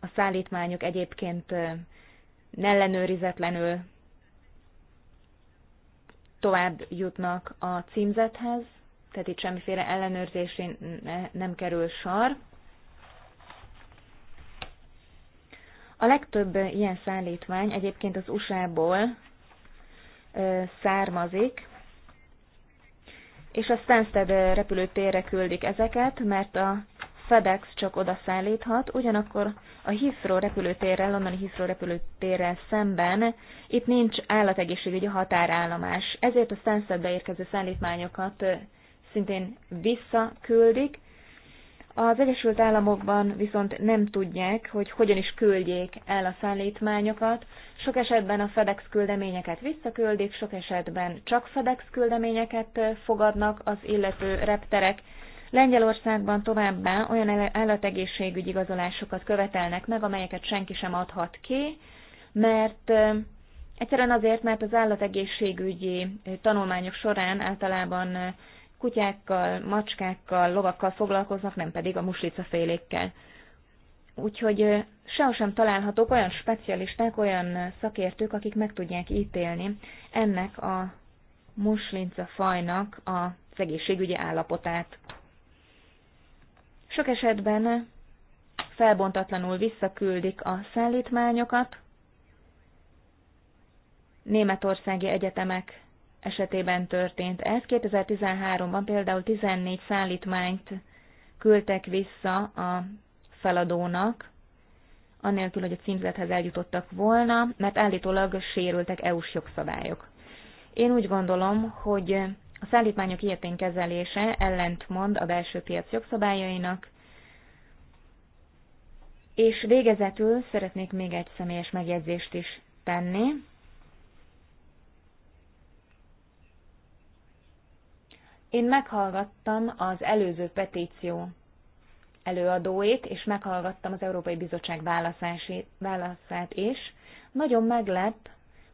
a szállítmányok egyébként ellenőrizetlenül tovább jutnak a címzethez, tehát itt semmiféle ellenőrzésén nem kerül sor. A legtöbb ilyen szállítvány, egyébként az USA-ból származik, és a Stansted repülőtérre küldik ezeket, mert a FedEx csak oda szállíthat, ugyanakkor a Heathrow repülőtérrel, londoni Heathrow repülőtérrel szemben itt nincs állategészségügyi határállomás. Ezért a Stanszedbe érkező szállítmányokat szintén visszaküldik. Az Egyesült Államokban viszont nem tudják, hogy hogyan is küldjék el a szállítmányokat. Sok esetben a FedEx küldeményeket visszaküldik, sok esetben csak FedEx küldeményeket fogadnak az illető repterek, Lengyelországban továbbá olyan állategészségügyi igazolásokat követelnek meg, amelyeket senki sem adhat ki, mert egyszerűen azért, mert az állategészségügyi tanulmányok során általában kutyákkal, macskákkal, lovakkal foglalkoznak, nem pedig a muslicafélékkel. Úgyhogy sehol sem találhatók olyan specialisták, olyan szakértők, akik meg tudják ítélni ennek a muslinca fajnak a egészségügyi állapotát. Sok esetben felbontatlanul visszaküldik a szállítmányokat. Németországi egyetemek esetében történt ez. 2013-ban például 14 szállítmányt küldtek vissza a feladónak, annélkül, hogy a címzethez eljutottak volna, mert állítólag sérültek EU-s jogszabályok. Én úgy gondolom, hogy a szállítmányok ilyetén kezelése ellentmond a belső piac jogszabályainak, és végezetül szeretnék még egy személyes megjegyzést is tenni. Én meghallgattam az előző petíció előadóit, és meghallgattam az Európai Bizottság válaszát is. Nagyon meglep,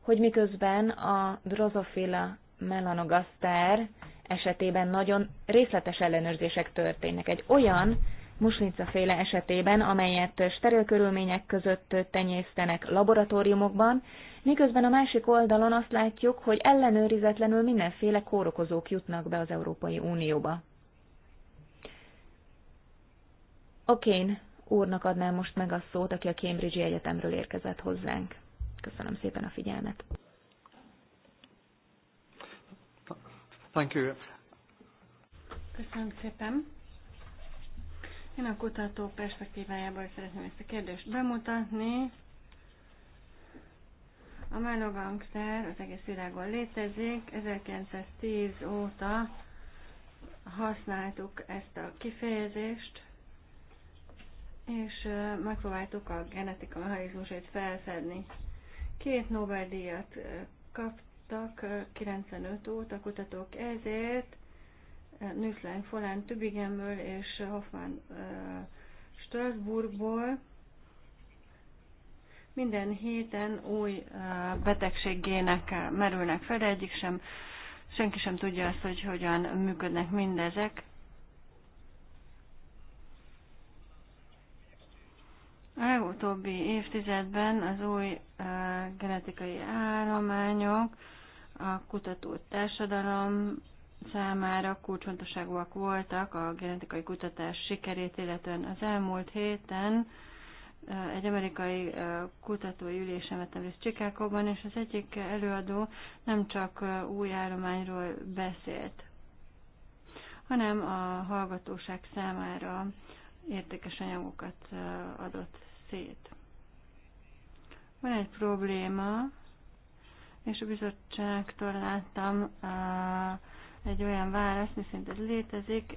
hogy miközben a drozofila melanogaster esetében nagyon részletes ellenőrzések történnek. Egy olyan muslincaféle esetében, amelyet steril körülmények között tenyésztenek laboratóriumokban, miközben a másik oldalon azt látjuk, hogy ellenőrizetlenül mindenféle kórokozók jutnak be az Európai Unióba. Okén úrnak adnám most meg a szót, aki a Cambridge Egyetemről érkezett hozzánk. Köszönöm szépen a figyelmet. Thank you. Köszönöm szépen. Én a kutató perspektívájából szeretném ezt a kérdést bemutatni. A melogangszer az egész világon létezik. 1910 óta használtuk ezt a kifejezést, és megpróbáltuk a genetika mechanizmusait felfedni. Két Nobel-díjat kap kutattak 95 óta, kutatók ezért Nüsslein, Folán, Tübigenből és Hoffman Strasbourgból minden héten új betegséggének merülnek fel, egyik sem, senki sem tudja azt, hogy hogyan működnek mindezek. A legutóbbi évtizedben az új genetikai állományok a kutató társadalom számára kulcsfontosságúak voltak a genetikai kutatás sikerét, illetően az elmúlt héten egy amerikai kutatói ülésen vettem részt Csikákóban, és az egyik előadó nem csak új állományról beszélt, hanem a hallgatóság számára értékes anyagokat adott szét. Van egy probléma, és a bizottságtól láttam egy olyan választ, miszerint ez létezik.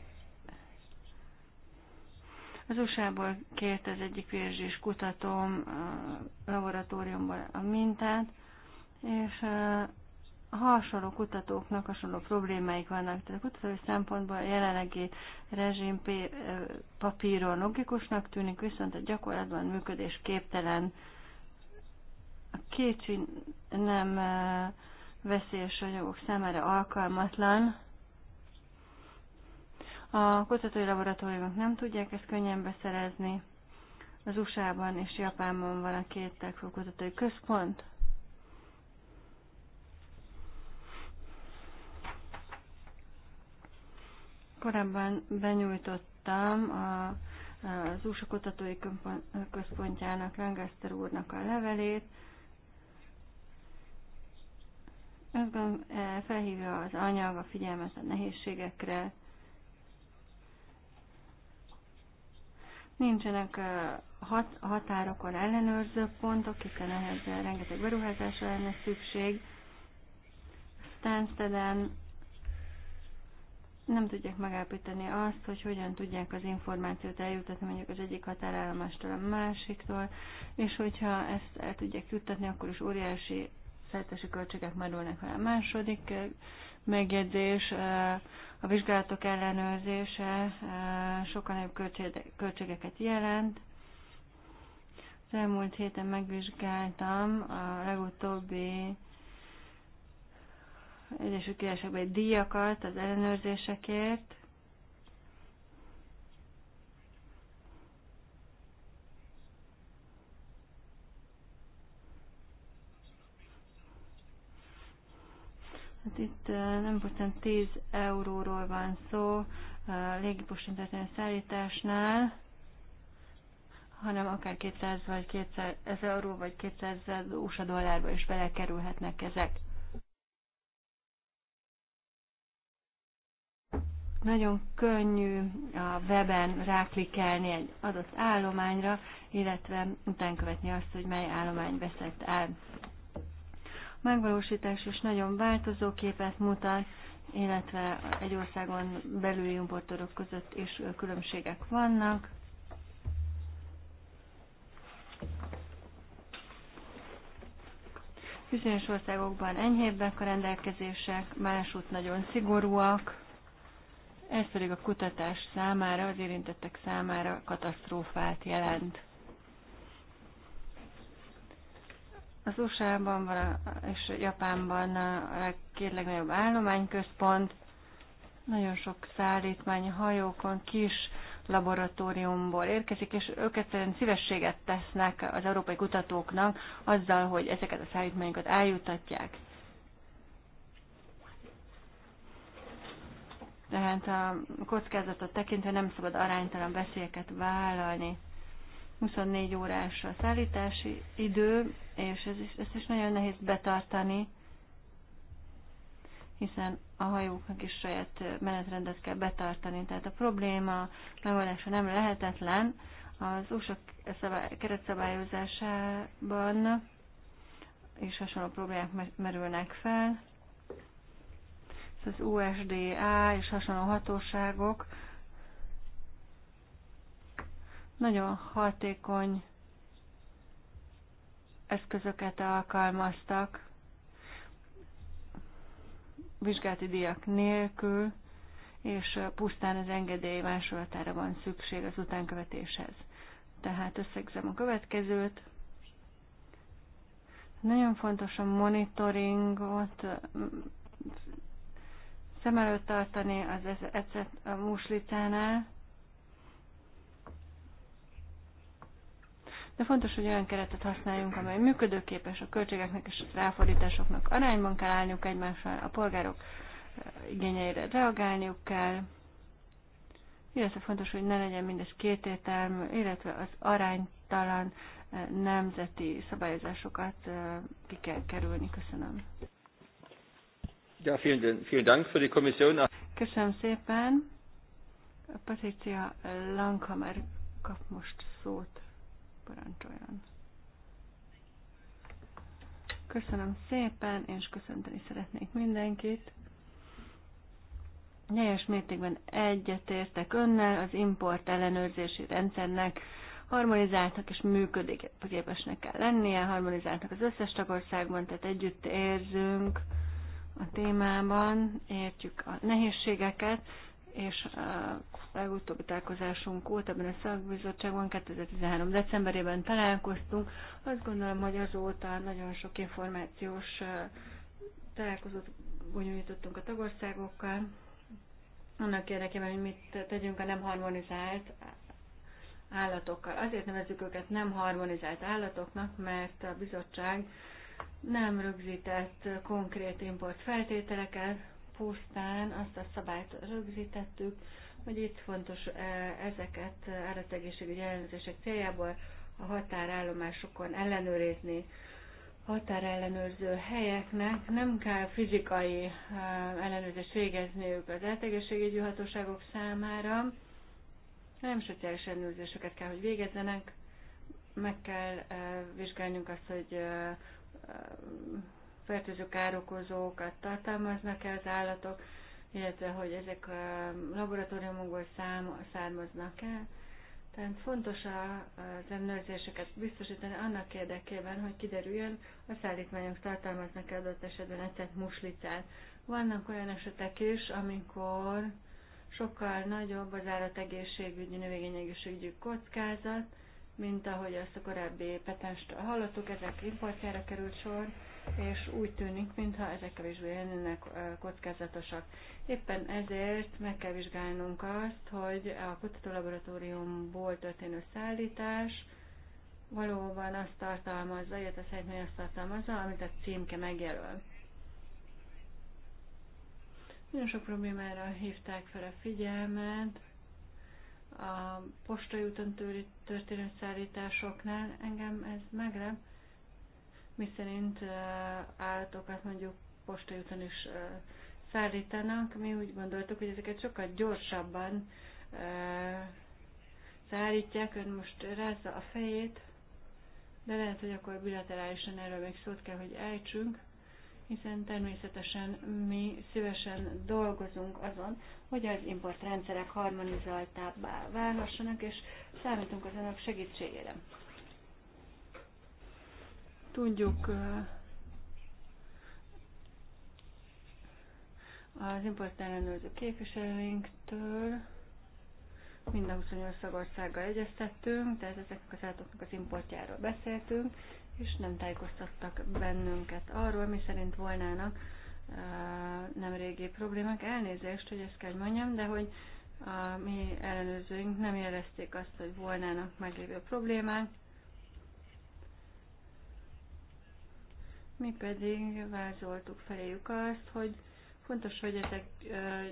Az USA-ból kért az egyik vérzsés kutatóm a laboratóriumból a mintát, és hasonló kutatóknak hasonló problémáik vannak. Tehát a kutatói szempontból a jelenlegi rezsim papíron logikusnak tűnik, viszont a gyakorlatban működés képtelen kétség nem veszélyes anyagok számára alkalmatlan. A kutatói laboratóriumok nem tudják ezt könnyen beszerezni. Az USA-ban és Japánban van a két legfőbb kutatói központ. Korábban benyújtottam a az USA kutatói központjának, Lancaster úrnak a levelét, azt gondolom, e, felhívja az anyag a figyelmet a nehézségekre. Nincsenek e, hat, határokon ellenőrző pontok, hiszen ehhez rengeteg beruházásra lenne szükség. Stansteden nem tudják megállapítani azt, hogy hogyan tudják az információt eljutatni mondjuk az egyik határállomástól a másiktól, és hogyha ezt el tudják juttatni, akkor is óriási szállítási költségek merülnek fel. A második eh, megjegyzés, eh, a vizsgálatok ellenőrzése eh, sokkal nagyobb költségeket jelent. Az elmúlt héten megvizsgáltam a legutóbbi Egyesült Királyságban díjakat az ellenőrzésekért, Hát itt nem pontosan 10 euróról van szó légipostán történő szállításnál, hanem akár 200 vagy 200 ezer euró vagy 200 USA dollárba is belekerülhetnek ezek. Nagyon könnyű a weben ráklikelni egy adott állományra, illetve után követni azt, hogy mely állomány veszett el megvalósítás is nagyon változó képet mutat, illetve egy országon belüli importőrök között is különbségek vannak. Bizonyos országokban enyhébbek a rendelkezések, másút nagyon szigorúak, ez pedig a kutatás számára, az érintettek számára katasztrófát jelent. Az USA-ban és Japánban a két legnagyobb állományközpont, nagyon sok szállítmány hajókon kis laboratóriumból érkezik, és ők egyszerűen szívességet tesznek az európai kutatóknak azzal, hogy ezeket a szállítmányokat eljutatják. Tehát a kockázatot tekintve nem szabad aránytalan veszélyeket vállalni. 24 órás a szállítási idő, és ez is, ezt is nagyon nehéz betartani, hiszen a hajóknak is saját menetrendet kell betartani. Tehát a probléma megoldása nem lehetetlen. Az USA keretszabályozásában is hasonló problémák merülnek fel. Ez az USDA és hasonló hatóságok nagyon hatékony eszközöket alkalmaztak, vizsgálati díjak nélkül, és pusztán az engedély másolatára van szükség az utánkövetéshez. Tehát összegzem a következőt. Nagyon fontos a monitoringot mm, szem előtt tartani az ecet a muslicánál, de fontos, hogy olyan keretet használjunk, amely működőképes a költségeknek és a ráfordításoknak arányban kell állniuk egymással, a polgárok igényeire reagálniuk kell, illetve fontos, hogy ne legyen mindez kétértelmű, illetve az aránytalan nemzeti szabályozásokat ki kell kerülni. Köszönöm. Ja, vielen, vielen Dank für die Kommission. Köszönöm szépen. Patricia Langhammer kap most szót parancsoljon. Köszönöm szépen, és köszönteni szeretnék mindenkit. Teljes mértékben egyetértek önnel, az import ellenőrzési rendszernek harmonizáltak és működőképesnek kell lennie, harmonizáltak az összes tagországban, tehát együtt érzünk a témában, értjük a nehézségeket, és uh, legutóbbi találkozásunk volt ebben a szakbizottságban 2013. decemberében találkoztunk. Azt gondolom, hogy azóta nagyon sok információs találkozót bonyolítottunk a tagországokkal. Annak érdekében, hogy mit tegyünk a nem harmonizált állatokkal. Azért nevezzük őket nem harmonizált állatoknak, mert a bizottság nem rögzített konkrét import feltételeket, pusztán azt a szabályt rögzítettük, hogy itt fontos ezeket állategészségügyi ellenőrzések céljából a határállomásokon ellenőrizni. Határellenőrző helyeknek nem kell fizikai ellenőrzést végezniük az állategészségügyi hatóságok számára, nem sociális ellenőrzéseket kell, hogy végezzenek, meg kell vizsgálnunk azt, hogy fertőző károkozókat tartalmaznak-e az állatok, illetve hogy ezek a laboratóriumokból szám, származnak-e. Tehát fontos az ellenőrzéseket biztosítani annak érdekében, hogy kiderüljön, a szállítmányok tartalmaznak-e adott esetben ecet muslicát. Vannak olyan esetek is, amikor sokkal nagyobb az állategészségügyi, növényegészségügyi kockázat, mint ahogy azt a korábbi petenst. hallottuk, ezek importjára került sor, és úgy tűnik, mintha ezek kevésbé lennének kockázatosak. Éppen ezért meg kell vizsgálnunk azt, hogy a kutatólaboratóriumból történő szállítás valóban azt tartalmazza, illetve szerintem azt tartalmazza, amit a címke megjelöl. Nagyon sok problémára hívták fel a figyelmet, a postai úton történő szállításoknál engem ez meglep, mi uh, állatokat mondjuk postajúton is szállítanak. Mi úgy gondoltuk, hogy ezeket sokkal gyorsabban szállítják. Ön most rázza a fejét, de lehet, hogy akkor bilaterálisan erről még szót kell, hogy ejtsünk, hiszen természetesen mi szívesen dolgozunk azon, hogy az importrendszerek harmonizáltábbá válhassanak, és számítunk az önök segítségére. Tudjuk az import ellenőrző képviselőinktől, mind a 28 szagországgal egyeztettünk, tehát ezeknek az állatoknak az importjáról beszéltünk, és nem tájékoztattak bennünket arról, mi szerint volnának nem régi problémák. Elnézést, hogy ezt kell, mondjam, de hogy a mi ellenőrzőink nem jelezték azt, hogy volnának meglévő problémák, Mi pedig vázoltuk feléjük azt, hogy fontos, hogy ezek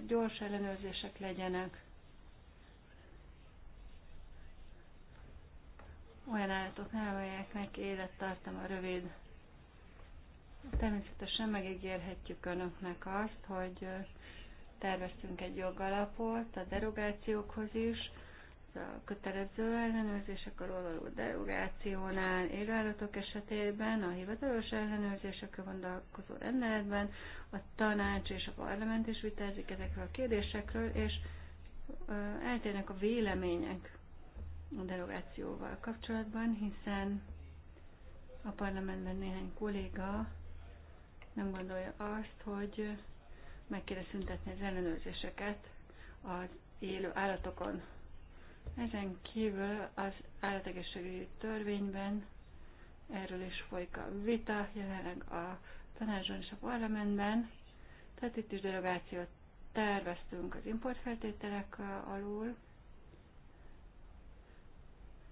gyors ellenőrzések legyenek. Olyan nem amelyeknek élettartama rövid. Természetesen megígérhetjük önöknek azt, hogy terveztünk egy jogalapot a derogációkhoz is, a kötelező ellenőrzésekről való derogációnál, élőállatok esetében, a hivatalos ellenőrzésekről gondolkozó rendeletben, a tanács és a parlament is vitázik ezekről a kérdésekről, és eltérnek a vélemények a derogációval kapcsolatban, hiszen a parlamentben néhány kolléga nem gondolja azt, hogy meg kéne szüntetni az ellenőrzéseket az élő állatokon ezen kívül az állategészségügyi törvényben erről is folyik a vita, jelenleg a tanácsban és a parlamentben. Tehát itt is derogációt terveztünk az importfeltételek alól,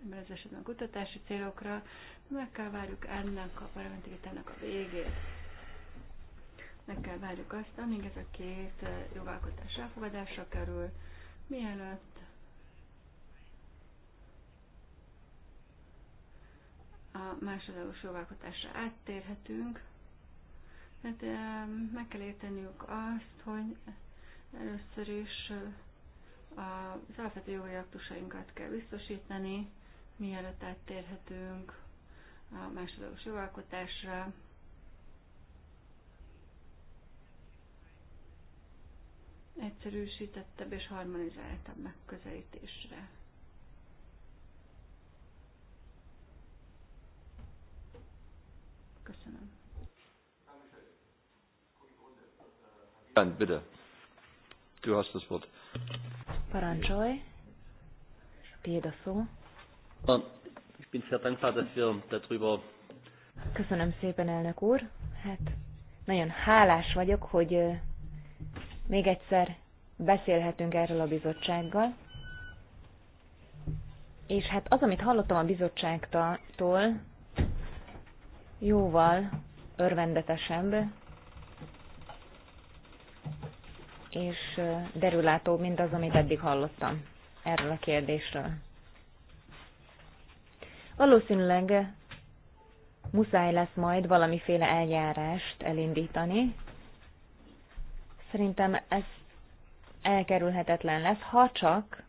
ebben az esetben kutatási célokra, meg kell várjuk ennek a parlamenti vitának a végét. Meg kell várjuk azt, amíg ez a két jogalkotás elfogadásra kerül, mielőtt a másodlagos jogalkotásra áttérhetünk, mert hát, meg kell érteniük azt, hogy először is az alapvető jogi aktusainkat kell biztosítani, mielőtt áttérhetünk a másodlagos jogalkotásra. egyszerűsítettebb és harmonizáltabb megközelítésre. Dann bitte. Du hast das Wort. Parancsolj. Tiéd a szó. Ich bin sehr dankbar, dass wir darüber... Köszönöm szépen, elnök úr. Hát nagyon hálás vagyok, hogy még egyszer beszélhetünk erről a bizottsággal. És hát az, amit hallottam a bizottságtól, jóval örvendetesebb, és derülátó mint az, amit eddig hallottam erről a kérdésről. Valószínűleg muszáj lesz majd valamiféle eljárást elindítani. Szerintem ez elkerülhetetlen lesz, ha csak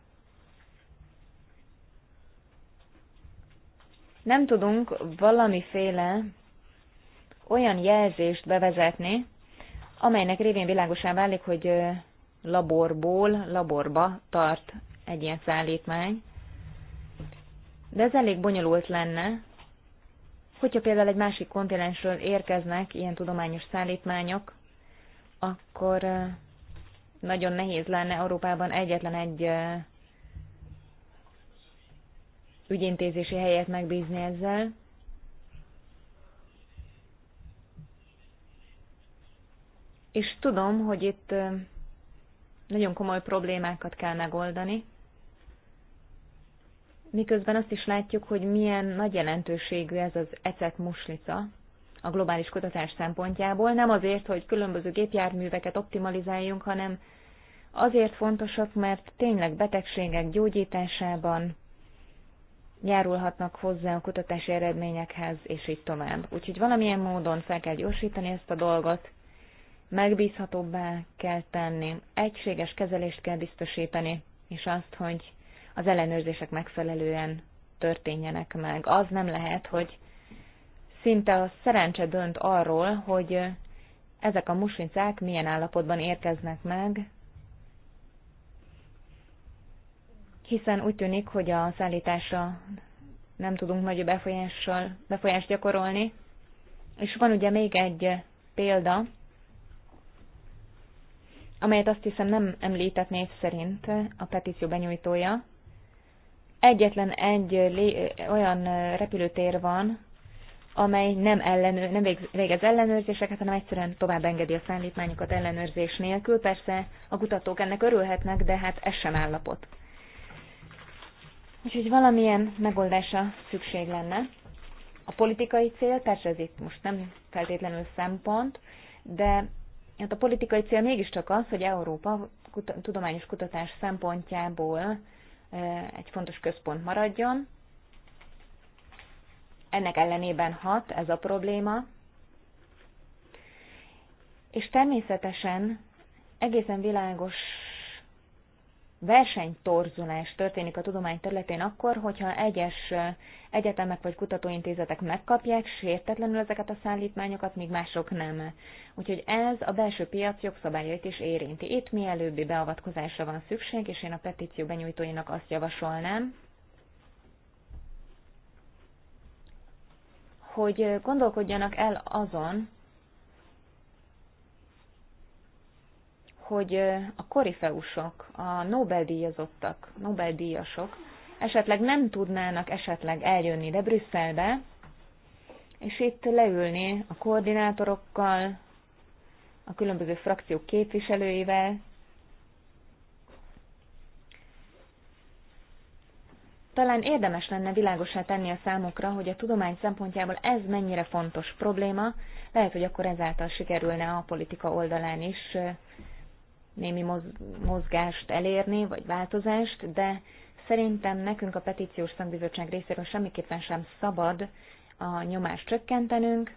nem tudunk valamiféle olyan jelzést bevezetni, amelynek révén világosan válik, hogy laborból laborba tart egy ilyen szállítmány. De ez elég bonyolult lenne, hogyha például egy másik kontinensről érkeznek ilyen tudományos szállítmányok, akkor nagyon nehéz lenne Európában egyetlen egy ügyintézési helyet megbízni ezzel. és tudom, hogy itt nagyon komoly problémákat kell megoldani, miközben azt is látjuk, hogy milyen nagy jelentőségű ez az ecek muslica a globális kutatás szempontjából, nem azért, hogy különböző gépjárműveket optimalizáljunk, hanem azért fontosak, mert tényleg betegségek gyógyításában járulhatnak hozzá a kutatási eredményekhez, és így tovább. Úgyhogy valamilyen módon fel kell gyorsítani ezt a dolgot, megbízhatóbbá kell tenni, egységes kezelést kell biztosítani, és azt, hogy az ellenőrzések megfelelően történjenek meg. Az nem lehet, hogy szinte a szerencse dönt arról, hogy ezek a muslincák milyen állapotban érkeznek meg, hiszen úgy tűnik, hogy a szállításra nem tudunk nagyobb befolyással, befolyást gyakorolni. És van ugye még egy példa, amelyet azt hiszem nem említett név szerint a petíció benyújtója. Egyetlen egy olyan repülőtér van, amely nem, ellenő, nem végez ellenőrzéseket, hanem egyszerűen tovább engedi a szállítmányokat ellenőrzés nélkül. Persze a kutatók ennek örülhetnek, de hát ez sem állapot. Úgyhogy valamilyen megoldása szükség lenne. A politikai cél, persze ez itt most nem feltétlenül szempont, de hát a politikai cél mégiscsak az, hogy Európa kut- tudományos kutatás szempontjából egy fontos központ maradjon. Ennek ellenében hat ez a probléma. És természetesen egészen világos versenytorzulás történik a tudomány területén akkor, hogyha egyes egyetemek vagy kutatóintézetek megkapják sértetlenül ezeket a szállítmányokat, míg mások nem. Úgyhogy ez a belső piac jogszabályait is érinti. Itt mielőbbi beavatkozásra van szükség, és én a petíció benyújtóinak azt javasolnám, hogy gondolkodjanak el azon, hogy a korifeusok, a Nobel-díjazottak, Nobel-díjasok esetleg nem tudnának esetleg eljönni de Brüsszelbe, és itt leülni a koordinátorokkal, a különböző frakciók képviselőivel. Talán érdemes lenne világosá tenni a számukra, hogy a tudomány szempontjából ez mennyire fontos probléma, lehet, hogy akkor ezáltal sikerülne a politika oldalán is némi mozgást elérni, vagy változást, de szerintem nekünk a petíciós szakbizottság részéről semmiképpen sem szabad a nyomást csökkentenünk.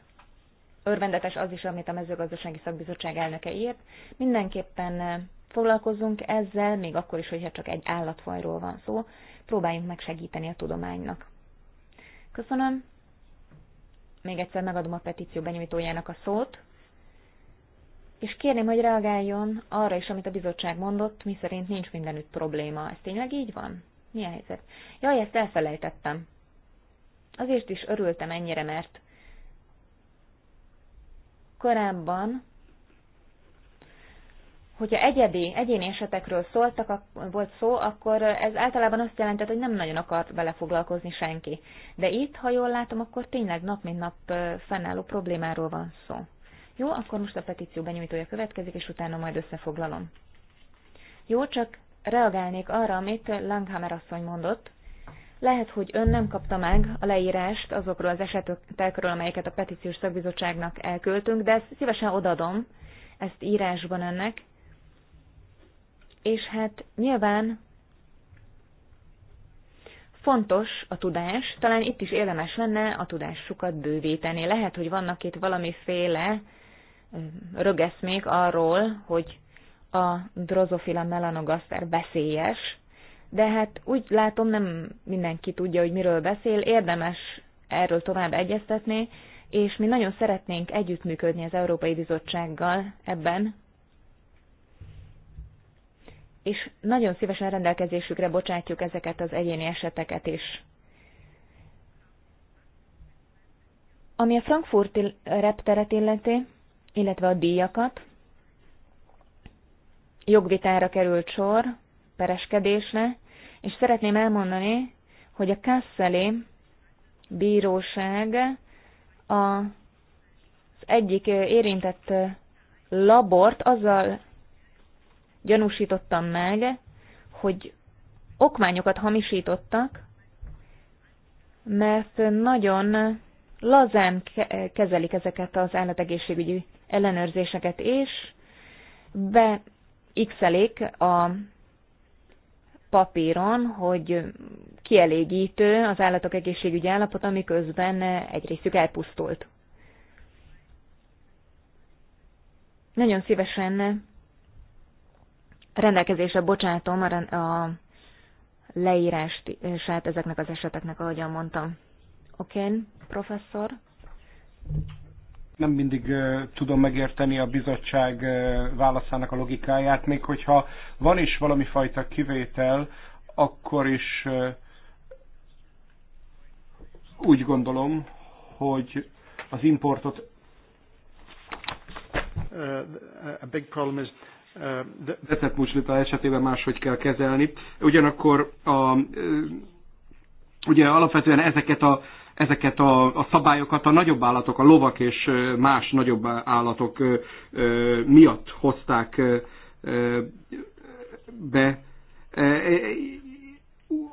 Örvendetes az is, amit a mezőgazdasági szakbizottság elnöke írt. Mindenképpen eh, foglalkozzunk ezzel, még akkor is, hogyha csak egy állatfajról van szó. Próbáljunk meg segíteni a tudománynak. Köszönöm. Még egyszer megadom a petíció benyújtójának a szót és kérném, hogy reagáljon arra is, amit a bizottság mondott, mi szerint nincs mindenütt probléma. Ez tényleg így van? Mi a helyzet? Jaj, ezt elfelejtettem. Azért is örültem ennyire, mert korábban, hogyha egyedi, egyéni esetekről szóltak, volt szó, akkor ez általában azt jelentett, hogy nem nagyon akart vele foglalkozni senki. De itt, ha jól látom, akkor tényleg nap mint nap fennálló problémáról van szó. Jó, akkor most a petíció benyújtója következik, és utána majd összefoglalom. Jó, csak reagálnék arra, amit Langhammer asszony mondott. Lehet, hogy ön nem kapta meg a leírást azokról az esetekről, amelyeket a petíciós szakbizottságnak elköltünk, de ezt szívesen odadom, ezt írásban önnek. És hát nyilván fontos a tudás, talán itt is érdemes lenne a tudásukat bővíteni. Lehet, hogy vannak itt valamiféle rögeszmék arról, hogy a drozofila melanogaster veszélyes, de hát úgy látom, nem mindenki tudja, hogy miről beszél, érdemes erről tovább egyeztetni, és mi nagyon szeretnénk együttműködni az Európai Bizottsággal ebben, és nagyon szívesen rendelkezésükre bocsátjuk ezeket az egyéni eseteket is. Ami a frankfurti repteret illeti, illetve a díjakat. Jogvitára került sor, pereskedésre, és szeretném elmondani, hogy a Kasszeli bíróság az egyik érintett labort azzal gyanúsítottam meg, hogy okmányokat hamisítottak, mert nagyon lazán kezelik ezeket az állategészségügyi ellenőrzéseket és be x a papíron, hogy kielégítő az állatok egészségügyi állapot, amiközben egy részük elpusztult. Nagyon szívesen rendelkezésre bocsátom a leírását ezeknek az eseteknek, ahogyan mondtam. Oké, okay, professzor nem mindig tudom megérteni a bizottság válaszának a logikáját, még hogyha van is valami fajta kivétel, akkor is úgy gondolom, hogy az importot a big problem is vetett muslita esetében máshogy kell kezelni. Ugyanakkor a, ugye alapvetően ezeket a ezeket a, a szabályokat a nagyobb állatok, a lovak és más nagyobb állatok miatt hozták be. E, e,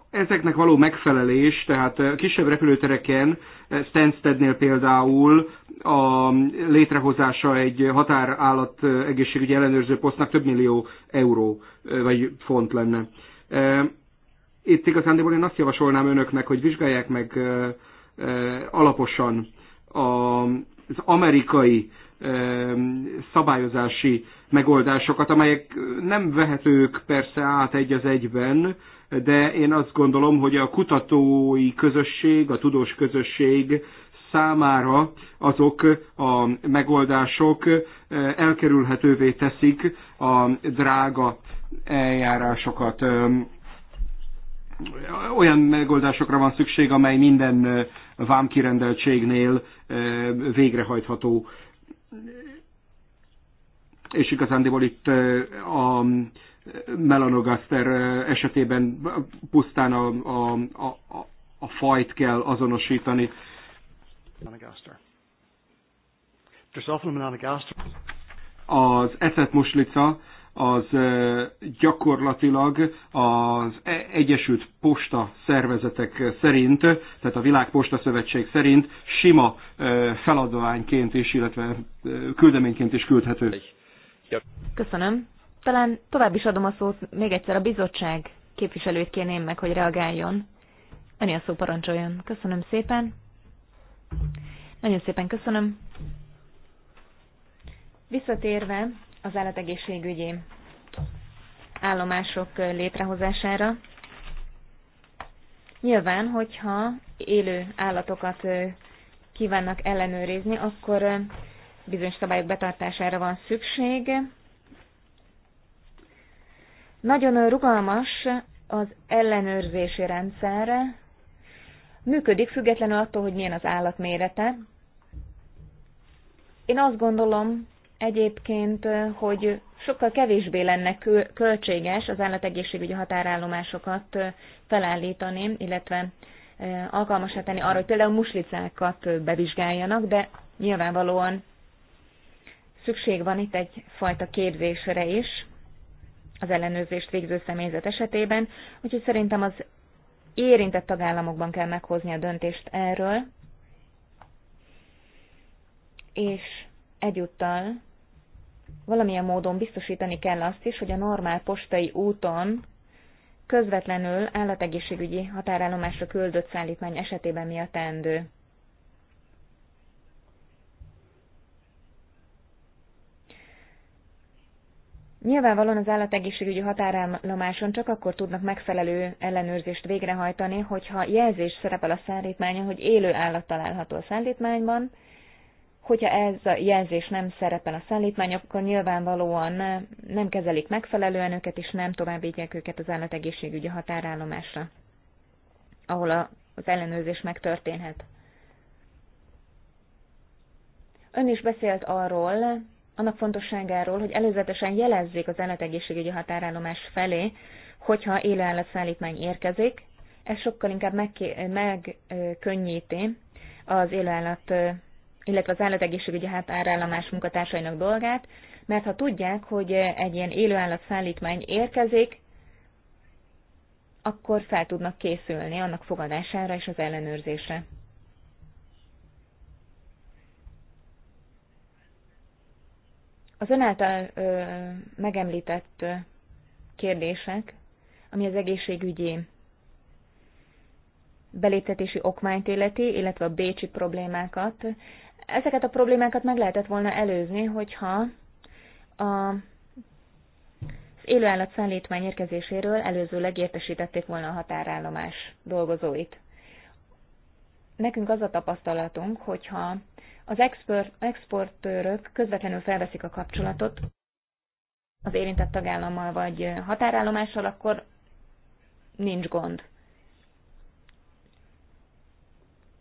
ezeknek való megfelelés, tehát kisebb repülőtereken, e, Stansteadnél például a létrehozása egy határállat egészségügyi ellenőrző posztnak több millió euró vagy font lenne. Itt igazándiból én azt javasolnám önöknek, hogy vizsgálják meg Eh, alaposan az amerikai eh, szabályozási megoldásokat, amelyek nem vehetők persze át egy az egyben, de én azt gondolom, hogy a kutatói közösség, a tudós közösség számára azok a megoldások eh, elkerülhetővé teszik a drága eljárásokat. Olyan megoldásokra van szükség, amely minden vámkirendeltségnél végrehajtható. És igazándiból itt a melanogaster esetében pusztán a, a, a, a fajt kell azonosítani. Az eszet muslica az gyakorlatilag az e- Egyesült Posta szervezetek szerint, tehát a Világ Posta Szövetség szerint sima feladványként is, illetve küldeményként is küldhető. Köszönöm. Talán tovább is adom a szót még egyszer a bizottság képviselőt kérném meg, hogy reagáljon. Ennyi a szó parancsoljon. Köszönöm szépen. Nagyon szépen köszönöm. Visszatérve az állategészségügyi állomások létrehozására. Nyilván, hogyha élő állatokat kívánnak ellenőrizni, akkor bizonyos szabályok betartására van szükség. Nagyon rugalmas az ellenőrzési rendszer. Működik függetlenül attól, hogy milyen az állat mérete. Én azt gondolom, egyébként, hogy sokkal kevésbé lenne költséges az állategészségügyi határállomásokat felállítani, illetve alkalmasra tenni arra, hogy például muslicákat bevizsgáljanak, de nyilvánvalóan szükség van itt egyfajta képzésre is az ellenőrzést végző személyzet esetében, úgyhogy szerintem az érintett tagállamokban kell meghozni a döntést erről, és egyúttal valamilyen módon biztosítani kell azt is, hogy a normál postai úton közvetlenül állategészségügyi határállomásra küldött szállítmány esetében mi a teendő. Nyilvánvalóan az állategészségügyi határállomáson csak akkor tudnak megfelelő ellenőrzést végrehajtani, hogyha jelzés szerepel a szállítmányon, hogy élő állat található a szállítmányban, Hogyha ez a jelzés nem szerepel a szállítmány, akkor nyilvánvalóan nem kezelik megfelelően őket, és nem továbbítják őket az állategészségügyi határállomásra, ahol az ellenőrzés megtörténhet. Ön is beszélt arról, annak fontosságáról, hogy előzetesen jelezzék az állategészségügyi határállomás felé, hogyha élőállatszállítmány érkezik. Ez sokkal inkább megkönnyíti meg, az élőállat illetve az állategészségügyi átárállomás munkatársainak dolgát, mert ha tudják, hogy egy ilyen élő érkezik, akkor fel tudnak készülni annak fogadására és az ellenőrzésre. Az ön által ö, megemlített ö, kérdések, ami az egészségügyi beléptetési okmányt illeti, illetve a bécsi problémákat, Ezeket a problémákat meg lehetett volna előzni, hogyha a élőállat szállítmány érkezéséről előzőleg értesítették volna a határállomás dolgozóit. Nekünk az a tapasztalatunk, hogyha az export, exportőrök közvetlenül felveszik a kapcsolatot az érintett tagállammal vagy határállomással, akkor nincs gond.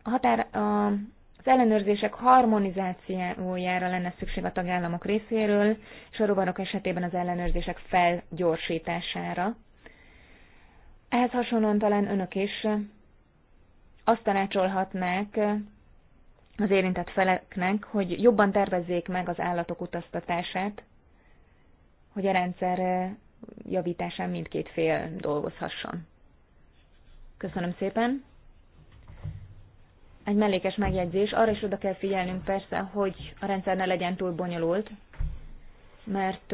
A határ, a az ellenőrzések harmonizációjára lenne szükség a tagállamok részéről, és a rovarok esetében az ellenőrzések felgyorsítására. Ehhez hasonlóan talán önök is azt tanácsolhatnák az érintett feleknek, hogy jobban tervezzék meg az állatok utaztatását, hogy a rendszer javításán mindkét fél dolgozhasson. Köszönöm szépen! egy mellékes megjegyzés. Arra is oda kell figyelnünk persze, hogy a rendszer ne legyen túl bonyolult, mert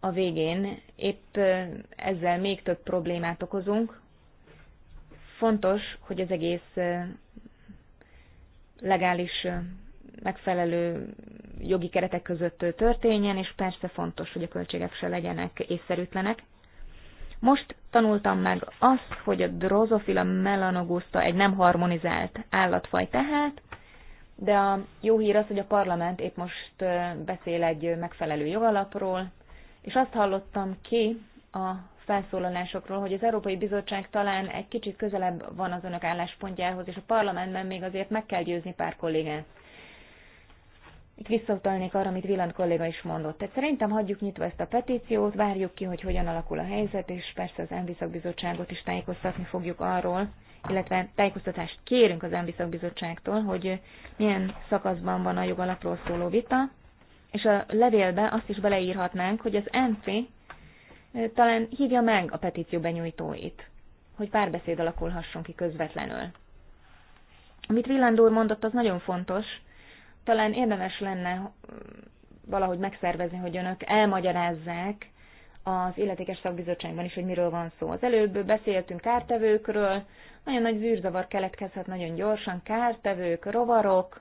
a végén épp ezzel még több problémát okozunk. Fontos, hogy az egész legális, megfelelő jogi keretek között történjen, és persze fontos, hogy a költségek se legyenek észszerűtlenek. Most tanultam meg azt, hogy a drozofila melanogusta egy nem harmonizált állatfaj tehát, de a jó hír az, hogy a parlament épp most beszél egy megfelelő jogalapról, és azt hallottam ki a felszólalásokról, hogy az Európai Bizottság talán egy kicsit közelebb van az önök álláspontjához, és a parlamentben még azért meg kell győzni pár kollégát. Itt visszautalnék arra, amit Villand kolléga is mondott. Tehát szerintem hagyjuk nyitva ezt a petíciót, várjuk ki, hogy hogyan alakul a helyzet, és persze az Enviszak Bizottságot is tájékoztatni fogjuk arról, illetve tájékoztatást kérünk az Enviszak Bizottságtól, hogy milyen szakaszban van a jogalapról szóló vita, és a levélbe azt is beleírhatnánk, hogy az ENFI eh, talán hívja meg a petíció benyújtóit, hogy párbeszéd alakulhasson ki közvetlenül. Amit Villand úr mondott, az nagyon fontos, talán érdemes lenne hm, valahogy megszervezni, hogy önök elmagyarázzák az illetékes szakbizottságban is, hogy miről van szó. Az előbb beszéltünk kártevőkről, nagyon nagy zűrzavar keletkezhet nagyon gyorsan, kártevők, rovarok,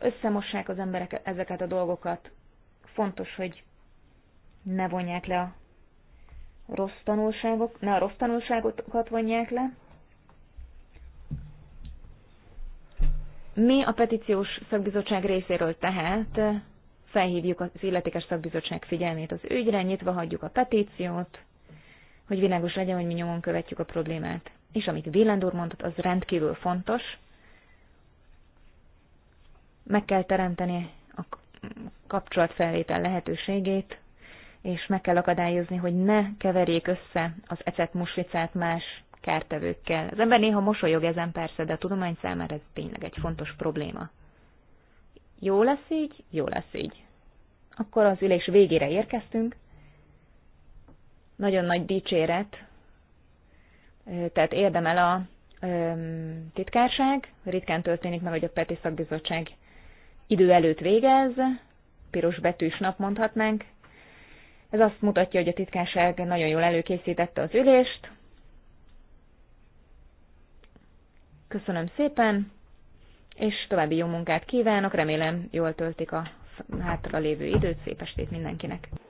összemossák az emberek ezeket a dolgokat. Fontos, hogy ne vonják le a rossz tanulságok, ne a rossz tanulságokat vonják le, Mi a petíciós szakbizottság részéről tehát felhívjuk az illetékes szakbizottság figyelmét az ügyre, nyitva hagyjuk a petíciót, hogy világos legyen, hogy mi nyomon követjük a problémát. És amit Vélend úr mondott, az rendkívül fontos. Meg kell teremteni a kapcsolatfelvétel lehetőségét, és meg kell akadályozni, hogy ne keverjék össze az ecet muslicát más kártevőkkel. Az ember néha mosolyog ezen persze, de a tudomány számára ez tényleg egy fontos probléma. Jó lesz így? Jó lesz így. Akkor az ülés végére érkeztünk. Nagyon nagy dicséret, tehát érdemel a titkárság. Ritkán történik meg, hogy a Peti Szakbizottság idő előtt végez, piros betűs nap mondhatnánk. Ez azt mutatja, hogy a titkárság nagyon jól előkészítette az ülést, Köszönöm szépen, és további jó munkát kívánok, remélem jól töltik a hátra lévő időt, szép estét mindenkinek!